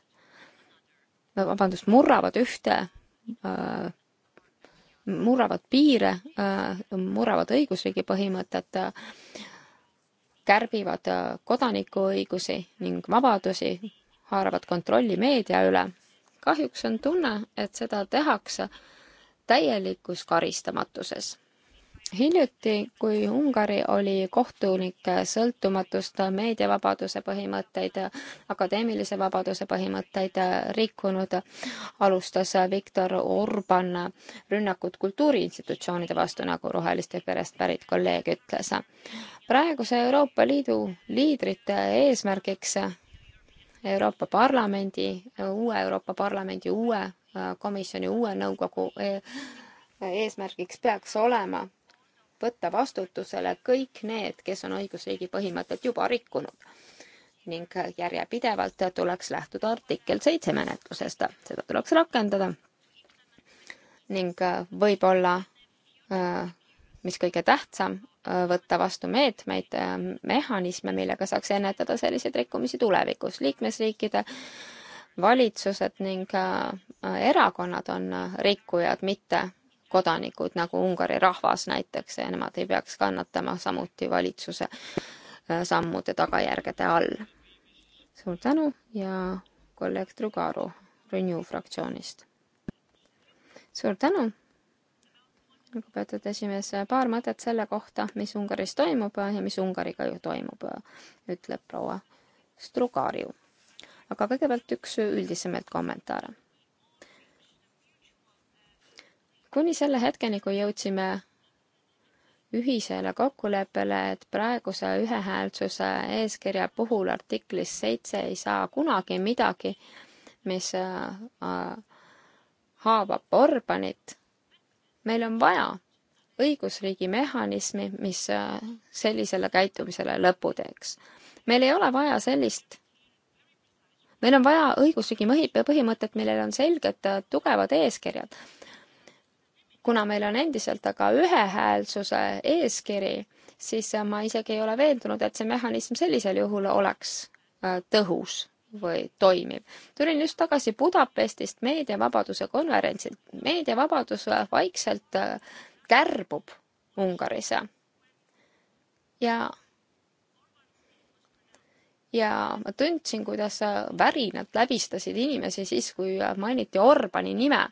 vabandust, murravad ühte äh, murravad piire, äh, murravad õigusriigi põhimõtet, äh, kärbivad äh, kodanikuõigusi ning vabadusi, haaravad kontrolli meedia üle. kahjuks on tunne, et seda tehakse täielikus karistamatuses hiljuti, kui Ungari oli kohtunik eh, sõltumatust, meediavabaduse põhimõtteid, eh, akadeemilise vabaduse põhimõtteid eh, rikkunud, alustas Viktor Orban rünnakut kultuuriinstitutsioonide vastu, nagu Roheliste perest pärit kolleeg ütles. praeguse Euroopa Liidu liidrite eesmärgiks Euroopa Parlamendi, uue Euroopa Parlamendi, uue komisjoni, uue nõukogu eesmärgiks peaks olema võtta vastutusele kõik need, kes on õigusriigi põhimõtet juba rikkunud. ning järjepidevalt tuleks lähtuda artikkel seitse menetlusest, seda tuleks rakendada. ning äh, võib-olla, äh, mis kõige tähtsam, äh, võtta vastu meetmeid, mehhanisme, millega saaks ennetada selliseid rikkumisi tulevikus. liikmesriikide valitsused ning erakonnad on rikkujad, mitte kodanikud nagu Ungari rahvas näiteks ja nemad ei peaks kannatama samuti valitsuse äh, sammude tagajärgede all. suur tänu ja kolleeg Trugaru Renew fraktsioonist. suur tänu, lugupeetud esimees, paar mõtet selle kohta, mis Ungaris toimub ja mis Ungariga ju toimub, ütleb proua Strugariu. aga kõigepealt üks üldisemaid kommentaare kuni selle hetkeni, kui jõudsime ühisele kokkuleppele, et praeguse ühehäälsuse eeskirja puhul artiklis seitse ei saa kunagi midagi, mis äh, haavab Orbanit. meil on vaja õigusriigi mehhanismi, mis äh, sellisele käitumisele lõpu teeks. meil ei ole vaja sellist meil on vaja õigusriigi põhimõtet, millel on selged äh, tugevad eeskirjad kuna meil on endiselt aga ühehäälsuse eeskiri, siis ma isegi ei ole veendunud, et see mehhanism sellisel juhul oleks äh, tõhus või toimib. tulin just tagasi Budapestist meediavabaduse konverentsilt. meediavabadus äh, vaikselt äh, kärbub Ungaris. ja, ja ma tundsin, kuidas värinad läbistasid inimesi siis, kui mainiti Orbani nime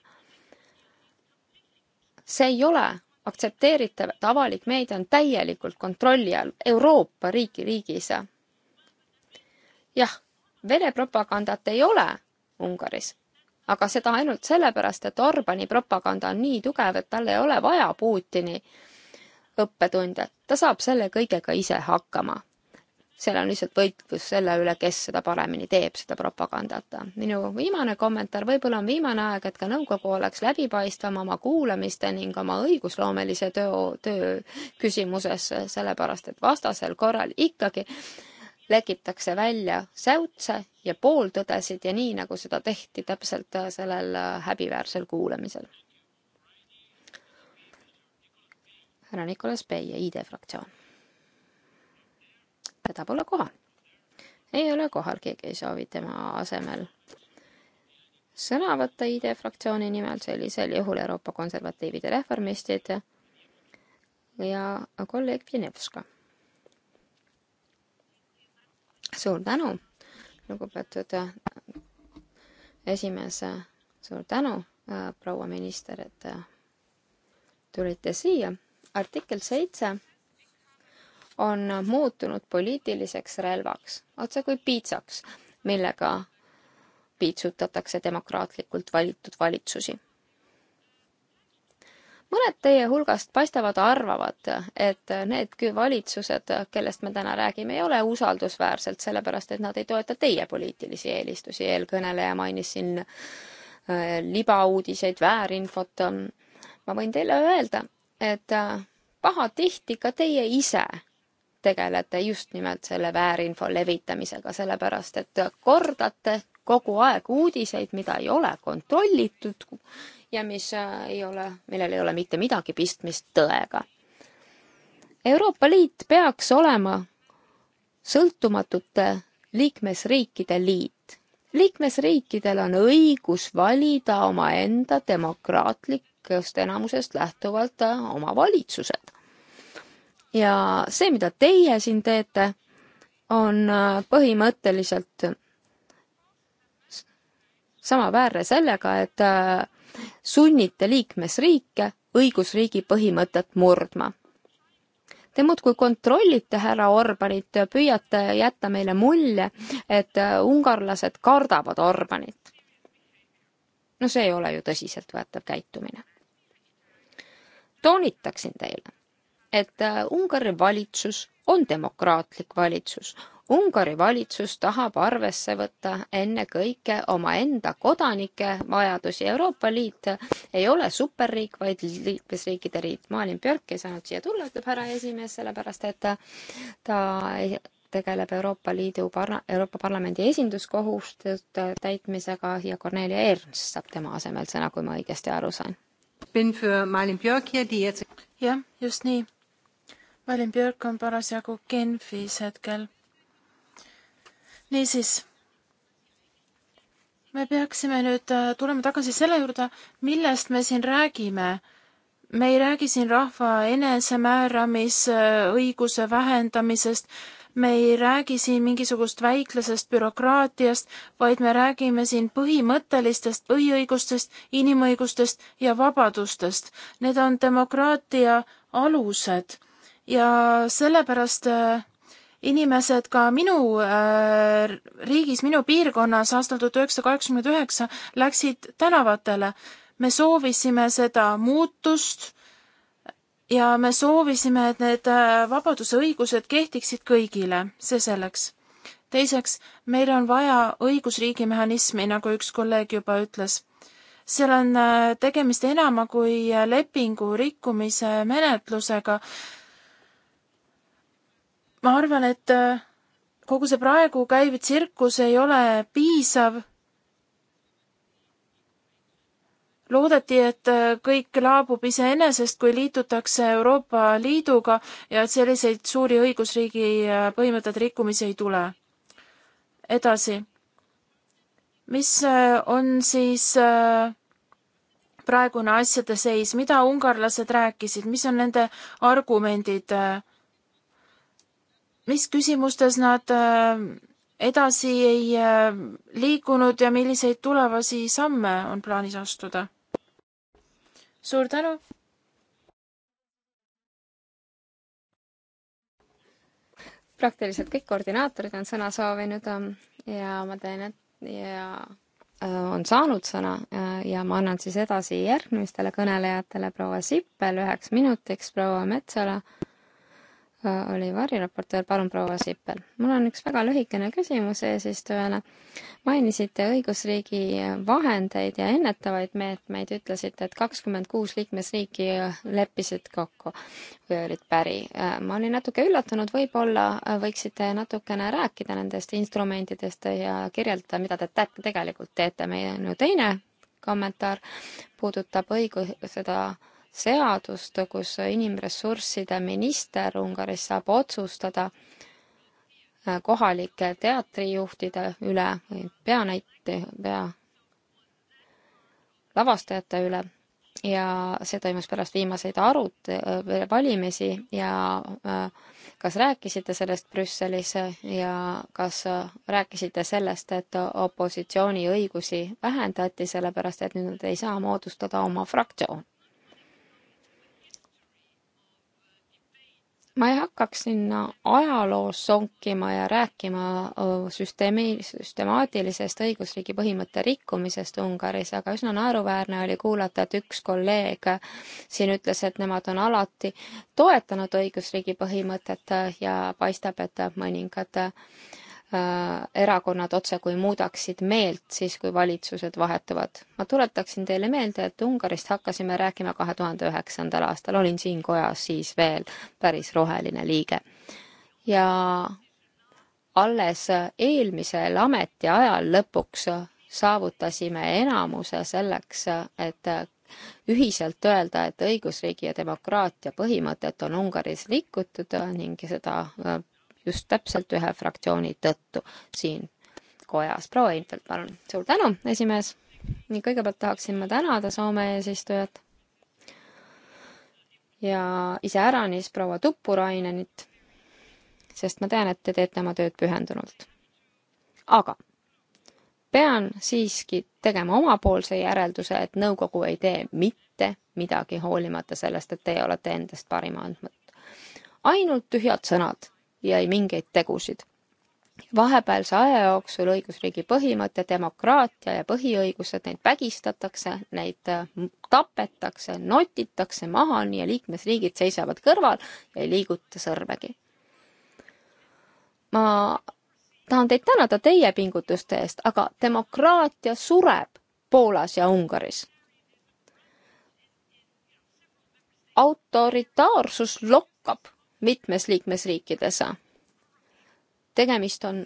see ei ole aktsepteeritav, et avalik meedia on täielikult kontrolli all Euroopa riigi riigis. jah, Vene propagandat ei ole Ungaris, aga seda ainult sellepärast, et Orbani propaganda on nii tugev, et tal ei ole vaja Putini õppetunde, ta saab selle kõigega ise hakkama seal on lihtsalt võitlus selle üle, kes seda paremini teeb, seda propagandat. minu viimane kommentaar, võib-olla on viimane aeg, et ka nõukogu oleks läbipaistvam oma kuulamiste ning oma õigusloomelise töö, töö küsimuses, sellepärast et vastasel korral ikkagi lekitakse välja säutse ja pooltõdesid ja nii, nagu seda tehti täpselt sellel häbiväärsel kuulamisel. härra Nicolas Pei ja ID fraktsioon Päda pole kohal. ei ole kohal, keegi ei soovi tema asemel sõna võtta ID fraktsiooni nimel, sellisel juhul Euroopa konservatiivid ja reformistid ja kolleeg Pinevska. suur tänu, lugupeetud esimees, suur tänu, proua minister, et tulite siia. artikkel seitse on muutunud poliitiliseks relvaks, otse kui piitsaks, millega piitsutatakse demokraatlikult valitud valitsusi. mõned teie hulgast paistavad arvavad, et need valitsused, kellest me täna räägime, ei ole usaldusväärsed, sellepärast et nad ei toeta teie poliitilisi eelistusi, eelkõneleja mainis siin äh, libauudiseid, väärinfot. ma võin teile öelda, et äh, pahatihti ka teie ise tegelete just nimelt selle väärinfo levitamisega, sellepärast et kordate kogu aeg uudiseid, mida ei ole kontrollitud ja mis äh, ei ole, millel ei ole mitte midagi pistmist tõega. Euroopa Liit peaks olema sõltumatute liikmesriikide liit. liikmesriikidel on õigus valida omaenda demokraatlikust enamusest lähtuvalt äh, oma valitsused ja see, mida teie siin teete, on äh, põhimõtteliselt samaväärne sellega, et äh, sunnite liikmesriike õigusriigi põhimõtet murdma. Te muudkui kontrollite härra Orbanit, püüate jätta meile mulje, et äh, ungarlased kardavad Orbanit. no see ei ole ju tõsiseltvõetav käitumine. toonitaksin teile et äh, Ungari valitsus on demokraatlik valitsus. Ungari valitsus tahab arvesse võtta ennekõike omaenda kodanike vajadusi. Euroopa Liit ei ole superriik, vaid liikmesriikide liit. Malin Björk ei saanud siia tulla, ütleb härra esimees, sellepärast et ta tegeleb Euroopa Liidu parla-, Euroopa Parlamendi esinduskohustuste täitmisega ja Cornelia Ernst saab tema asemel sõna, kui ma õigesti aru sain. jah, just nii Malin Björk on parasjagu Genfis hetkel. niisiis, me peaksime nüüd äh, tulema tagasi selle juurde, millest me siin räägime. me ei räägi siin rahva enesemääramisõiguse äh, vähendamisest, me ei räägi siin mingisugust väiklasest bürokraatiast, vaid me räägime siin põhimõttelistest põhiõigustest, inimõigustest ja vabadustest. Need on demokraatia alused ja sellepärast äh, inimesed ka minu äh, riigis, minu piirkonnas aastal tuhat üheksasada kaheksakümmend üheksa läksid tänavatele. me soovisime seda muutust ja me soovisime, et need äh, vabaduse õigused kehtiksid kõigile, see selleks. teiseks, meil on vaja õigusriigi mehhanismi, nagu üks kolleeg juba ütles. seal on äh, tegemist enama kui lepingu rikkumise menetlusega ma arvan, et äh, kogu see praegu käiv tsirkus ei ole piisav. loodeti, et äh, kõik laabub iseenesest, kui liitutakse Euroopa Liiduga ja et selliseid suuri õigusriigi äh, põhimõtteid rikkumisi ei tule. edasi. mis on siis praegune asjade seis, mida ungarlased rääkisid, mis on nende argumendid äh, mis küsimustes nad äh, edasi ei äh, liikunud ja milliseid tulevasi samme on plaanis astuda? suur tänu! praktiliselt kõik koordinaatorid on sõna soovinud ähm, ja ma teen, et ja äh, on saanud sõna ja ma annan siis edasi järgmistele kõnelejatele, proua Sippel üheks minutiks, proua Metsala Äh, oli variraportöör, palun proua Sippel. mul on üks väga lühikene küsimus eesistujale. mainisite õigusriigi vahendeid ja ennetavaid meetmeid, ütlesite, et kakskümmend kuus liikmesriiki leppisid kokku või olid päri. Äh, ma olin natuke üllatunud, võib-olla äh, võiksite natukene rääkida nendest instrumentidest ja kirjeldada, mida te tegelikult teete. meie no teine kommentaar puudutab õigus, seda seadust, kus inimressursside minister Ungaris saab otsustada äh, kohalike teatrijuhtide üle või peanäite, pea, lavastajate üle ja see toimus pärast viimaseid arut-, äh, valimisi ja äh, kas rääkisite sellest Brüsselis ja kas rääkisite sellest, et opositsiooni õigusi vähendati, sellepärast et nüüd nad ei saa moodustada oma fraktsioon? ma ei hakkaks sinna ajaloos sonkima ja rääkima süsteemi, süstemaatilisest õigusriigi põhimõtte rikkumisest Ungaris, aga üsna naeruväärne oli kuulata, et üks kolleeg siin ütles, et nemad on alati toetanud õigusriigi põhimõtet ja paistab, et mõningad Äh, erakonnad otsekui muudaksid meelt siis, kui valitsused vahetuvad. ma tuletaksin teile meelde, et Ungarist hakkasime rääkima kahe tuhande üheksandal aastal, olin siin kojas siis veel päris roheline liige. ja alles eelmisel ametiajal lõpuks saavutasime enamuse selleks, et ühiselt öelda, et õigusriigi ja demokraatia põhimõtet on Ungaris rikutud ning seda just täpselt ühe fraktsiooni tõttu siin kojas. proua Infeld, palun. suur tänu, esimees. ning kõigepealt tahaksin ma tänada Soome eesistujat ja iseäranis proua Tuppurainenit, sest ma tean, et te teete oma tööd pühendunult. aga pean siiski tegema omapoolse järelduse, et nõukogu ei tee mitte midagi, hoolimata sellest, et teie olete endast parima andnud. ainult tühjad sõnad ja ei mingeid tegusid. vahepealse aja jooksul õigusriigi põhimõte, demokraatia ja põhiõigused, neid vägistatakse, neid äh, tapetakse, notitakse maha, nii ja liikmesriigid seisavad kõrval ja ei liiguta sõrmegi. ma tahan teid tänada teie pingutuste eest, aga demokraatia sureb Poolas ja Ungaris. autoritaarsus lokkab mitmes liikmesriikides. tegemist on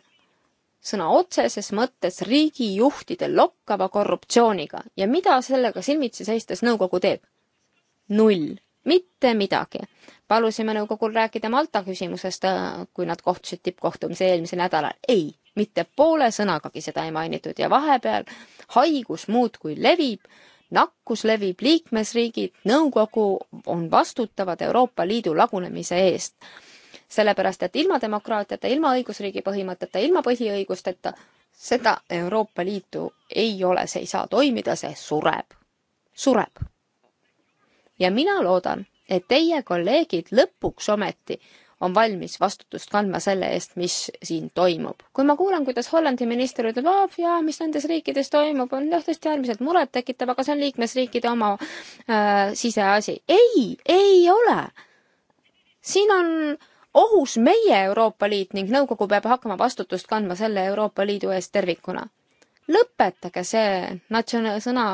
sõna otseses mõttes riigijuhtide lokkava korruptsiooniga ja mida sellega silmitsi seistes nõukogu teeb? null, mitte midagi. palusime nõukogul rääkida Malta küsimusest, äh, kui nad kohtusid tippkohtumise eelmisel nädalal. ei, mitte poole sõnagagi seda ei mainitud ja vahepeal haigus muudkui levib nakkus levib, liikmesriigid, nõukogu on vastutavad Euroopa Liidu lagunemise eest. sellepärast, et ilma demokraatiata, ilma õigusriigi põhimõteta, ilma põhiõigusteta seda Euroopa Liitu ei ole, see ei saa toimida, see sureb, sureb. ja mina loodan, et teie kolleegid lõpuks ometi on valmis vastutust kandma selle eest, mis siin toimub. kui ma kuulan, kuidas Hollandi minister ütleb, aa jaa, mis nendes riikides toimub, on jah, tõesti äärmiselt murettekitav, aga see on liikmesriikide oma äh, siseasi. ei, ei ole! siin on ohus meie Euroopa Liit ning nõukogu peab hakkama vastutust kandma selle Euroopa Liidu eest tervikuna. lõpetage see natsiona-, sõna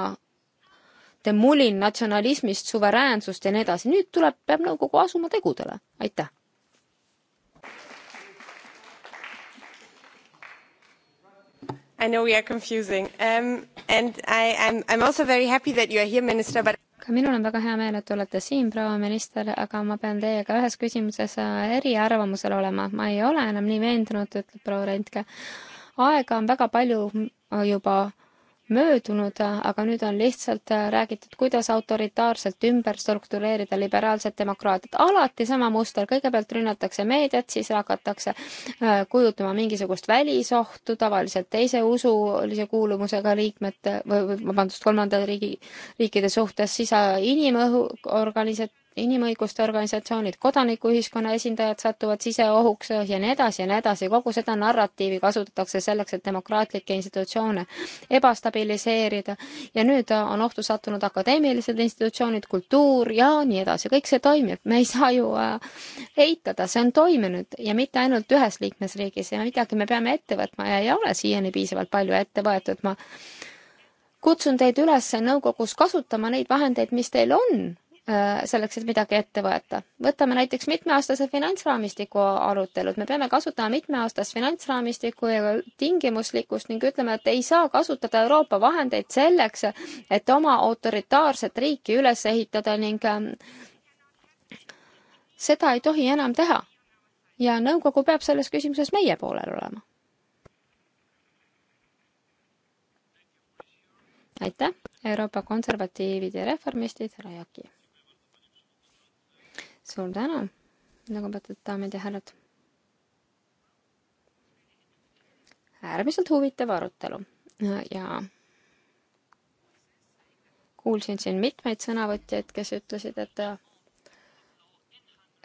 demulin natsionalismist, suveräänsust ja nii edasi, nüüd tuleb, peab nõukogu asuma tegudele, aitäh! I know we are confusing um,. And I am, I am also very happy that you are here, minister, but ka minul on väga hea meel, et te olete siin, proua minister, aga ma pean teiega ühes küsimuses äh, eriarvamusel olema. ma ei ole enam nii veendunud, ütleb proua Rentke. aega on väga palju äh, juba möödunud, aga nüüd on lihtsalt äh, räägitud, kuidas autoritaarselt ümber struktureerida liberaalset demokraatiat. alati sama muster, kõigepealt rünnatakse meediat, siis hakatakse äh, kujutama mingisugust välisohtu, tavaliselt teise usulise kuulumusega liikmete või, või vabandust, kolmanda riigi, riikide suhtes, siis inimõhu organisa-, inimõiguste organisatsioonid, kodanikuühiskonna esindajad satuvad siseohuks ja nii edasi ja nii edasi, kogu seda narratiivi kasutatakse selleks, et demokraatlikke institutsioone ebastabiliseerida ja nüüd on ohtu sattunud akadeemilised institutsioonid, kultuur ja nii edasi, kõik see toimib, me ei saa ju äh, eitada, see on toiminud ja mitte ainult ühes liikmesriigis ja midagi me peame ette võtma ja ei ole siiani piisavalt palju ette võetud, ma kutsun teid üles nõukogus kasutama neid vahendeid, mis teil on Äh, selleks, et midagi ette võtta. võtame näiteks mitmeaastase finantsraamistiku arutelud, me peame kasutama mitmeaastast finantsraamistikku ja tingimuslikkust ning ütleme, et ei saa kasutada Euroopa vahendeid selleks, et oma autoritaarset riiki üles ehitada ning ähm, seda ei tohi enam teha. ja nõukogu peab selles küsimuses meie poolel olema. aitäh, Euroopa konservatiivid ja reformistid, härra Jaki suur tänu, lugupeetud daamid ja härrad. äärmiselt huvitav arutelu ja kuulsin siin mitmeid sõnavõtjaid, kes ütlesid, et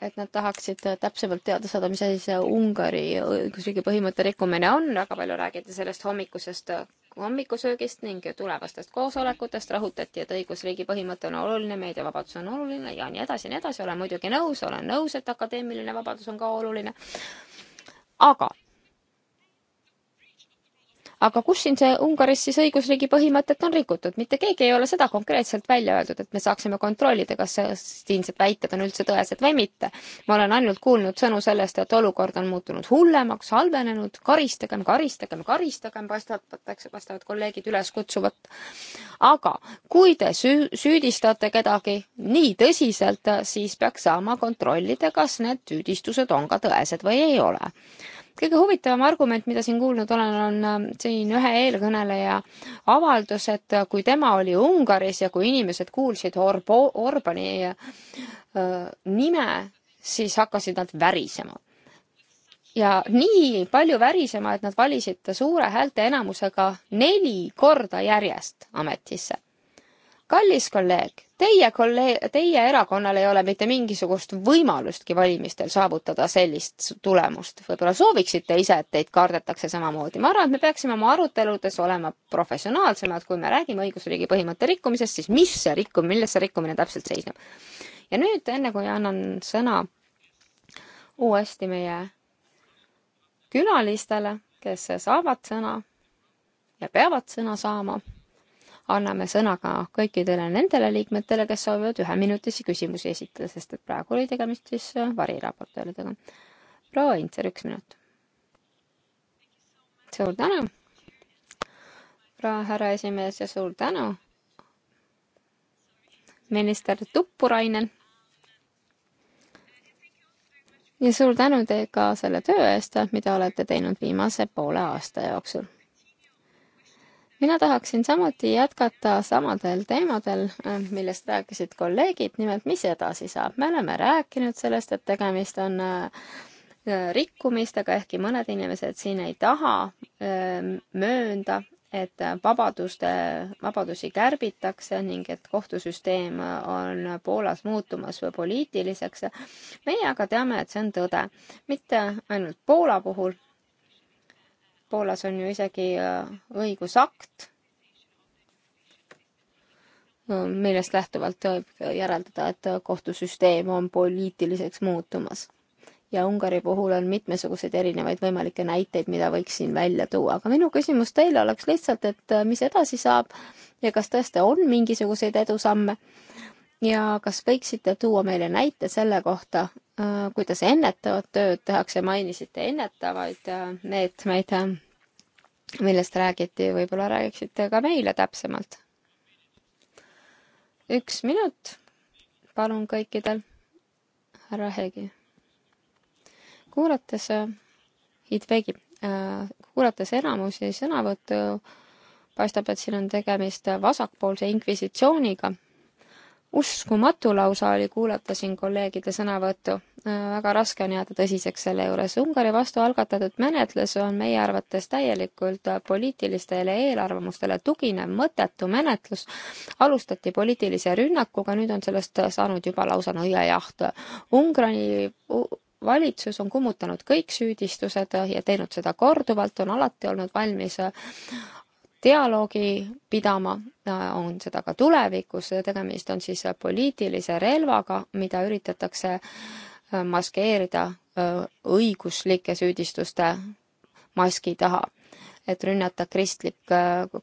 et nad tahaksid täpsemalt teada saada, mis asi see Ungari õigusriigi põhimõtte rikkumine on, väga palju räägiti sellest hommikusest hommikusöögist ning tulevastest koosolekutest rõhutati, et õigusriigi põhimõte on oluline, meediavabadus on oluline ja nii edasi ja nii edasi, olen muidugi nõus, olen nõus, et akadeemiline vabadus on ka oluline. aga aga kus siin see Ungaris siis õigusriigi põhimõtet on rikutud, mitte keegi ei ole seda konkreetselt välja öeldud, et me saaksime kontrollida, kas siinsed väited on üldse tõesed või mitte. ma olen ainult kuulnud sõnu sellest, et olukord on muutunud hullemaks, halvenenud, karistagem, karistagem, karistagem, vastatakse, vastavad kolleegid üles kutsuvat. aga kui te süü-, süüdistate kedagi nii tõsiselt, siis peaks saama kontrollida, kas need süüdistused on ka tõesed või ei ole kõige huvitavam argument, mida siin kuulnud olen, on ähm, siin ühe eelkõneleja avaldus, et äh, kui tema oli Ungaris ja kui inimesed kuulsid Orbo-, Orbani äh, nime, siis hakkasid nad värisema ja nii palju värisema, et nad valisid suure häälteenamusega neli korda järjest ametisse kallis kolleeg, teie kolleeg, teie erakonnal ei ole mitte mingisugust võimalustki valimistel saavutada sellist tulemust. võib-olla sooviksite ise, et teid kardetakse samamoodi. ma arvan, et me peaksime oma aruteludes olema professionaalsemad, kui me räägime õigusriigi põhimõtte rikkumisest, siis mis see rikkumine, milles see rikkumine täpselt seisneb. ja nüüd, enne kui annan sõna uuesti meie külalistele, kes saavad sõna ja peavad sõna saama anname sõna ka kõikidele nendele liikmetele, kes soovivad üheminutisi küsimusi esitada, sest et praegu oli tegemist siis äh, variraportööridega. proua Intser, üks minut. suur tänu, proua härra esimees ja suur tänu, minister Tuppurainen ja suur tänu teile ka selle töö eest, mida olete teinud viimase poole aasta jooksul mina tahaksin samuti jätkata samadel teemadel, äh, millest rääkisid kolleegid, nimelt mis edasi saab. me oleme rääkinud sellest, et tegemist on äh, rikkumistega, ehkki mõned inimesed siin ei taha äh, möönda, et vabaduste, vabadusi kärbitakse ning et kohtusüsteem on Poolas muutumas poliitiliseks. meie aga teame, et see on tõde, mitte ainult Poola puhul, Poolas on ju isegi äh, õigusakt, millest lähtuvalt võib järeldada, et äh, kohtusüsteem on poliitiliseks muutumas. ja Ungari puhul on mitmesuguseid erinevaid võimalikke näiteid, mida võiks siin välja tuua, aga minu küsimus teile oleks lihtsalt, et äh, mis edasi saab ja kas tõesti on mingisuguseid edusamme ja kas võiksite tuua meile näite selle kohta, äh, kuidas ennetavat tööd tehakse, mainisite ennetavaid äh, meetmeid, äh, millest räägiti, võib-olla räägiksite ka meile täpsemalt? üks minut, palun kõikidel, härra Heegi. kuulates, Hitvegi, kuulates enamusi sõnavõttu, paistab, et siin on tegemist vasakpoolse inkvisitsiooniga uskumatu lausa oli kuulata siin kolleegide sõnavõttu. Äh, väga raske on jääda tõsiseks selle juures. Ungari vastu algatatud menetlus on meie arvates täielikult poliitilistele eelarvamustele tuginev mõttetu menetlus. alustati poliitilise rünnakuga, nüüd on sellest saanud juba lausa nõiajaht. Ungari valitsus on kummutanud kõik süüdistused ja teinud seda korduvalt, on alati olnud valmis dialoogi pidama, äh, on seda ka tulevikus, tegemist on siis poliitilise relvaga, mida üritatakse äh, maskeerida äh, õiguslike süüdistuste maski taha, et rünnata kristlik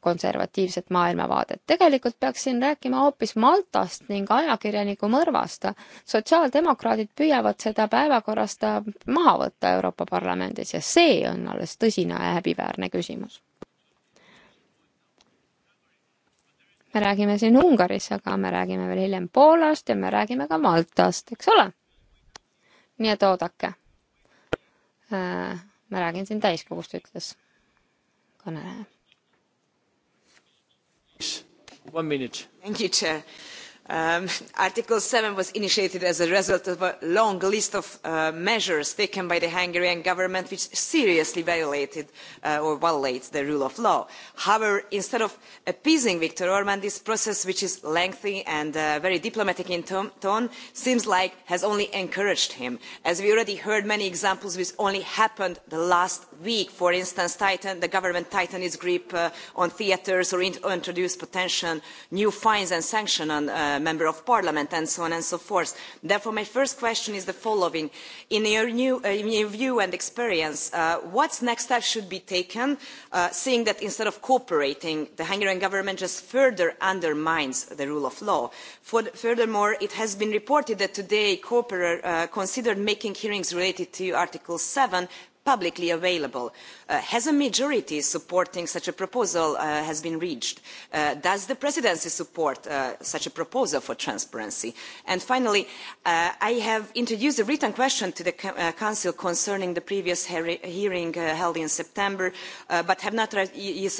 konservatiivset maailmavaadet. tegelikult peaks siin rääkima hoopis Maltast ning ajakirjaniku mõrvast. sotsiaaldemokraadid püüavad seda päevakorrast maha võtta Euroopa Parlamendis ja see on alles tõsine ja häbiväärne küsimus me räägime siin Ungaris, aga me räägime veel hiljem Poolast ja me räägime ka Maltast, eks ole? nii et oodake. Äh, ma räägin siin täiskogust, ütles kõneleja. One minute. Thank you, Chair. Um, Article 7 was initiated as a result of a long list of uh, measures taken by the Hungarian government which seriously violated uh, or violates the rule of law. However, instead of appeasing Viktor Orban, this process, which is lengthy and uh, very diplomatic in tone, seems like has only encouraged him. As we already heard many examples which only happened the last week, for instance, tighten, the government tightened its grip uh, on theatres or in introduced potential new fines and sanctions on uh, uh, member of parliament and so on and so forth. Therefore, my first question is the following. In your, new, uh, in your view and experience, uh, what next steps should be taken, uh, seeing that instead of cooperating, the Hungarian government just further undermines the rule of law? For, furthermore, it has been reported that today Cooperer uh, considered making hearings related to Article 7 publicly available. Uh, has a majority supporting such a proposal uh, has been reached? Uh, does the presidency support uh, such a proposal for transparency? And finally, uh, I have introduced a written question to the uh, Council concerning the previous he hearing uh, held in September, uh, but have not re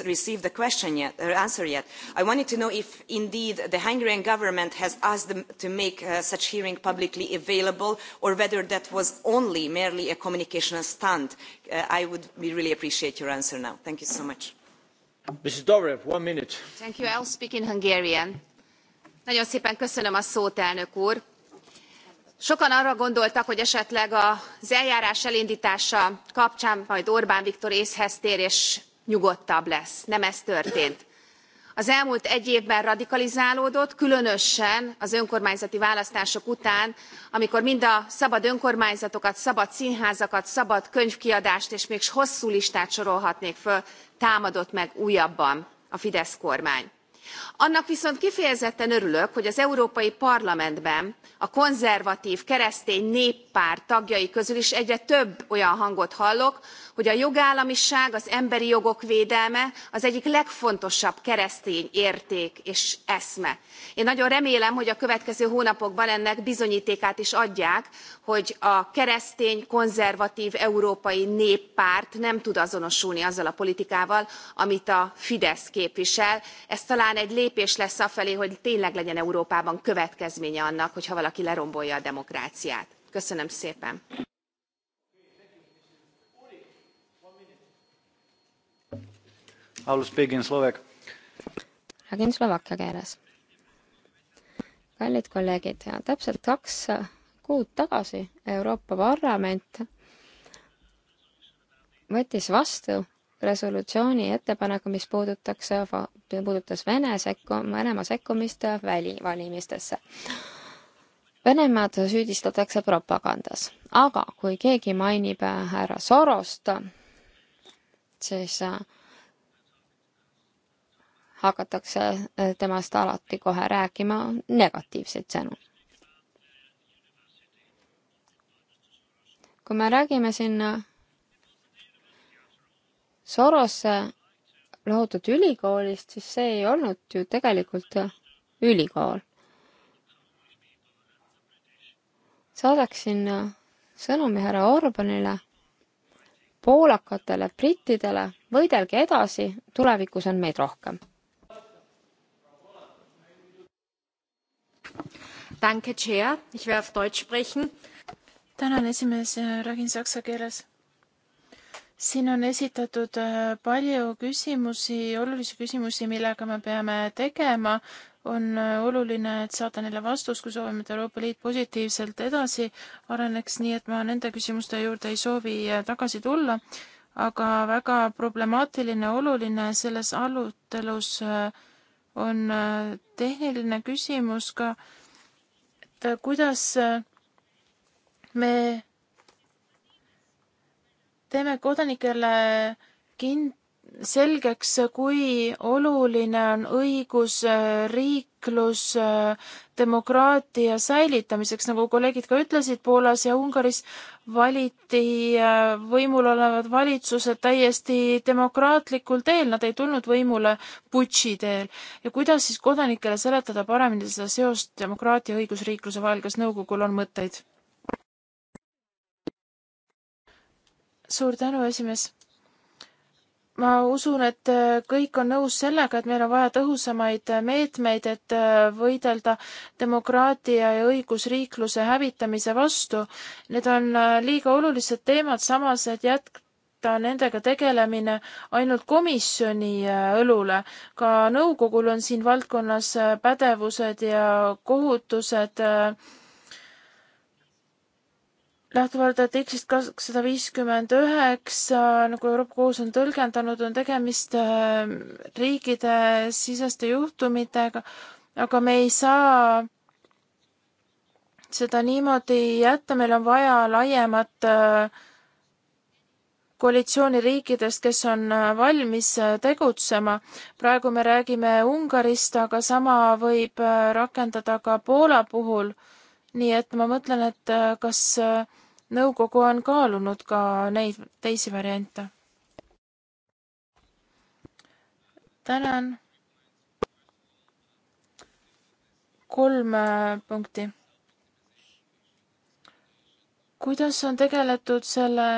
received the question yet, or uh, answer yet. I wanted to know if indeed the Hungarian government has asked them to make uh, such hearing publicly available or whether that was only merely a communication stunt mind. Uh, I would really appreciate your answer now. Thank you so much. Mrs. Dobrev, one minute. Thank you. I'll speak in Hungarian. Nagyon szépen köszönöm a szót, elnök úr. Sokan arra gondoltak, hogy esetleg az eljárás elindítása kapcsán majd Orbán Viktor észhez tér és nyugodtabb lesz. Nem ez történt az elmúlt egy évben radikalizálódott különösen az önkormányzati választások után amikor mind a szabad önkormányzatokat szabad színházakat szabad könyvkiadást és még hosszú listát sorolhatnék föl támadott meg újabban a fidesz kormány annak viszont kifejezetten örülök hogy az európai parlamentben a konzervatv keresztény néppárt tagjai közül is egyre több olyan hangot hallok hogy a jogállamiság az emberi jogok védelme az egyik legfontosabb keresztény érték és eszme. én nagyon remélem hogy a következő hónapokban ennek bizonytékát is adják hogy a keresztény konzervatv európai néppárt nem tud azonosulni azzal a politikával amit a fidesz képvisel ez talán talán egy lépés lesz afelé, hogy tényleg legyen Európában következménye annak, hogyha valaki lerombolja a demokráciát. Köszönöm szépen. I'll speak in Slovak. Räägin slovakkia keeles. kallid kolleegid, täpselt kaks kuud tagasi Euroopa Parlament võttis vastu resolutsiooni ettepaneku, mis puudutaks, puudutas Vene sekku, Venemaa sekkumist väli, valimistesse. Venemaad süüdistatakse propagandas, aga kui keegi mainib äh, härra Sorost, siis äh, hakatakse äh, temast alati kohe rääkima negatiivseid sõnu kui me räägime sinna Soros lahutati ülikoolist, siis see ei olnud ju tegelikult ülikool. saadaksin sõnumi härra Orbanile, poolakatele, brittidele, võidelge edasi, tulevikus on meid rohkem. tänan, esimees, räägin saksa keeles siin on esitatud äh, palju küsimusi, olulisi küsimusi, millega me peame tegema. on äh, oluline, et saada neile vastus, kui soovime, et Euroopa Liit positiivselt edasi areneks, nii et ma nende küsimuste juurde ei soovi äh, tagasi tulla. aga väga problemaatiline, oluline selles arutelus on tehniline küsimus ka, et kuidas me teeme kodanikele kin-, selgeks, kui oluline on õigusriiklus äh, äh, demokraatia säilitamiseks, nagu kolleegid ka ütlesid, Poolas ja Ungaris valiti äh, võimul olevad valitsused täiesti demokraatlikul teel, nad ei tulnud võimule putši teel. ja kuidas siis kodanikele seletada paremini seda seost demokraatia ja õigusriikluse vahel, kas nõukogul on mõtteid? suur tänu, esimees. ma usun, et äh, kõik on nõus sellega, et meil on vaja tõhusamaid äh, meetmeid, et äh, võidelda demokraatia ja õigusriikluse hävitamise vastu. Need on liiga olulised teemad, samas et jätk-, jätta nendega tegelemine ainult komisjoni õlule. ka nõukogul on siin valdkonnas pädevused ja kohutused äh, lähtuvalt artiklist kakssada viiskümmend üheksa, nagu Euroopa Kohus on tõlgendanud, on tegemist äh, riikide siseste juhtumitega, aga me ei saa seda niimoodi jätta, meil on vaja laiemat äh, koalitsiooni riikidest, kes on äh, valmis tegutsema. praegu me räägime Ungarist, aga sama võib rakendada ka Poola puhul. nii et ma mõtlen, et kas äh, nõukogu on kaalunud ka neid teisi variante. tänan. kolm äh, punkti. kuidas on tegeletud selle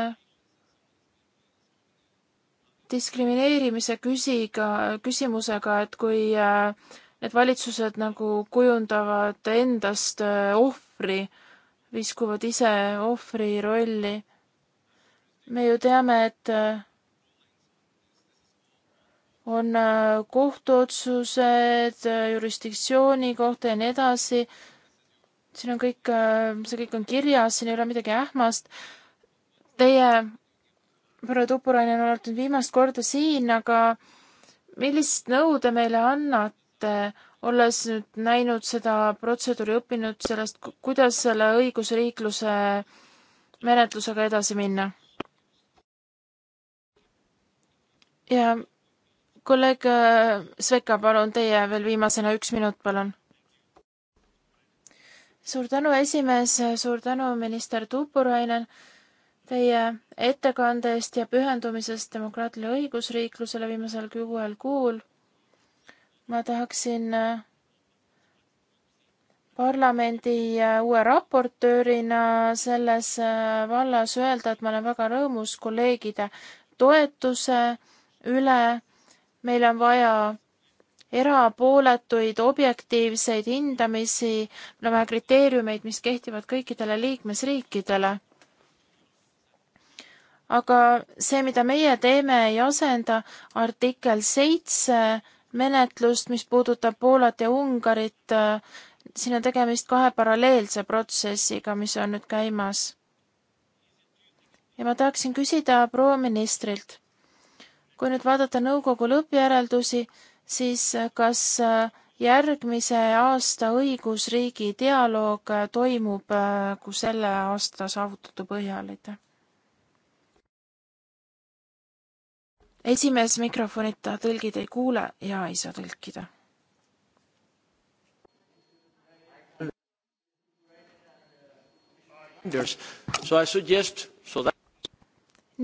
diskrimineerimise küsiga, küsimusega, et kui äh, need valitsused nagu kujundavad endast äh, ohvri äh, viskuvad ise ohvri rolli. me ju teame, et äh, on äh, kohtuotsused äh, jurisdiktsiooni kohta ja nii edasi. siin on kõik, see kõik on kirjas, siin ei ole midagi ähmast. Teie, proua Tupurainen, olete viimast korda siin, aga millist nõu te meile annate? olles nüüd näinud seda protseduuri, õppinud sellest, kuidas selle õigusriikluse menetlusega edasi minna. ja kolleeg äh, Sveka, palun teie veel viimasena üks minut, palun. suur tänu, esimees, suur tänu, minister Tuupurainen, teie ettekande eest ja pühendumisest demokraatile õigusriiklusele viimasel kuuel kuul ma tahaksin äh, parlamendi äh, uue raportöörina selles äh, vallas öelda, et ma olen väga rõõmus kolleegide toetuse üle. meil on vaja erapooletuid objektiivseid hindamisi, meil on vaja kriteeriumeid, mis kehtivad kõikidele liikmesriikidele. aga see, mida meie teeme, ei asenda artikkel seitse 7 menetlust, mis puudutab Poolat ja Ungarit, siin on tegemist kahe paralleelse protsessiga, mis on nüüd käimas. ja ma tahaksin küsida proua ministrilt, kui nüüd vaadata nõukogu lõppjäreldusi, siis kas järgmise aasta õigusriigi dialoog toimub, äh, kui selle aasta saavutatu põhjal, aitäh? esimees mikrofonita tõlgid ei kuule ja ei saa tõlkida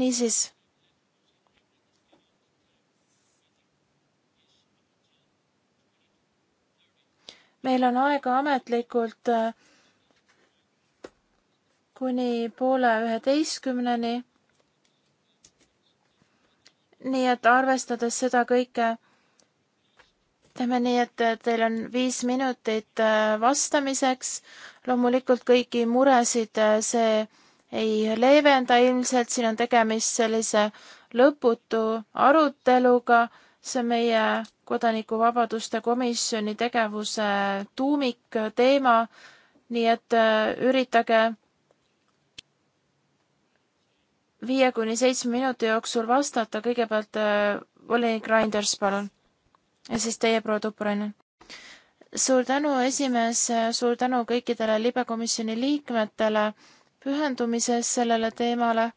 niisiis meil on aega ametlikult äh, kuni poole üheteistkümneni nii et arvestades seda kõike, teeme nii, et teil on viis minutit äh, vastamiseks. loomulikult kõiki muresid äh, see ei leevenda ilmselt, siin on tegemist sellise lõputu aruteluga, see on meie kodanikuvabaduste komisjoni tegevuse tuumikteema, nii et äh, üritage viie kuni seitsme minuti jooksul vastata, kõigepealt äh, volinik Reinders, palun. ja siis teie, proua Tuppurainen. suur tänu, esimees, suur tänu kõikidele libekomisjoni liikmetele pühendumise eest sellele teemale.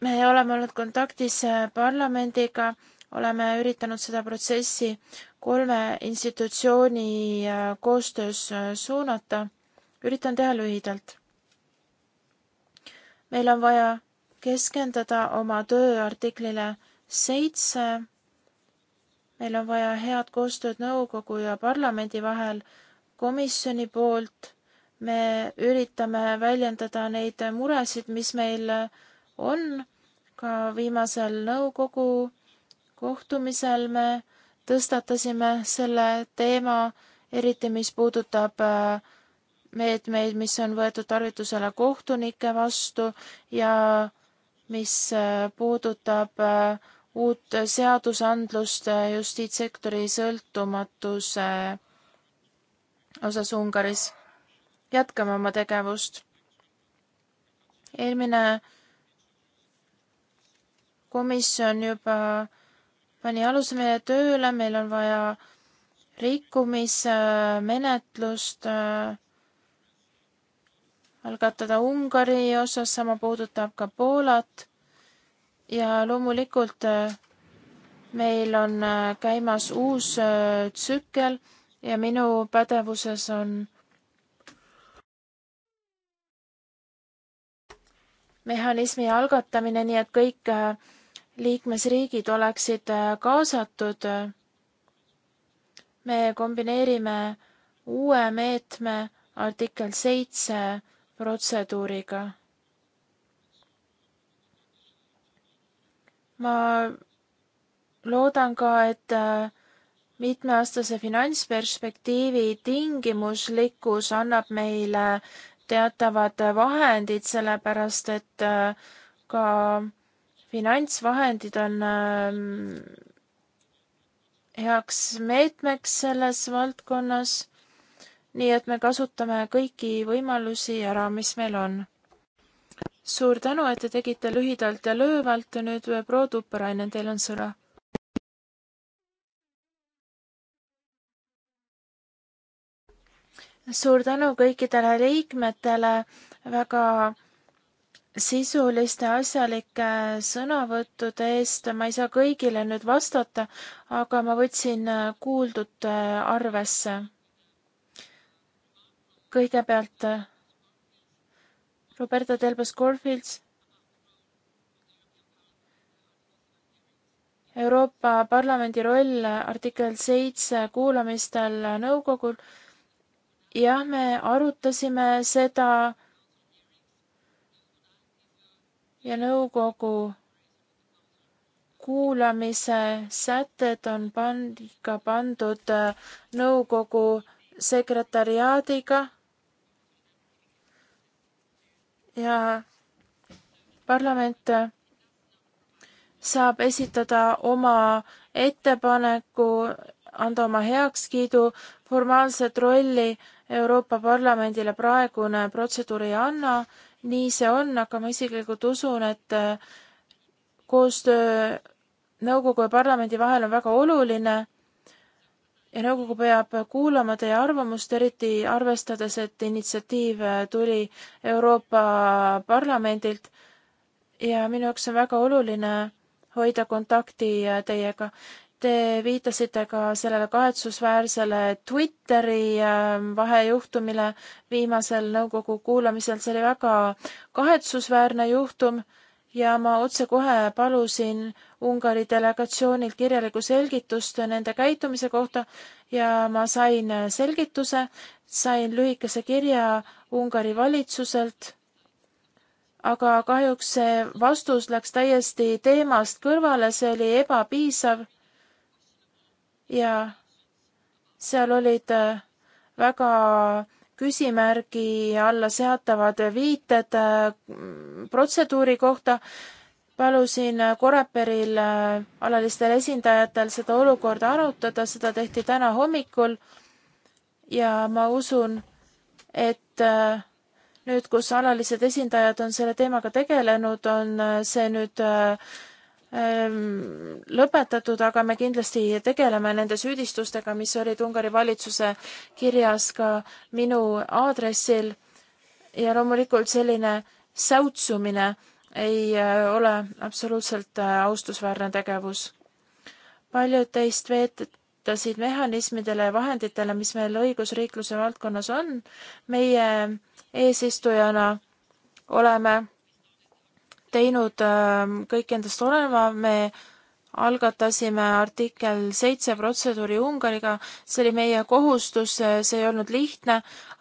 me oleme olnud kontaktis äh, parlamendiga, oleme üritanud seda protsessi kolme institutsiooni äh, koostöös suunata. üritan teha lühidalt meil on vaja keskenduda oma tööartiklile seitse. meil on vaja head koostööd nõukogu ja parlamendi vahel komisjoni poolt. me üritame väljendada neid muresid, mis meil on. ka viimasel nõukogu kohtumisel me tõstatasime selle teema, eriti mis puudutab äh, meetmeid, mis on võetud tarvitusele kohtunike vastu ja mis äh, puudutab äh, uut seadusandlust äh, justiitssektori sõltumatuse osas Ungaris. jätkame oma tegevust. eelmine komisjon juba pani aluse meie tööle, meil on vaja rikkumismenetlust äh, algatada Ungari osas, sama puudutab ka Poolat. ja loomulikult äh, meil on äh, käimas uus äh, tsükkel ja minu pädevuses on mehhanismi algatamine, nii et kõik liikmesriigid oleksid kaasatud. me kombineerime uue meetme artikkel seitse protseduuriga. ma loodan ka, et äh, mitmeaastase finantsperspektiivi tingimuslikkus annab meile teatavad vahendid, sellepärast et äh, ka finantsvahendid on ähm, heaks meetmeks selles valdkonnas nii et me kasutame kõiki võimalusi ära, mis meil on. suur tänu, et te tegite lühidalt ja löövalt ja nüüd proua Tupperainen, teil on sõna. suur tänu kõikidele liikmetele väga sisuliste asjalike sõnavõttude eest. ma ei saa kõigile nüüd vastata, aga ma võtsin kuuldut arvesse kõigepealt äh, Roberta Delbes Corfields Euroopa Parlamendi roll artikkel seitse kuulamistel nõukogul. jah, me arutasime seda ja nõukogu kuulamise sätted on pand-, ka pandud äh, nõukogu sekretariaadiga ja parlament saab esitada oma ettepaneku, anda oma heakskiidu, formaalset rolli Euroopa Parlamendile praegune protseduur ei anna, nii see on, aga ma isiklikult usun, et koostöö nõukogu ja parlamendi vahel on väga oluline ja nõukogu peab kuulama teie arvamust, eriti arvestades, et initsiatiiv tuli Euroopa Parlamendilt ja minu jaoks on väga oluline hoida kontakti teiega. Te viitasite ka sellele kahetsusväärsele Twitteri ähm, vahejuhtumile viimasel nõukogu kuulamisel, see oli väga kahetsusväärne juhtum ja ma otsekohe palusin Ungari delegatsioonilt kirjalikku selgitust nende käitumise kohta ja ma sain selgituse, sain lühikese kirja Ungari valitsuselt, aga kahjuks see vastus läks täiesti teemast kõrvale, see oli ebapiisav ja seal olid väga küsimärgi alla seatavad viited äh, protseduuri kohta. palusin äh, Koreperil äh, alalistel esindajatel seda olukorda arutada, seda tehti täna hommikul ja ma usun, et nüüd, kus alalised esindajad on selle teemaga tegelenud, on see nüüd Ehm, lõpetatud, aga me kindlasti tegeleme nende süüdistustega, mis olid Ungari valitsuse kirjas ka minu aadressil. ja loomulikult selline säutsumine ei äh, ole absoluutselt äh, austusväärne tegevus. paljud teist veetasid mehhanismidele ja vahenditele, mis meil õigusriikluse valdkonnas on. meie eesistujana oleme teinud ähm, kõik endast oleneva, me algatasime artikkel seitse protseduuri Ungariga, see oli meie kohustus, see ei olnud lihtne,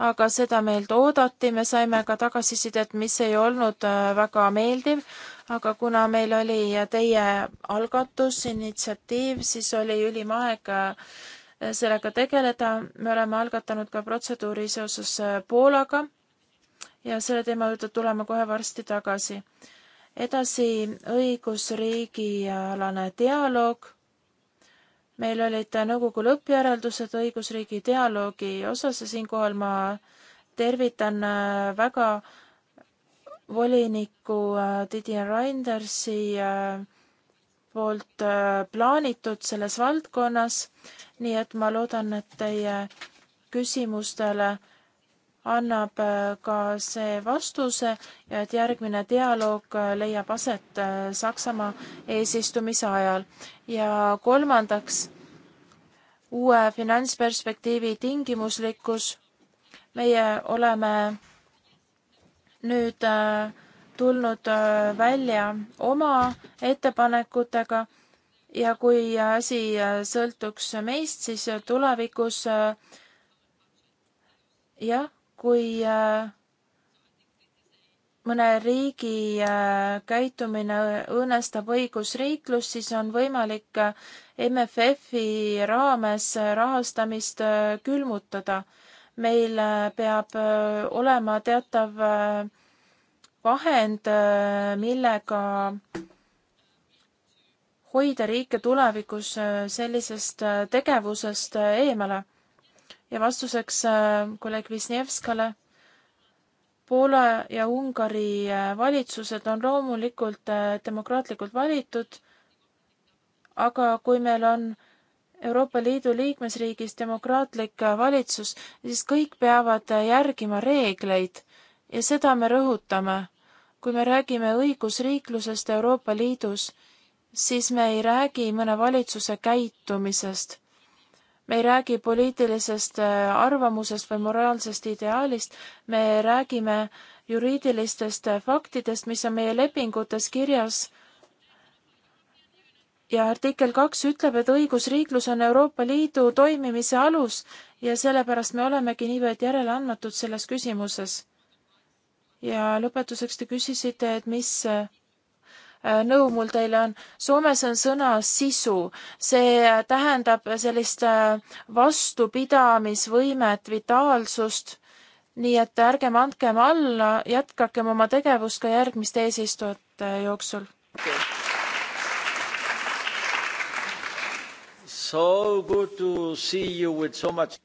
aga seda meilt oodati, me saime ka tagasisidet, mis ei olnud äh, väga meeldiv, aga kuna meil oli teie algatus, initsiatiiv, siis oli ülim aeg äh, sellega tegeleda, me oleme algatanud ka protseduuri seoses äh, Poolaga ja selle teema juurde tuleme kohe varsti tagasi edasi õigusriigialane dialoog. meil olid nõukogu lõppjäreldused õigusriigi dialoogi osas ja siinkohal ma tervitan äh, väga voliniku äh, Didier Reindersi äh, poolt plaanitud selles valdkonnas, nii et ma loodan, et teie küsimustele annab äh, ka see vastuse ja et järgmine dialoog äh, leiab aset äh, Saksamaa eesistumise ajal. ja kolmandaks, uue finantsperspektiivi tingimuslikkus. meie oleme nüüd tulnud välja oma ettepanekutega ja kui asi sõltuks meist, siis tulevikus jah, kui äh, mõne riigi äh, käitumine õõnestab õigusriiklust, siis on võimalik äh, MFF-i raames rahastamist külmutada. meil peab olema teatav vahend, millega hoida riike tulevikus sellisest tegevusest eemale ja vastuseks äh, kolleeg Visnevskale. Poola ja Ungari äh, valitsused on loomulikult äh, demokraatlikult valitud, aga kui meil on Euroopa Liidu liikmesriigis demokraatlik valitsus, siis kõik peavad järgima reegleid ja seda me rõhutame. kui me räägime õigusriiklusest Euroopa Liidus, siis me ei räägi mõne valitsuse käitumisest me ei räägi poliitilisest äh, arvamusest või moraalsest ideaalist, me räägime juriidilistest äh, faktidest, mis on meie lepingutes kirjas. ja artikkel kaks ütleb, et õigusriiklus on Euroopa Liidu toimimise alus ja sellepärast me olemegi niivõrd järeleandmatud selles küsimuses. ja lõpetuseks te küsisite, et mis äh, Äh, nõu mul teile on. Soomes on sõna sisu, see äh, tähendab sellist äh, vastupidamisvõimet, vitaalsust, nii et ärgem andkem alla, jätkakem oma tegevust ka järgmiste eesistujate jooksul. So good to see you with so much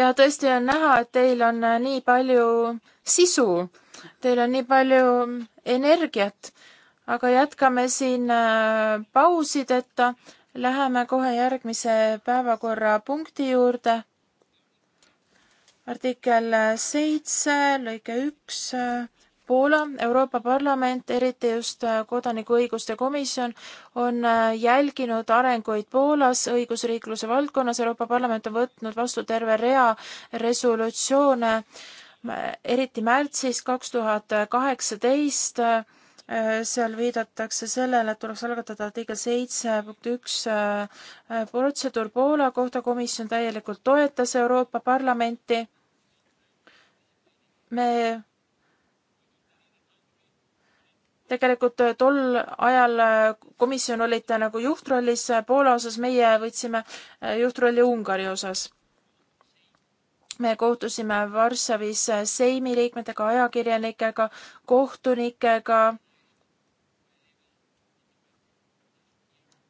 ja tõesti on näha, et teil on nii palju sisu, teil on nii palju mm, energiat aga jätkame siin äh, pausideta. Läheme kohe järgmise päevakorrapunkti juurde. artikkel seitse, lõige üks. Äh, Poola, Euroopa Parlament, eriti just äh, kodanikuõiguste komisjon, on jälginud arenguid Poolas õigusriikluse valdkonnas. Euroopa Parlament on võtnud vastu terve rea resolutsioone, eriti märtsis kaks tuhat kaheksateist Äh, seal viidatakse sellele, et tuleks algatada artikkel seitse punkt üks äh, protseduur Poola kohta, komisjon täielikult toetas Euroopa Parlamenti. me tegelikult äh, tol ajal komisjon olite nagu juhtrollis Poola osas, meie võtsime juhtrolli Ungari osas me kohtusime Varssavis Seimi liikmetega, ajakirjanikega, kohtunikega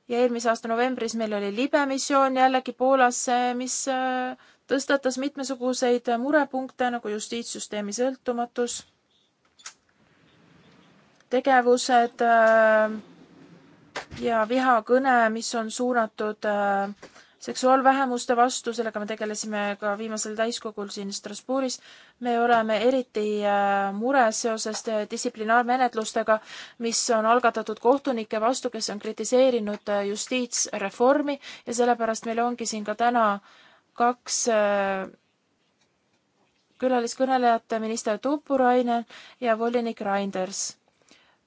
ja eelmise aasta novembris meil oli libemissioon jällegi Poolasse, mis äh, tõstatas mitmesuguseid murepunkte nagu justiitssüsteemi sõltumatus, tegevused äh, ja vihakõne, mis on suunatud äh, seksuaalvähemuste vastu, sellega me tegelesime ka viimasel täiskogul siin Strasbourgis. me oleme eriti äh, mures seoses äh, distsiplinaarmenetlustega, mis on algatatud kohtunike vastu, kes on kritiseerinud äh, justiitsreformi ja sellepärast meil ongi siin ka täna kaks külaliskõnelejat, minister Tuupurainen ja volinik Reinders.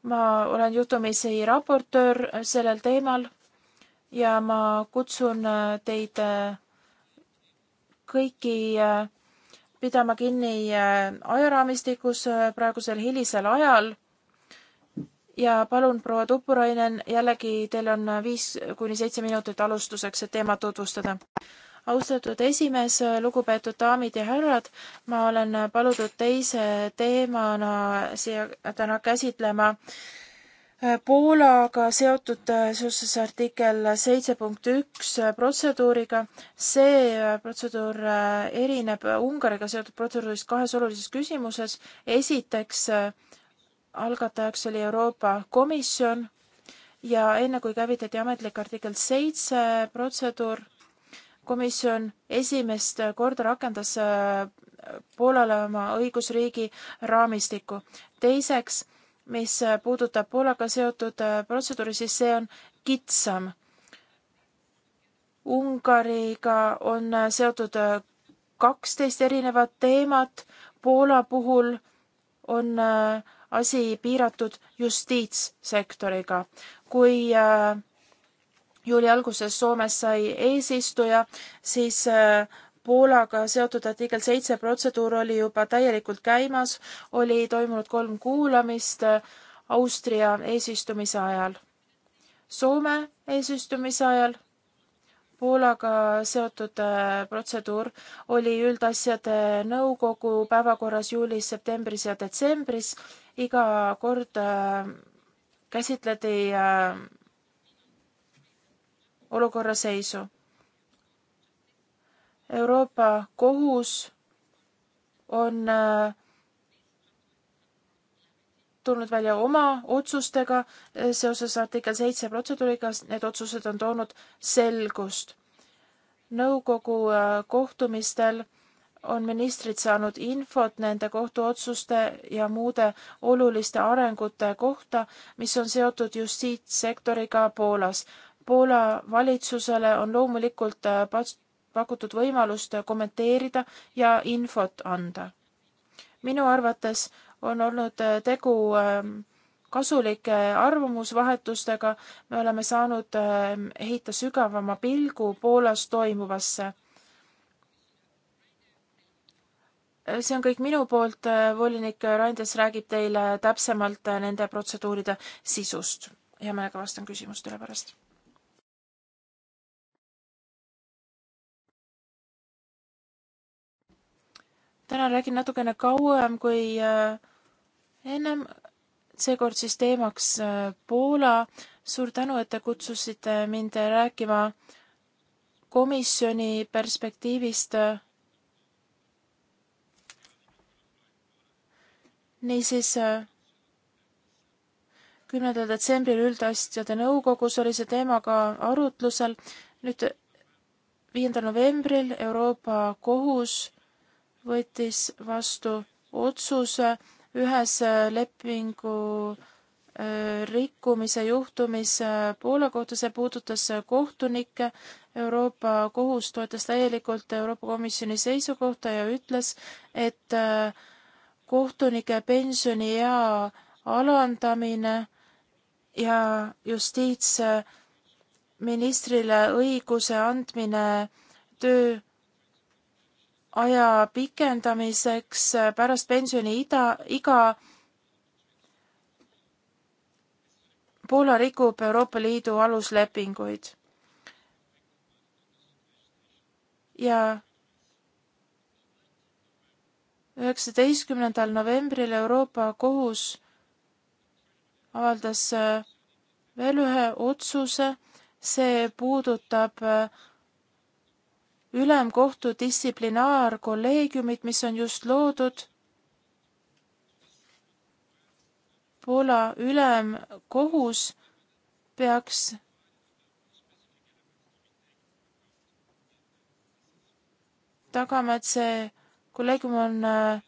ma olen jutumisi raportöör sellel teemal ja ma kutsun äh, teid äh, kõiki äh, pidama kinni ajaraamistikus praegusel hilisel ajal. ja palun, proua Tuppurainen, jällegi teil on viis kuni seitse minutit alustuseks, et teemat tutvustada. austatud esimees, lugupeetud daamid ja härrad, ma olen palutud teise teemana siia täna käsitlema äh, Äh, Poolaga seotud äh, seoses artikkel seitse punkt üks äh, protseduuriga. see protseduur erineb Ungariga seotud protseduurist kahes olulises küsimuses. esiteks, algatajaks oli Euroopa Komisjon ja enne kui käivitati ametlik artikkel seitse protseduur, komisjon esimest korda rakendas Poolale oma õigusriigi raamistikku. teiseks mis puudutab Poolaga seotud äh, protseduuri, siis see on kitsam. Ungariga on äh, seotud äh, kaksteist erinevat teemat, Poola puhul on asi piiratud justiitssektoriga. kui juuli alguses Soomes sai eesistuja, siis Poolaga seotud artikkel seitse protseduur oli juba täielikult käimas, oli toimunud kolm kuulamist äh, Austria eesistumise ajal. Soome eesistumise ajal Poolaga seotud äh, protseduur oli üldasjade nõukogu päevakorras juulis, septembris ja detsembris. iga kord äh, käsitleti olukorra seisu Euroopa Kohus on äh, tulnud välja oma otsustega äh, seoses artikkel seitse protseduuriga, need otsused on toonud selgust. nõukogu äh, kohtumistel on ministrid saanud infot nende kohtuotsuste ja muude oluliste arengute kohta, mis on seotud justiitssektoriga Poolas. Poola valitsusele on loomulikult pakutud võimalust kommenteerida ja infot anda. minu arvates on olnud äh, tegu ähm, kasulike arvamusvahetustega, me oleme saanud heita ähm, sügavama pilgu Poolas toimuvasse. Äh, see on kõik minu poolt, äh, volinik Randes räägib teile täpsemalt nende protseduuride sisust. hea meelega vastan küsimustele pärast täna räägin natukene kauem kui äh, ennem, seekord siis teemaks äh, Poola. suur tänu, et te kutsusite mind rääkima komisjoni perspektiivist. niisiis, äh, kümnendal detsembril üldasjade nõukogus oli see teema ka arutlusel. nüüd viiendal novembril Euroopa Kohus võttis vastu otsuse ühes äh, lepingu äh, rikkumise juhtumis äh, Poola kohta, see puudutas kohtunikke. Euroopa Kohus toetas täielikult Euroopa Komisjoni seisukohta ja ütles, et kohtunike pensioniea alandamine ja justiitsministrile õiguse andmine töö aja pikendamiseks äh, pärast pensioniida, iga Poola rikub Euroopa Liidu aluslepinguid. ja üheksateistkümnendal novembril Euroopa Kohus avaldas äh, veel ühe otsuse, see puudutab äh, ülemkohtu distsiplinaarkolleegiumit, mis on just loodud. Poola ülemkohus peaks tagama, et see kolleegium on äh,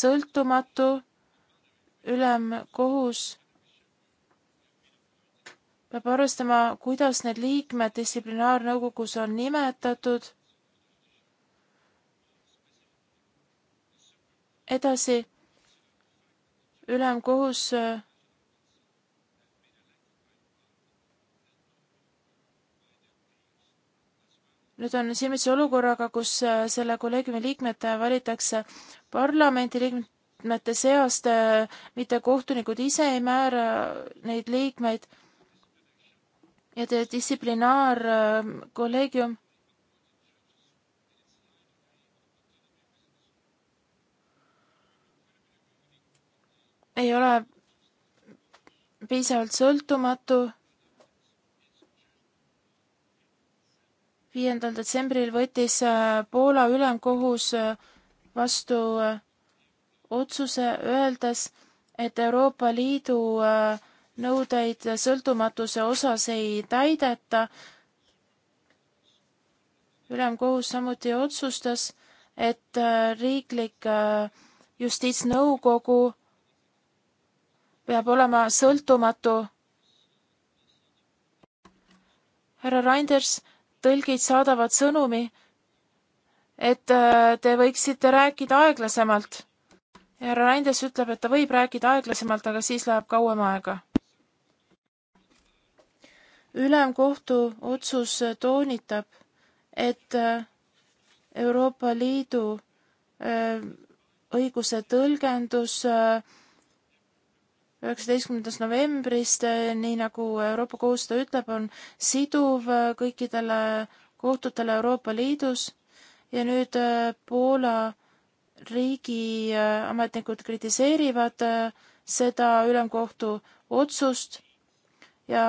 sõltumatu ülemkohus peab arvestama, kuidas need liikmed distsiplinaarnõukogus on nimetatud. edasi, ülemkohus nüüd on silmitsi olukorraga, kus äh, selle kolleegiumi liikmed äh, valitakse parlamendi liikmete seast, äh, mitte kohtunikud ise ei määra neid liikmeid ja et distsiplinaarkolleegium äh, ei ole piisavalt sõltumatu. viiendal detsembril võttis äh, Poola ülemkohus äh, vastu otsuse, öeldes, et Euroopa Liidu äh, nõudeid sõltumatuse osas ei täideta. ülemkohus samuti otsustas, et äh, riiklik äh, justiitsnõukogu peab olema sõltumatu. härra Reinders, tõlgid saadavad sõnumi, et äh, te võiksite rääkida aeglasemalt härra Randes ütleb, et ta võib rääkida aeglasemalt, aga siis läheb kauem aega ülemkohtu otsus toonitab, et äh, Euroopa Liidu äh, õiguse tõlgendus äh, üheksateistkümnendast novembrist, nii nagu Euroopa Kohus seda ütleb, on siduv kõikidele kohtutele Euroopa Liidus ja nüüd Poola riigi ametnikud kritiseerivad seda ülemkohtu otsust ja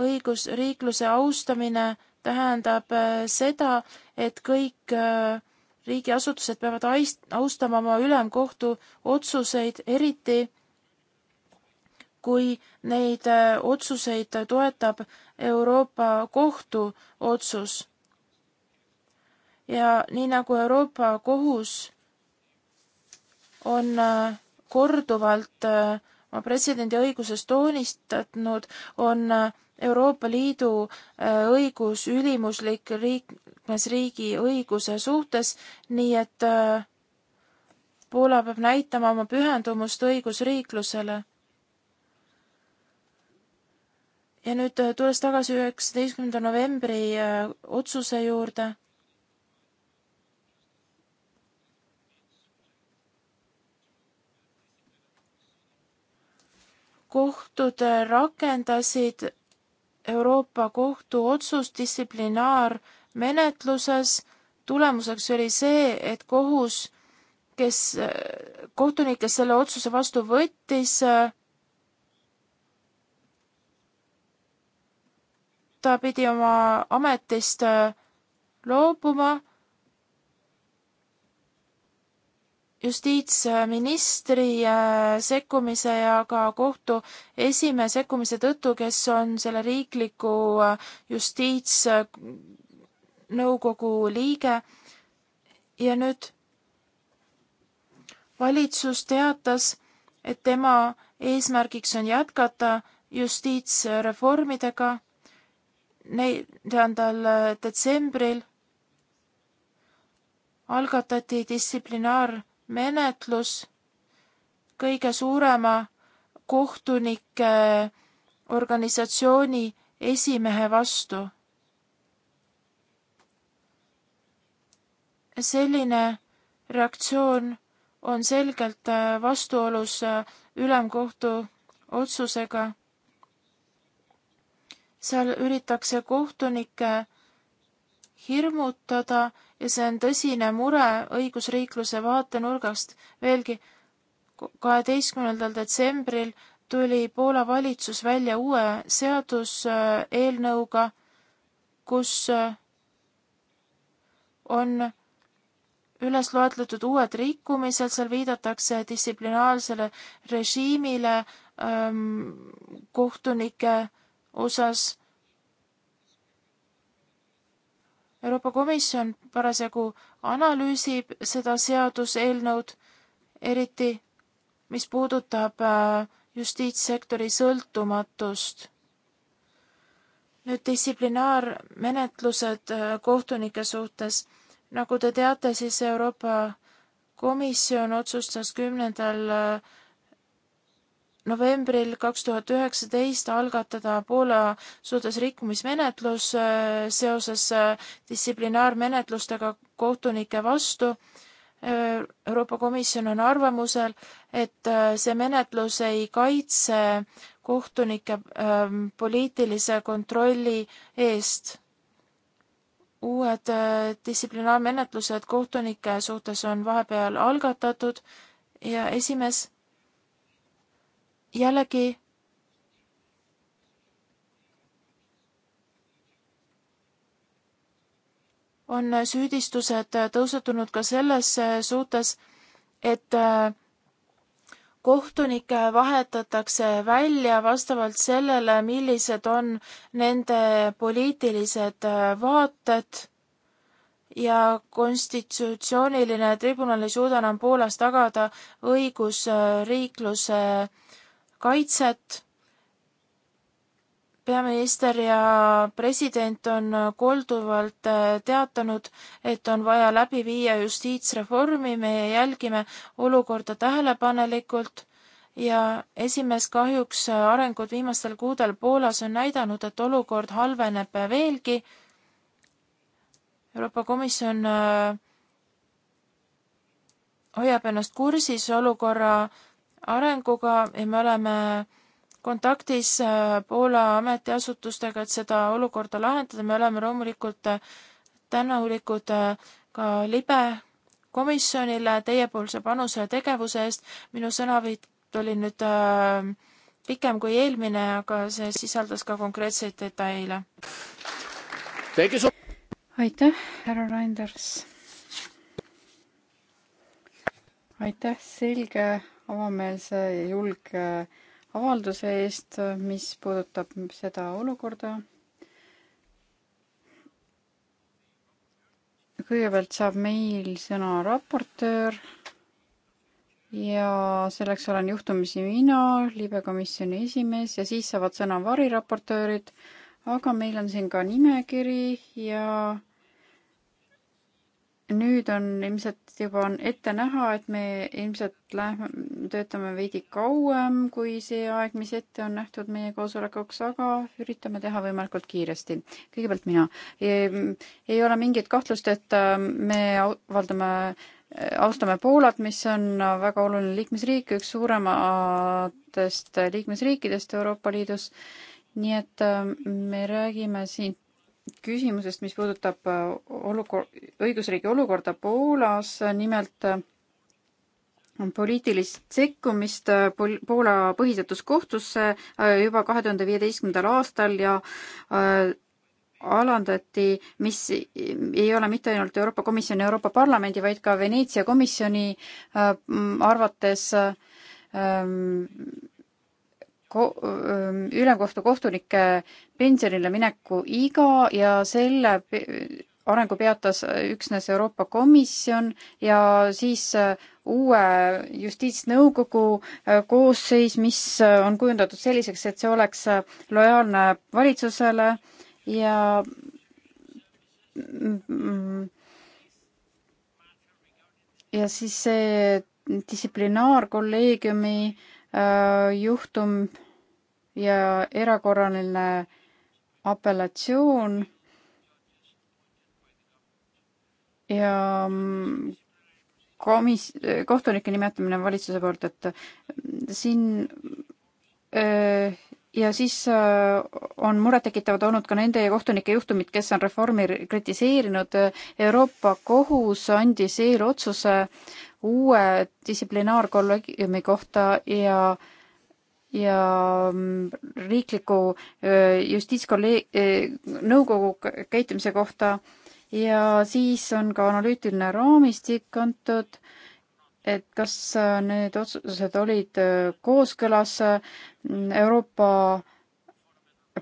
õigusriikluse austamine tähendab äh, seda, et kõik äh, riigiasutused peavad austama oma ülemkohtu otsuseid, eriti kui neid äh, otsuseid toetab Euroopa Kohtu otsus. ja nii nagu Euroopa Kohus on korduvalt oma presidendi õiguses toonistanud, on Euroopa Liidu äh, õigus ülimuslik liikmesriigi õiguse suhtes, nii et äh, Poola peab näitama oma pühendumust õigusriiklusele. ja nüüd äh, tulles tagasi üheksateistkümnenda novembri otsuse juurde kohtud rakendasid Euroopa Kohtu otsus distsiplinaarmenetluses. tulemuseks oli see, et kohus, kes, kohtunik, kes selle otsuse vastu võttis, ta pidi oma ametist loobuma justiitsministri äh, sekkumise ja ka kohtu esimehe sekkumise tõttu, kes on selle riikliku äh, justiitsnõukogu liige. ja nüüd valitsus teatas, et tema eesmärgiks on jätkata justiitsreformidega neljandal äh, detsembril algatati distsiplinaar- menetlus kõige suurema kohtunike organisatsiooni esimehe vastu. selline reaktsioon on selgelt vastuolus ülemkohtu otsusega. seal üritatakse kohtunikke hirmutada ja see on tõsine mure õigusriikluse vaatenurgast. veelgi, kaheteistkümnendal detsembril tuli Poola valitsus välja uue seaduseelnõuga, kus äh, on üles loetletud uued rikkumised, seal viidatakse distsiplinaarsele režiimile ähm, kohtunike osas Euroopa Komisjon parasjagu analüüsib seda seaduseelnõud, eriti mis puudutab äh, justiitssektori sõltumatust. nüüd distsiplinaarmenetlused äh, kohtunike suhtes. nagu te teate, siis Euroopa Komisjon otsustas kümnendal 10 äh, novembril kaks tuhat üheksateist algatada Poola suhtes rikkumismenetlus äh, seoses äh, distsiplinaarmenetlustega kohtunike vastu. Äh, Euroopa Komisjon on arvamusel, et see menetlus ei kaitse kohtunike ähm, poliitilise kontrolli eest. uued distsiplinaarmenetlused kohtunike suhtes on vahepeal algatatud ja esimees jällegi on süüdistused tõusetunud ka selles suhtes, et äh, kohtunikke vahetatakse välja vastavalt sellele, millised on nende poliitilised äh, vaated ja konstitutsiooniline tribunal ei suuda enam Poolas tagada õigusriikluse äh, kaitset. peaminister ja president on kolduvalt äh, teatanud, et on vaja läbi viia justiitsreformi, meie jälgime olukorda tähelepanelikult ja esimees kahjuks äh, arengud viimastel kuudel Poolas on näidanud, et olukord halveneb äh, veelgi. Euroopa Komisjon hoiab ennast kursis olukorra arenguga ja me oleme kontaktis äh, Poola ametiasutustega, et seda olukorda lahendada, me oleme loomulikult äh, tänulikud äh, ka libe komisjonile teiepoolse panuse ja tegevuse eest. minu sõnavõtt oli nüüd pikem kui eelmine, aga see sisaldas ka konkreetseid detaile. aitäh, härra Reinders. aitäh selge avameelse ja julge avalduse eest, mis puudutab seda olukorda. kõigepealt saab meil sõna raportöör ja selleks olen juhtumisi mina, libekomisjoni esimees ja siis saavad sõna variraportöörid, aga meil on siin ka nimekiri ja nüüd on ilmselt juba on ette näha, et me ilmselt lähme, töötame veidi kauem kui see aeg, mis ette on nähtud meie koosolekuks, aga üritame teha võimalikult kiiresti. kõigepealt mina. ei ole mingit kahtlust, et ähm, me avaldame äh, austame Poolat, mis on väga oluline liikmesriik, üks suurematest liikmesriikidest Euroopa Liidus. nii et ähm, me räägime siin küsimusest, mis puudutab äh, olukor-, õigusriigi olukorda Poolas, nimelt äh, poliitilist sekkumist äh, Pol-, Poola põhiseaduskohtusse juba kahe tuhande viieteistkümnendal aastal ja alandati, mis ei ole mitte ainult Euroopa Komisjoni, Euroopa Parlamendi, vaid ka Veneetsia komisjoni arvates ähm, ko-, ülemkohtu kohtunike pensionile mineku iga ja selle arengu peatas üksnes Euroopa Komisjon ja siis uue justiitsnõukogu koosseis, mis on kujundatud selliseks, et see oleks lojaalne valitsusele ja ja siis see distsiplinaarkolleegiumi juhtum ja erakorraline apellatsioon ja mm, komis-, kohtunike nimetamine valitsuse poolt, et mm, siin ja siis on murettekitavad olnud ka nende kohtunike juhtumid, kes on reformi kritiseerinud. Euroopa Kohus andis eelotsuse uue distsiplinaarkolleegiumi kohta ja äh, ja mm, riikliku justiitskolleeg-, nõukogu käitumise kohta ja siis on ka analüütiline raamistik antud, et kas äh, need otsused olid kooskõlas mm, Euroopa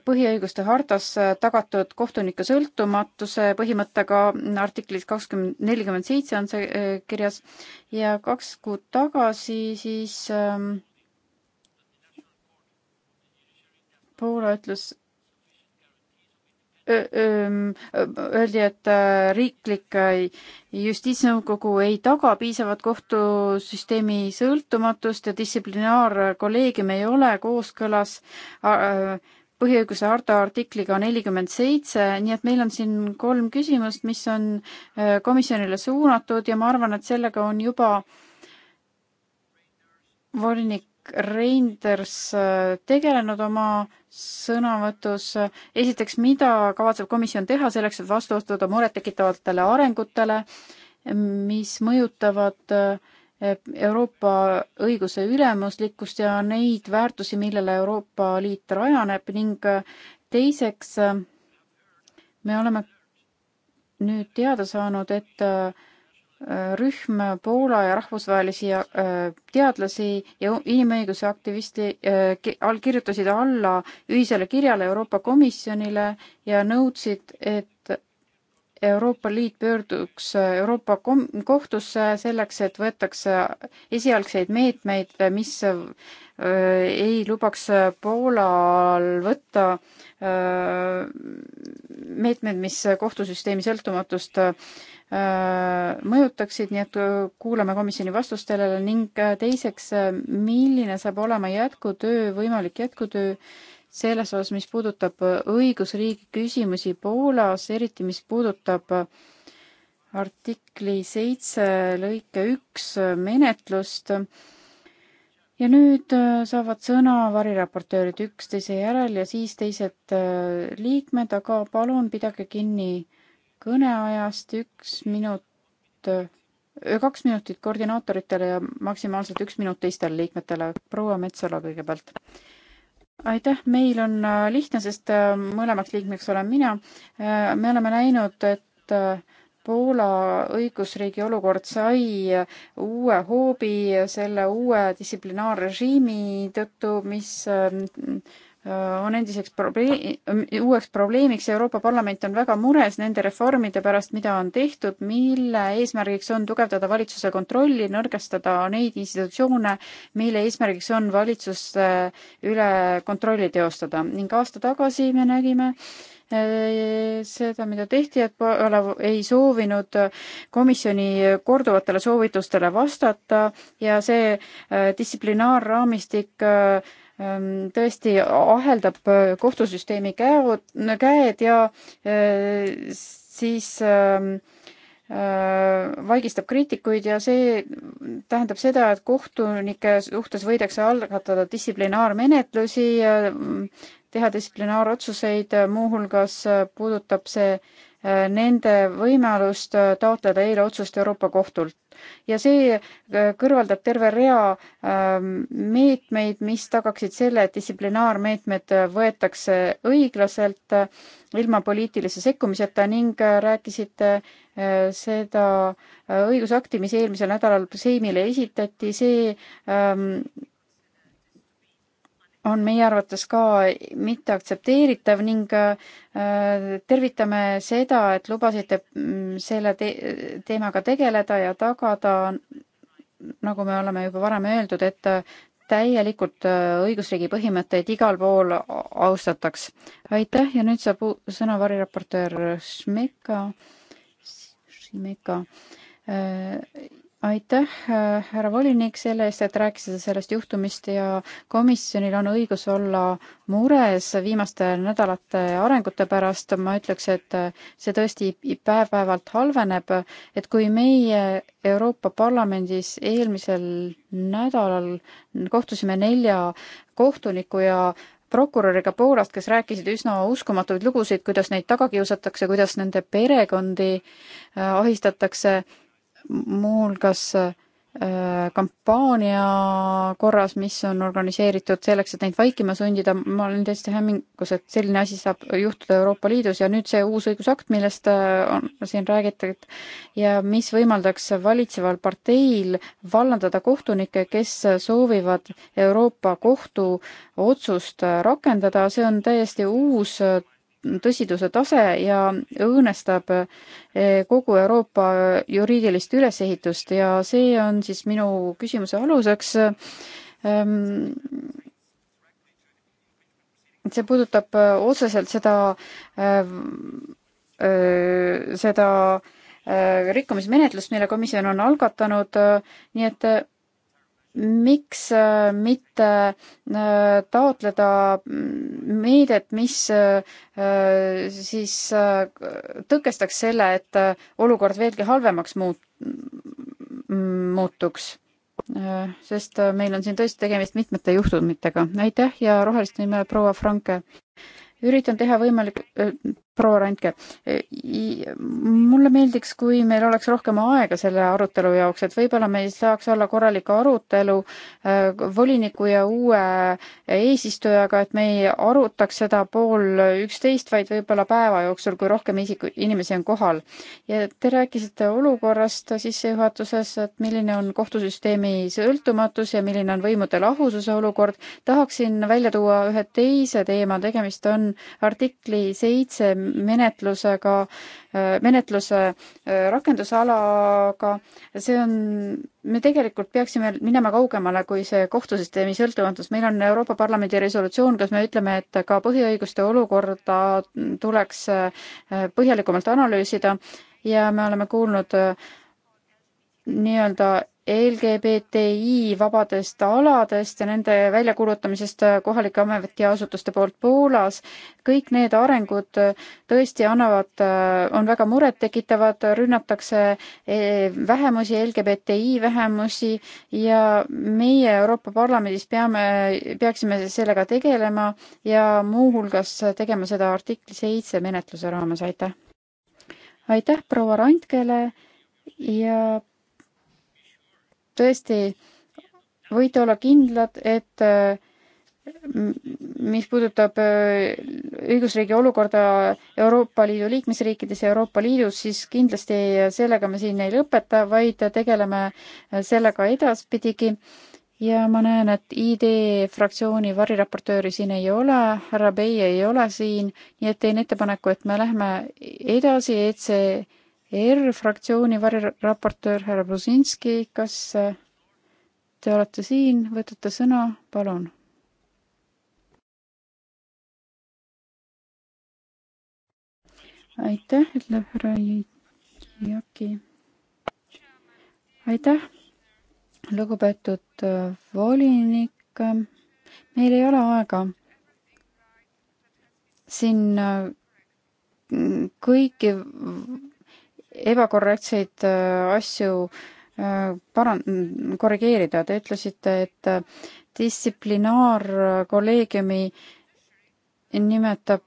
põhiõiguste hartas äh, tagatud kohtuniku sõltumatuse põhimõttega mm, artiklis kakskümmend, nelikümmend seitse on see kirjas ja kaks kuud tagasi siis ähm, Poola ütles, öeldi, et äh, riiklik äh, justiitsnõukogu ei taga piisavat kohtusüsteemi sõltumatust ja distsiplinaarkolleegium ei ole kooskõlas äh, põhiõiguse harta artikliga nelikümmend seitse, nii et meil on siin kolm küsimust, mis on komisjonile suunatud ja ma arvan, et sellega on juba volinik Reinders tegelenud oma sõnavõtus. esiteks, mida kavatseb komisjon teha selleks, et vastu astuda murettekitavatele arengutele, mis mõjutavad eh, Euroopa õiguse ülemuslikkust ja neid väärtusi, millele Euroopa Liit rajaneb ning teiseks, me oleme nüüd teada saanud, et rühm Poola ja rahvusvahelisi äh, teadlasi ja inimõiguse aktivisti äh, kirjutasid alla ühisele kirjale Euroopa Komisjonile ja nõudsid, et Euroopa Liit pöörduks äh, Euroopa kohtusse selleks, et võetakse esialgseid meetmeid, mis ei lubaks Poolal võtta meetmed, mis kohtusüsteemi sõltumatust Äh, mõjutaksid, nii et äh, kuulame komisjoni vastust sellele ning äh, teiseks, milline saab olema jätkutöö, võimalik jätkutöö selles osas, mis puudutab õigusriigi küsimusi Poolas, eriti mis puudutab artikli seitse lõike üks menetlust. ja nüüd saavad sõna variraportöörid üksteise järel ja siis teised liikmed, aga palun pidage kinni kõneajast üks minut, kaks minutit koordinaatoritele ja maksimaalselt üks minut teistele liikmetele. proua Metsola kõigepealt. aitäh, meil on äh, lihtne, sest äh, mõlemaks liikmeks olen mina. Äh, me oleme näinud, et Poola õigusriigi olukord sai uue hoobi selle uue distsiplinaarrežiimi tõttu, mis Äh, on endiseks probleem, äh, uueks probleemiks. Euroopa Parlament on väga mures nende reformide pärast, mida on tehtud, mille eesmärgiks on tugevdada valitsuse kontrolli, nõrgestada neid institutsioone, mille eesmärgiks on valitsuse üle kontrolli teostada ning aasta tagasi me nägime, äh, seda, mida tehti, et pole, ei soovinud komisjoni korduvatele soovitustele vastata ja see distsiplinaarraamistik äh, Ehm, tõesti aheldab äh, kohtusüsteemi käod, käed ja äh, siis ähm, äh, vaigistab kriitikuid ja see tähendab seda, et kohtunike suhtes võidakse algatada distsiplinaarmenetlusi, teha distsiplinaarotsuseid, muuhulgas puudutab see Äh, nende võimalust äh, taotleda eelotsust Euroopa Kohtult. ja see äh, kõrvaldab terve rea ähm, meetmeid, mis tagaksid selle, et distsiplinaarmeetmed võetakse õiglaselt ilma poliitilise sekkumiseta ning rääkisite seda õigusakti, mis eelmisel nädalal Seimile esitati, see ähm, on meie arvates ka mitteaktsepteeritav ning äh, tervitame seda, et lubasite mm, selle te teemaga tegeleda ja tagada, nagu me oleme juba varem öeldud, et täielikult äh, õigusriigi põhimõtteid igal pool austataks. aitäh ja nüüd saab sõna variraportöör Šmeka, Šmeka äh, aitäh, äh, härra volinik, selle eest, et rääkisite sellest juhtumist ja komisjonil on õigus olla mures viimaste nädalate arengute pärast. ma ütleks, et äh, see tõesti päev-päevalt halveneb, et kui meie Euroopa Parlamendis eelmisel nädalal kohtusime nelja kohtuniku ja prokuröriga Poolast, kes rääkisid üsna uskumatuid lugusid, kuidas neid taga kiusatakse, kuidas nende perekondi äh, ahistatakse muuhulgas äh, kampaania korras, mis on organiseeritud selleks, et neid vaikima sundida, ma olen täiesti hämmingus, et selline asi saab juhtuda Euroopa Liidus ja nüüd see uus õigusakt, millest äh, on siin räägitud ja mis võimaldaks valitseval parteil vallandada kohtunikke, kes soovivad Euroopa Kohtu otsust rakendada, see on täiesti uus äh, tõsiduse tase ja õõnestab eh, kogu Euroopa juriidilist ülesehitust ja see on siis minu küsimuse aluseks. Ehm, see puudutab eh, otseselt seda, eh, seda rikkumismenetlust, mille komisjon on algatanud, nii et miks äh, mitte äh, taotleda mm, meedet, mis äh, siis tõkestaks selle, et olukord veelgi halvemaks muut-, mm, muutuks? sest meil on siin tõesti tegemist mitmete juhtumitega. aitäh ja roheliste nimel proua Franke. üritan teha võimalik, proua Randke, e, mulle meeldiks, kui meil oleks rohkem aega selle arutelu jaoks, et võib-olla meil saaks olla korralik arutelu e, voliniku ja uue eesistujaga, et me ei arutaks seda pool üksteist, vaid võib-olla päeva jooksul, kui rohkem isiku, inimesi on kohal. ja te rääkisite olukorrast sissejuhatuses, et milline on kohtusüsteemi sõltumatus ja milline on võimude lahususe olukord. tahaksin välja tuua ühe teise teema, tegemist on artikli seitse menetlusega, äh, menetluse äh, rakendusalaga, see on, me tegelikult peaksime minema kaugemale kui see kohtusüsteemi sõltumatus, meil on Euroopa Parlamendi resolutsioon, kas me ütleme, et ka põhiõiguste olukorda tuleks äh, põhjalikumalt analüüsida ja me oleme kuulnud nii-öelda LGBTI vabadest aladest ja nende väljakuulutamisest kohalike ametiasutuste poolt Poolas. kõik need arengud tõesti annavad, on väga murettekitavad, rünnatakse e, vähemusi, LGBTI vähemusi ja meie Euroopa Parlamendis peame, peaksime sellega tegelema ja muuhulgas tegema seda artikli seitse menetluse raames, aitäh! aitäh proua Randkele ja tõesti võite olla kindlad, et mm, mis puudutab äh, õigusriigi olukorda Euroopa Liidu liikmesriikides ja Euroopa Liidus, siis kindlasti sellega me siin ei lõpeta, vaid tegeleme äh, sellega edaspidigi. ja ma näen, et ID fraktsiooni variraportööri siin ei ole, härra Bey ei ole siin, nii et teen ettepaneku, et me lähme edasi EC ERR fraktsiooni variraportöör härra Brusinski, kas äh, te olete siin, võtate sõna, palun? aitäh, ütleb härra Jaki. aitäh, lugupeetud äh, volinik. meil ei ole aega siin äh, kõiki ebakorrektseid äh, asju äh, paran-, korrigeerida. Te ütlesite, et äh, distsiplinaarkolleegiumi nimetab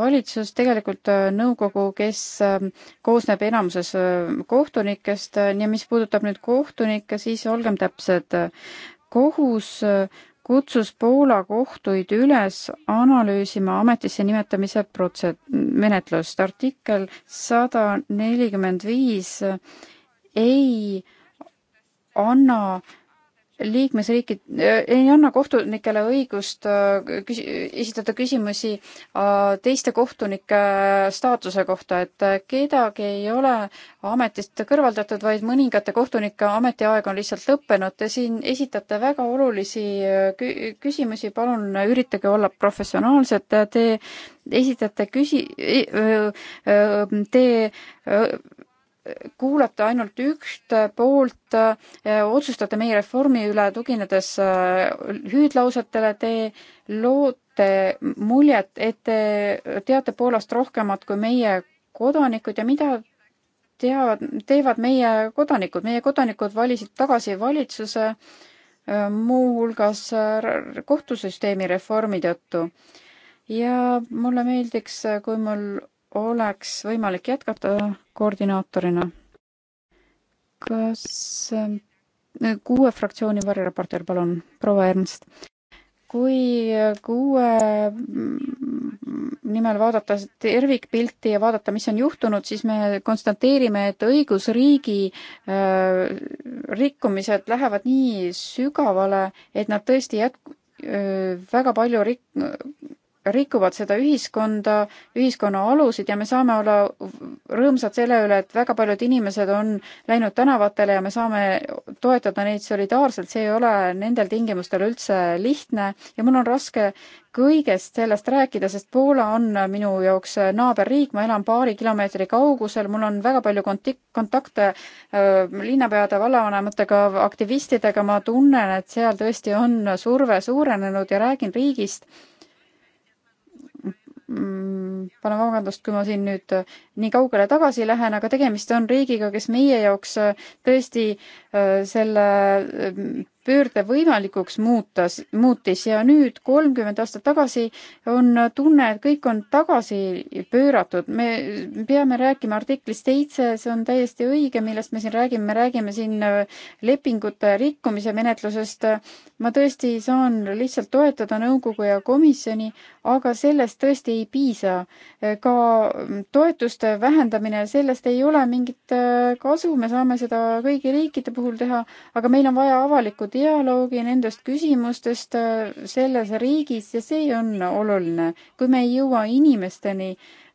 valitsus, tegelikult nõukogu, kes koosneb enamuses kohtunikest ja mis puudutab nüüd kohtunikke, siis olgem täpsed, kohus kutsus Poola kohtuid üles analüüsima ametisse nimetamise protse-, menetlust. artikkel sada nelikümmend viis ei anna liikmesriigid, äh, ei anna kohtunikele õigust äh, küsi-, esitada küsimusi äh, teiste kohtunike staatuse kohta, et kedagi ei ole ametist kõrvaldatud, vaid mõningate kohtunike ametiaeg on lihtsalt lõppenud. Te siin esitate väga olulisi küsimusi, palun üritage olla professionaalsed, te esitate küsi-, e-, te kuulate ainult üht poolt, eh, otsustate meie reformi üle, tuginedes eh, hüüdlausetele, te loote muljet, et te teate Poolast rohkemat kui meie kodanikud ja mida teavad, teevad meie kodanikud, meie kodanikud valisid tagasi valitsuse eh, muuhulgas kohtusüsteemi reformi tõttu ja mulle meeldiks, kui mul oleks võimalik jätkata koordinaatorina. kas äh, kuue fraktsiooni variraportöör, palun, proua Ernst? kui kuue mm, nimel vaadata tervikpilti ja vaadata, mis on juhtunud, siis me konstateerime, et õigusriigi äh, rikkumised lähevad nii sügavale, et nad tõesti jätku- äh,, väga palju rik-, rikuvad seda ühiskonda, ühiskonna alusid ja me saame olla rõõmsad selle üle, et väga paljud inimesed on läinud tänavatele ja me saame toetada neid solidaarselt, see ei ole nendel tingimustel üldse lihtne ja mul on raske kõigest sellest rääkida, sest Poola on minu jaoks naaberriik, ma elan paari kilomeetri kaugusel, mul on väga palju konti-, kontakte äh, linnapeade, vallavanematega, aktivistidega, ma tunnen, et seal tõesti on surve suurenenud ja räägin riigist Mm, palun vabandust, kui ma siin nüüd äh, nii kaugele tagasi lähen, aga tegemist on riigiga, kes meie jaoks äh, tõesti äh, selle pöörde võimalikuks muutas, muutis ja nüüd kolmkümmend aastat tagasi on tunne, et kõik on tagasi pööratud. me peame rääkima artiklist seitse, see on täiesti õige, millest me siin räägime, me räägime siin äh, lepingute rikkumise menetlusest. ma tõesti saan lihtsalt toetada nõukogu ja komisjoni, aga sellest tõesti ei piisa. ka toetuste vähendamine, sellest ei ole mingit äh, kasu, me saame seda kõigi riikide puhul teha, aga meil on vaja avalikku dialoogi nendest küsimustest äh, selles riigis ja see on oluline. kui me ei jõua inimesteni,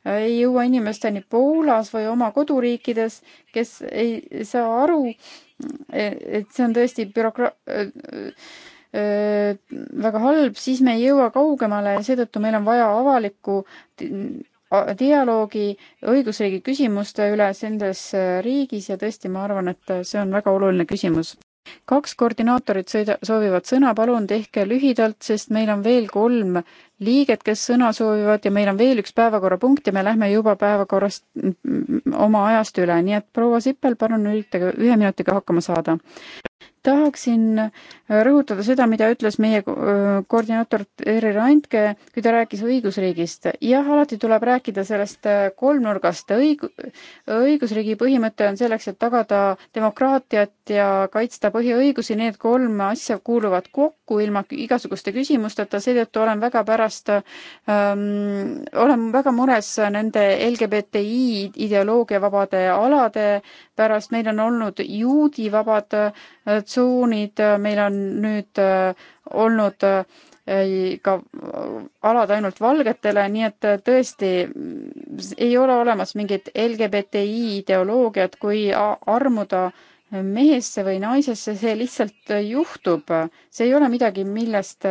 äh, ei jõua inimesteni Poolas või oma koduriikides, kes ei saa aru, e-, et see on tõesti bürokra-, äh, väga halb, siis me ei jõua kaugemale ja seetõttu meil on vaja avalikku dialoogi õigusriigi küsimuste üle nendes riigis ja tõesti, ma arvan, et see on väga oluline küsimus kaks koordinaatorit sõida-, soovivad sõna, palun tehke lühidalt, sest meil on veel kolm liiget, kes sõna soovivad ja meil on veel üks päevakorrapunkt ja me lähme juba päevakorrast mm, mm, oma ajast üle, nii et proua Sippel, palun üritage ühe minutiga hakkama saada tahaksin äh, rõhutada seda, mida ütles meie äh, koordinaator Terri Randke, kui ta rääkis õigusriigist. jah, alati tuleb rääkida sellest äh, kolmnurgast. õig-, õigusriigi põhimõte on selleks, et tagada demokraatiat ja kaitsta põhiõigusi. Need kolm asja kuuluvad kokku ilma igasuguste küsimusteta, seetõttu olen väga pärast ähm,, olen väga mures nende LGBTI ideoloogiavabade alade pärast meil on olnud juudivabad äh, tsoonid, äh, meil on nüüd äh, olnud ka alad ainult valgetele, nii et tõesti mm, ei ole olemas mingit LGBTI ideoloogiat, kui armuda mehesse või naisesse, see lihtsalt juhtub, see ei ole midagi, millest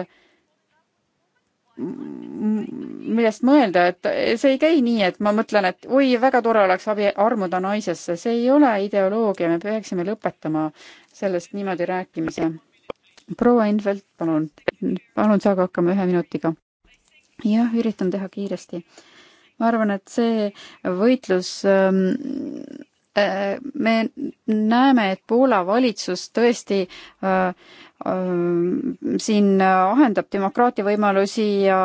millest mõelda, et see ei käi nii, et ma mõtlen, et oi, väga tore oleks abi armuda naisesse, see ei ole ideoloogia, me peaksime lõpetama sellest niimoodi rääkimise. proua Infeld, palun, palun saage hakkama ühe minutiga. jah, üritan teha kiiresti. ma arvan, et see võitlus ähm, Äh, me näeme, et Poola valitsus tõesti äh, äh, siin ahendab demokraatia võimalusi ja,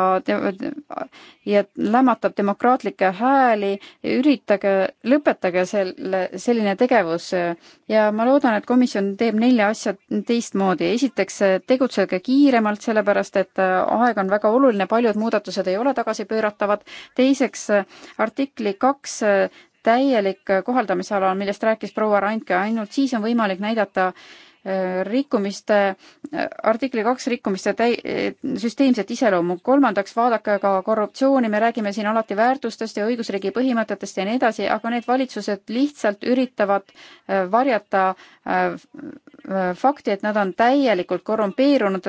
ja lämmatab demokraatlikke hääli, üritage, lõpetage selle, selline tegevus ja ma loodan, et komisjon teeb nelja asja teistmoodi. esiteks, tegutsege kiiremalt, sellepärast et aeg on väga oluline, paljud muudatused ei ole tagasipööratavad. teiseks, artikli kaks täielik äh, kohaldamisala, millest rääkis proua Randke, ainult siis on võimalik näidata äh, rikkumiste, äh, artikli kaks rikkumiste täi-, süsteemset iseloomu. kolmandaks, vaadake ka korruptsiooni, me räägime siin alati väärtustest ja õigusriigi põhimõtetest ja nii edasi, aga need valitsused lihtsalt üritavad varjata fakti, et nad on täielikult korrumpeerunud,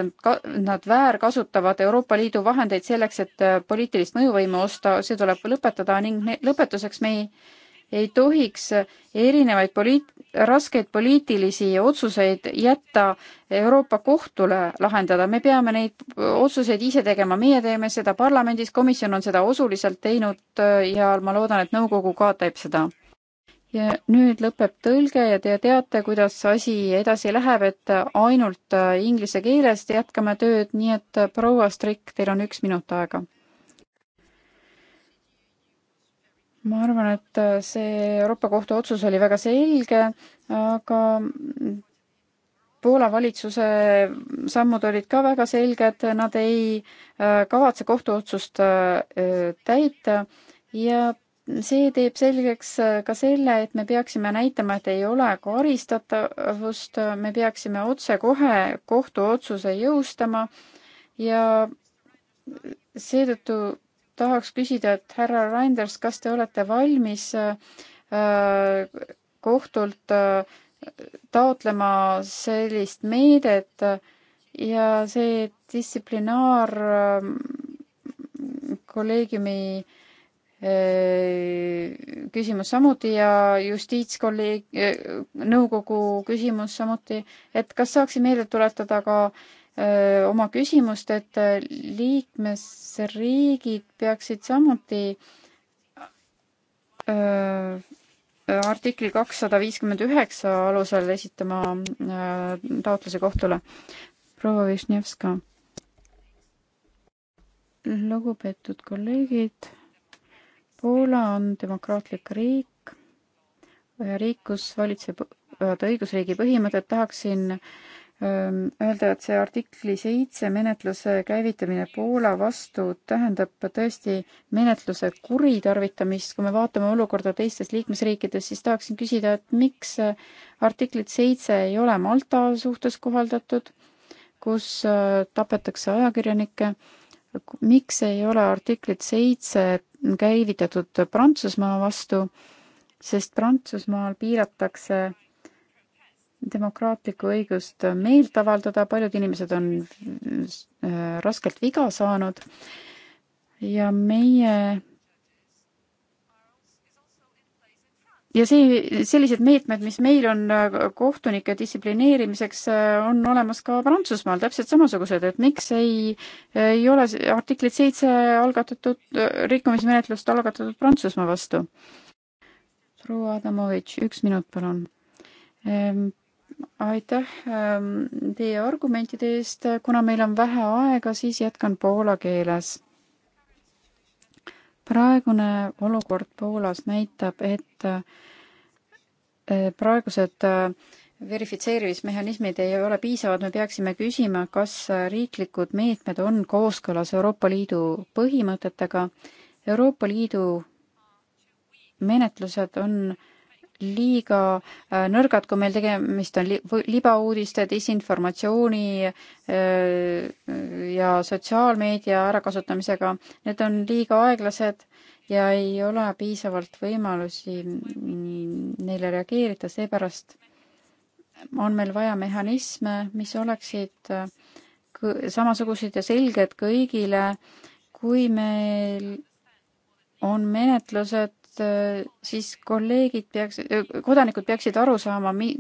nad väärkasutavad Euroopa Liidu vahendeid selleks, et poliitilist mõjuvõimu osta, see tuleb lõpetada ning lõpetuseks me ei ei tohiks erinevaid poliit-, raskeid poliitilisi otsuseid jätta Euroopa Kohtule lahendada, me peame neid otsuseid ise tegema, meie teeme seda parlamendis, komisjon on seda osuliselt teinud äh, ja ma loodan, et nõukogu ka teeb seda. ja nüüd lõpeb tõlge ja te teate, kuidas asi edasi läheb, et ainult äh, inglise keeles jätkame tööd, nii et äh, proua Strik, teil on üks minut aega ma arvan, et äh, see Euroopa Kohtu otsus oli väga selge, aga Poola valitsuse sammud olid ka väga selged, nad ei äh, kavatse kohtuotsust äh, täita ja see teeb selgeks ka selle, et me peaksime näitama, et ei ole karistatavust, me peaksime otsekohe kohtuotsuse jõustama ja seetõttu tahaks küsida, et härra Reinders, kas te olete valmis äh, kohtult äh, taotlema sellist meedet ja see distsiplinaar äh, kolleegiumi küsimus samuti ja justiitskolleeg-, nõukogu küsimus samuti, et kas saaksime meelde tuletada ka äh, oma küsimust, et äh, liikmesriigid peaksid samuti öö, artikli kakssada viiskümmend üheksa alusel esitama öö, taotluse kohtule. proua Višnevska. lugupeetud kolleegid, Poola on demokraatlik riik, riik, kus valitseb õigusriigi põhimõtted, tahaksin öelda, et see artikli seitse menetluse käivitamine Poola vastu tähendab tõesti menetluse kuritarvitamist. kui me vaatame olukorda teistes liikmesriikides, siis tahaksin küsida, et miks artiklit seitse ei ole Malta suhtes kohaldatud, kus tapetakse ajakirjanikke. miks ei ole artiklit seitse käivitatud Prantsusmaa vastu, sest Prantsusmaal piiratakse demokraatlikku õigust meelt avaldada, paljud inimesed on äh, raskelt viga saanud ja meie ja see, sellised meetmed, mis meil on äh, kohtunike distsiplineerimiseks, äh, on olemas ka Prantsusmaal täpselt samasugused, et miks ei, ei ole artiklit seitse algatatud, rikkumismenetlust algatatud Prantsusmaa vastu? proua Adamovitš, üks minut, palun ehm, aitäh ähm, teie argumentide eest, kuna meil on vähe aega, siis jätkan poola keeles. praegune olukord Poolas näitab, et äh, praegused äh, verifitseerimismehhanismid ei ole piisavad, me peaksime küsima, kas riiklikud meetmed on kooskõlas Euroopa Liidu põhimõtetega. Euroopa Liidu menetlused on äh, liiga äh, nõrgad, kui meil tegemist on li libauudiste, disinformatsiooni äh, ja sotsiaalmeedia ärakasutamisega. Need on liiga aeglased ja ei ole piisavalt võimalusi neile reageerida, seepärast on meil vaja mehhanisme, mis oleksid äh, samasugused ja selged kõigile, kui meil on menetlused Äh, siis kolleegid peaks, äh, kodanikud peaksid aru saama, mi-,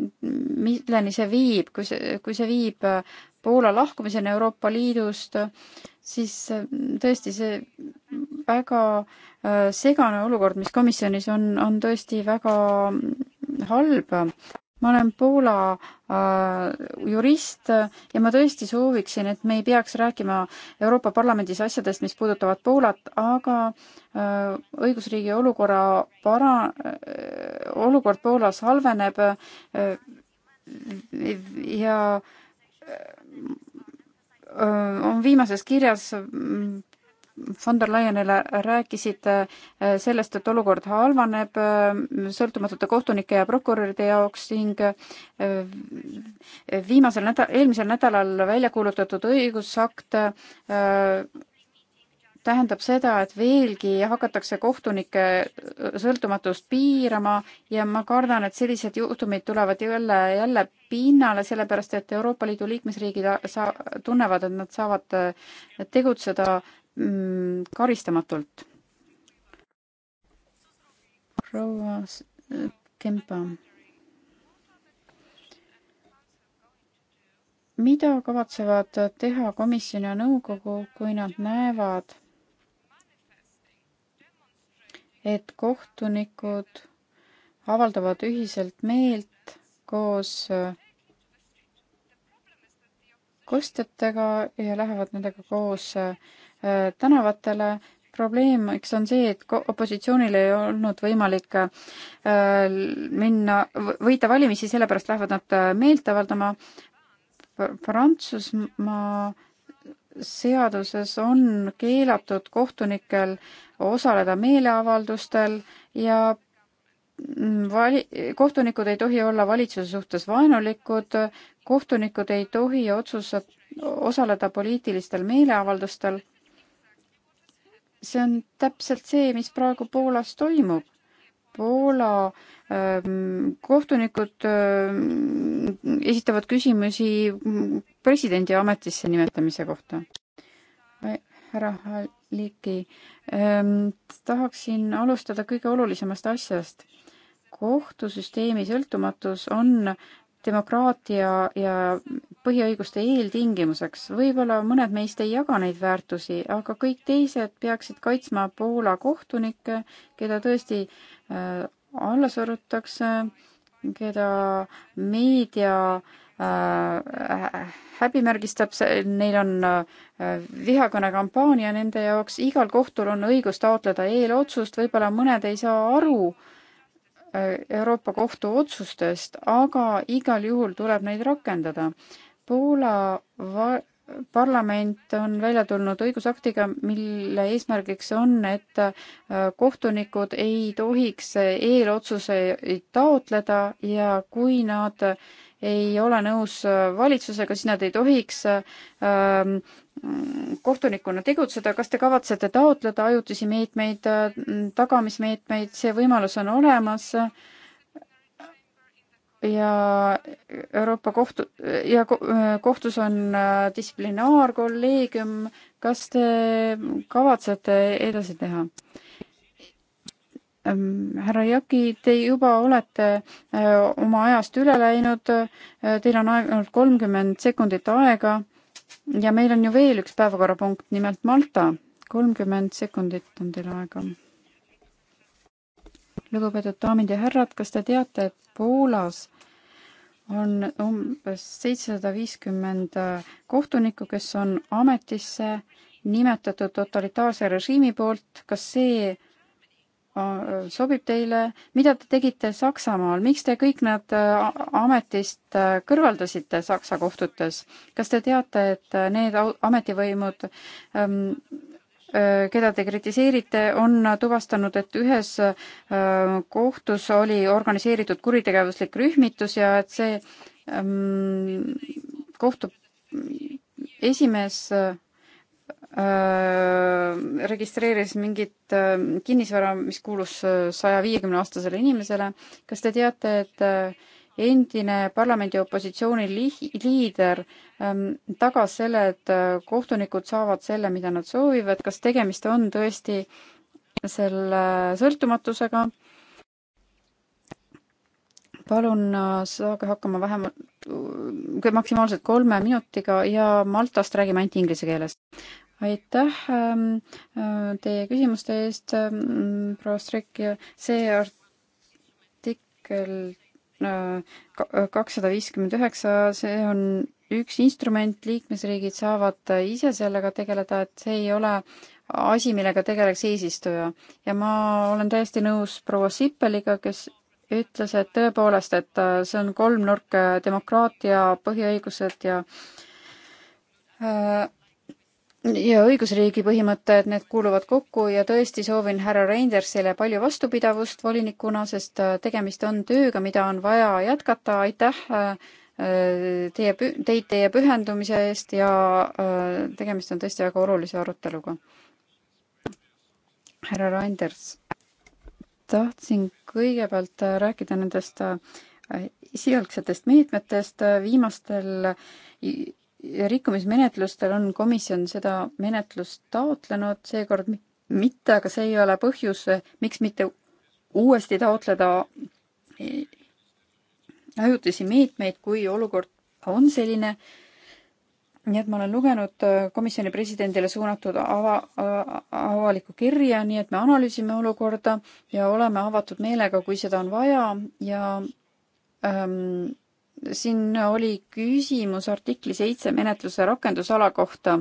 milleni see viib, kui see, kui see viib äh, Poola lahkumiseni Euroopa Liidust, siis tõesti see väga segane olukord, mis komisjonis on, on tõesti väga mm, halb ma olen Poola äh, jurist ja ma tõesti sooviksin, et me ei peaks rääkima Euroopa Parlamendis asjadest, mis puudutavad Poolat, aga äh, õigusriigi olukorra para- äh,, olukord Poolas halveneb äh, ja äh, on viimases kirjas mm, von der Leyenile rääkisite äh, sellest, et olukord halvaneb äh, sõltumatute kohtunike ja prokuröride jaoks ning äh, viimasel nädal, eelmisel nädalal välja kuulutatud õigusakt tähendab seda, et veelgi hakatakse kohtunike sõltumatust piirama ja ma kardan, et sellised juhtumid tulevad jälle, jälle pinnale, sellepärast et Euroopa Liidu liikmesriigid saa-, tunnevad, et nad saavad tegutseda mm, karistamatult. proua Kempa. mida kavatsevad teha komisjon ja nõukogu, kui nad näevad, et kohtunikud avaldavad ühiselt meelt koos kostjatega ja lähevad nendega koos Äh, tänavatele. probleemiks on see, et opositsioonil ei olnud võimalik äh, minna, võita valimisi, sellepärast lähevad nad äh, meelt avaldama. Prantsusmaa seaduses on keelatud kohtunikel osaleda meeleavaldustel ja mm, vali-, kohtunikud ei tohi olla valitsuse suhtes vaenulikud, kohtunikud ei tohi otsusa-, osaleda poliitilistel meeleavaldustel see on täpselt see, mis praegu Poolas toimub. Poola ähm, kohtunikud ähm, esitavad küsimusi presidendi ametisse nimetamise kohta. härra Ligi, ähm, tahaksin alustada kõige olulisemast asjast kohtusüsteemi sõltumatus on demokraatia ja põhiõiguste eeltingimuseks. võib-olla mõned meist ei jaga neid väärtusi, aga kõik teised peaksid kaitsma Poola kohtunikke, keda tõesti äh, alla surutakse, keda meedia äh, häbimärgistab, neil on äh, vihakõnekampaania nende jaoks, igal kohtul on õigus taotleda eelotsust, võib-olla mõned ei saa aru, Euroopa Kohtu otsustest, aga igal juhul tuleb neid rakendada. Poola parlament on välja tulnud õigusaktiga, mille eesmärgiks on, et äh, kohtunikud ei tohiks eelotsuseid taotleda ja kui nad ei ole nõus äh, valitsusega, siis nad ei tohiks ähm, kohtunikuna tegutseda, kas te kavatsete taotleda ajutisi meetmeid, tagamismeetmeid, see võimalus on olemas ja Euroopa kohtu ja kohtus on äh, distsiplinaarkolleegium. kas te kavatsete edasi teha? Ehm, härra Jaki, te juba olete äh, oma ajast üle läinud. Äh, teil on ainult kolmkümmend sekundit aega ja meil on ju veel üks päevakorrapunkt, nimelt Malta. kolmkümmend sekundit on teil aega. lugupeetud daamid ja härrad, kas te teate, et Poolas on umbes seitsesada viiskümmend kohtunikku, kes on ametisse nimetatud totalitaarse režiimi poolt, kas see Äh, sobib teile, mida te tegite Saksamaal, miks te kõik nad äh, ametist äh, kõrvaldasite Saksa kohtutes? kas te teate, et need ametivõimud, ähm, keda te kritiseerite, on tuvastanud, et ühes kohtus oli organiseeritud kuritegevuslik rühmitus ja et see ähm, kohtu mm, esimees Äh, registreeris mingit äh, kinnisvara, mis kuulus äh, saja viiekümne aastasele inimesele. kas te teate, et endine parlamendi opositsiooni liider ähm, tagas selle, et kohtunikud saavad selle, mida nad soovivad, kas tegemist on tõesti selle sõltumatusega äh, palun äh, saage hakkama vähemalt äh, maksimaalselt kolme minutiga ja Maltast räägime ainult inglise keeles. aitäh ähm, äh, teie küsimuste eest, ähm, proua Strik, see artikkel kakssada viiskümmend üheksa, see on üks instrument, liikmesriigid saavad ise sellega tegeleda, et see ei ole asi, millega tegeleks eesistuja. ja ma olen täiesti nõus proua Sippeliga, kes ütles, et tõepoolest, et äh, see on kolmnurk demokraatia, põhiõigused ja äh, ja õigusriigi põhimõte, et need kuuluvad kokku ja tõesti soovin härra Reindersile palju vastupidavust volinikuna, sest äh, tegemist on tööga, mida on vaja jätkata. aitäh teie, teid teie pühendumise eest ja tegemist on tõesti väga olulise aruteluga. härra Reinders tahtsin kõigepealt äh, rääkida nendest äh, esialgsetest meetmetest. Äh, viimastel rikkumismenetlustel on komisjon seda menetlust taotlenud, seekord mitte, aga see ei ole põhjus, miks mitte uuesti taotleda e, ajutisi meetmeid, kui olukord on selline, nii et ma olen lugenud äh, komisjoni presidendile suunatud ava, äh, avalikku kirja, nii et me analüüsime olukorda ja oleme avatud meelega, kui seda on vaja ja ähm, siin oli küsimus artikli seitse menetluse rakendusala kohta.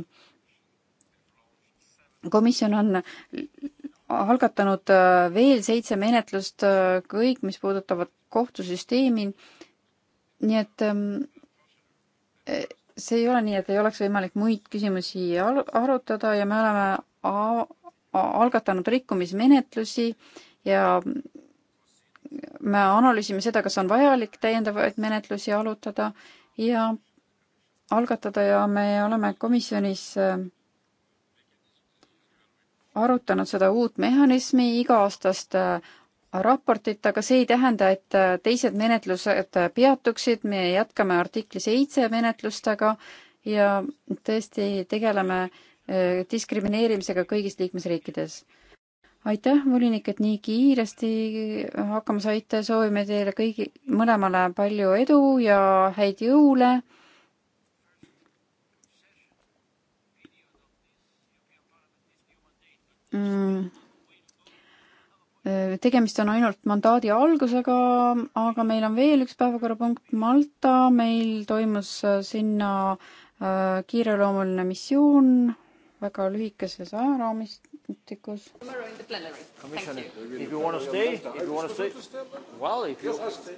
komisjon on algatanud äh, veel seitse menetlust, kõik, mis puudutavad kohtusüsteemi. nii et ähm, see ei ole nii, et ei oleks võimalik muid küsimusi arutada ja me oleme algatanud rikkumismenetlusi ja me analüüsime seda, kas on vajalik täiendavaid menetlusi arutada ja algatada ja me oleme komisjonis äh, arutanud seda uut mehhanismi, iga-aastast äh, raportit, aga see ei tähenda, et äh, teised menetlused äh, peatuksid, me jätkame artikli seitse menetlustega ja tõesti tegeleme äh, diskrimineerimisega kõigis liikmesriikides. aitäh, volinik, et nii kiiresti hakkama saite, soovime teile kõigi, mõlemale palju edu ja häid jõule. Mm Äh, tegemist on ainult mandaadi algusega, aga meil on veel üks päevakorrapunkt Malta, meil toimus äh, sinna äh, kiireloomuline missioon väga lühikeses ajaraamistikus. Well,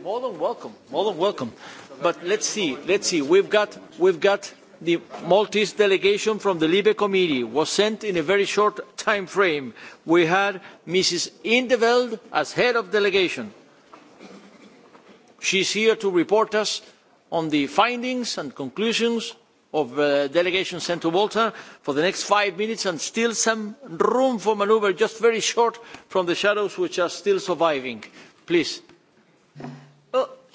more than welcome, more than welcome. But let's see, let's see, we've got, we've got the Maltese delegation from the Libe Committee was sent in a very short time frame. We had Mrs. Indeveld as head of delegation. She's here to report us on the findings and conclusions of uh, delegation sent to Malta for the next five minutes and still some room for manoeuvre, just very short from the shadows which are still surviving. Please.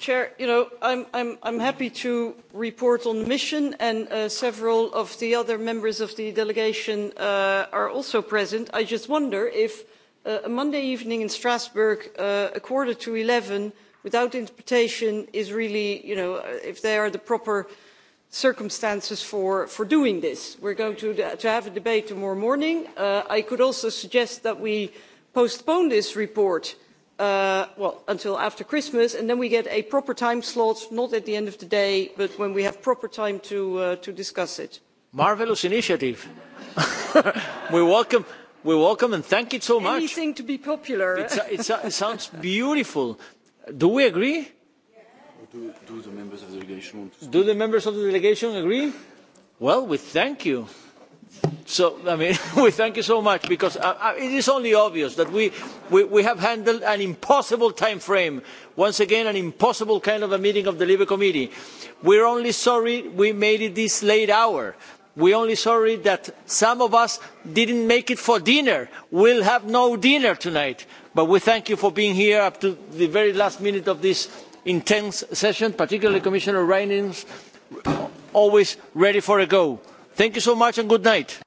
Chair, you know, I'm, I'm, I'm happy to report on the mission and uh, several of the other members of the delegation uh, are also present. I just wonder if uh, a Monday evening in Strasbourg, uh, a quarter to 11, without interpretation is really, you know, uh, if they are the proper circumstances for, for doing this. We're going to, uh, to have a debate tomorrow morning. Uh, I could also suggest that we postpone this report uh, uh, well, until after Christmas, and then we get a proper time slot, not at the end of the day, but when we have proper time to, uh, to discuss it. Marvelous initiative. (laughs) we welcome we welcome and thank you so much. Anything to be popular. it's a, it's a, it sounds beautiful. Do we agree? Do, do the members of the delegation want to speak? Do the members of the delegation agree? Well, we thank you. So, I mean, (laughs) we thank you so much because uh, uh, it is only obvious that we, we, we have handled an impossible time frame. Once again, an impossible kind of a meeting of the Labour Committee. We're only sorry we made it this late hour. We're only sorry that some of us didn't make it for dinner. We'll have no dinner tonight. But we thank you for being here up to the very last minute of this intense session, particularly Commissioner Reinings, always ready for a go thank you so much and good night.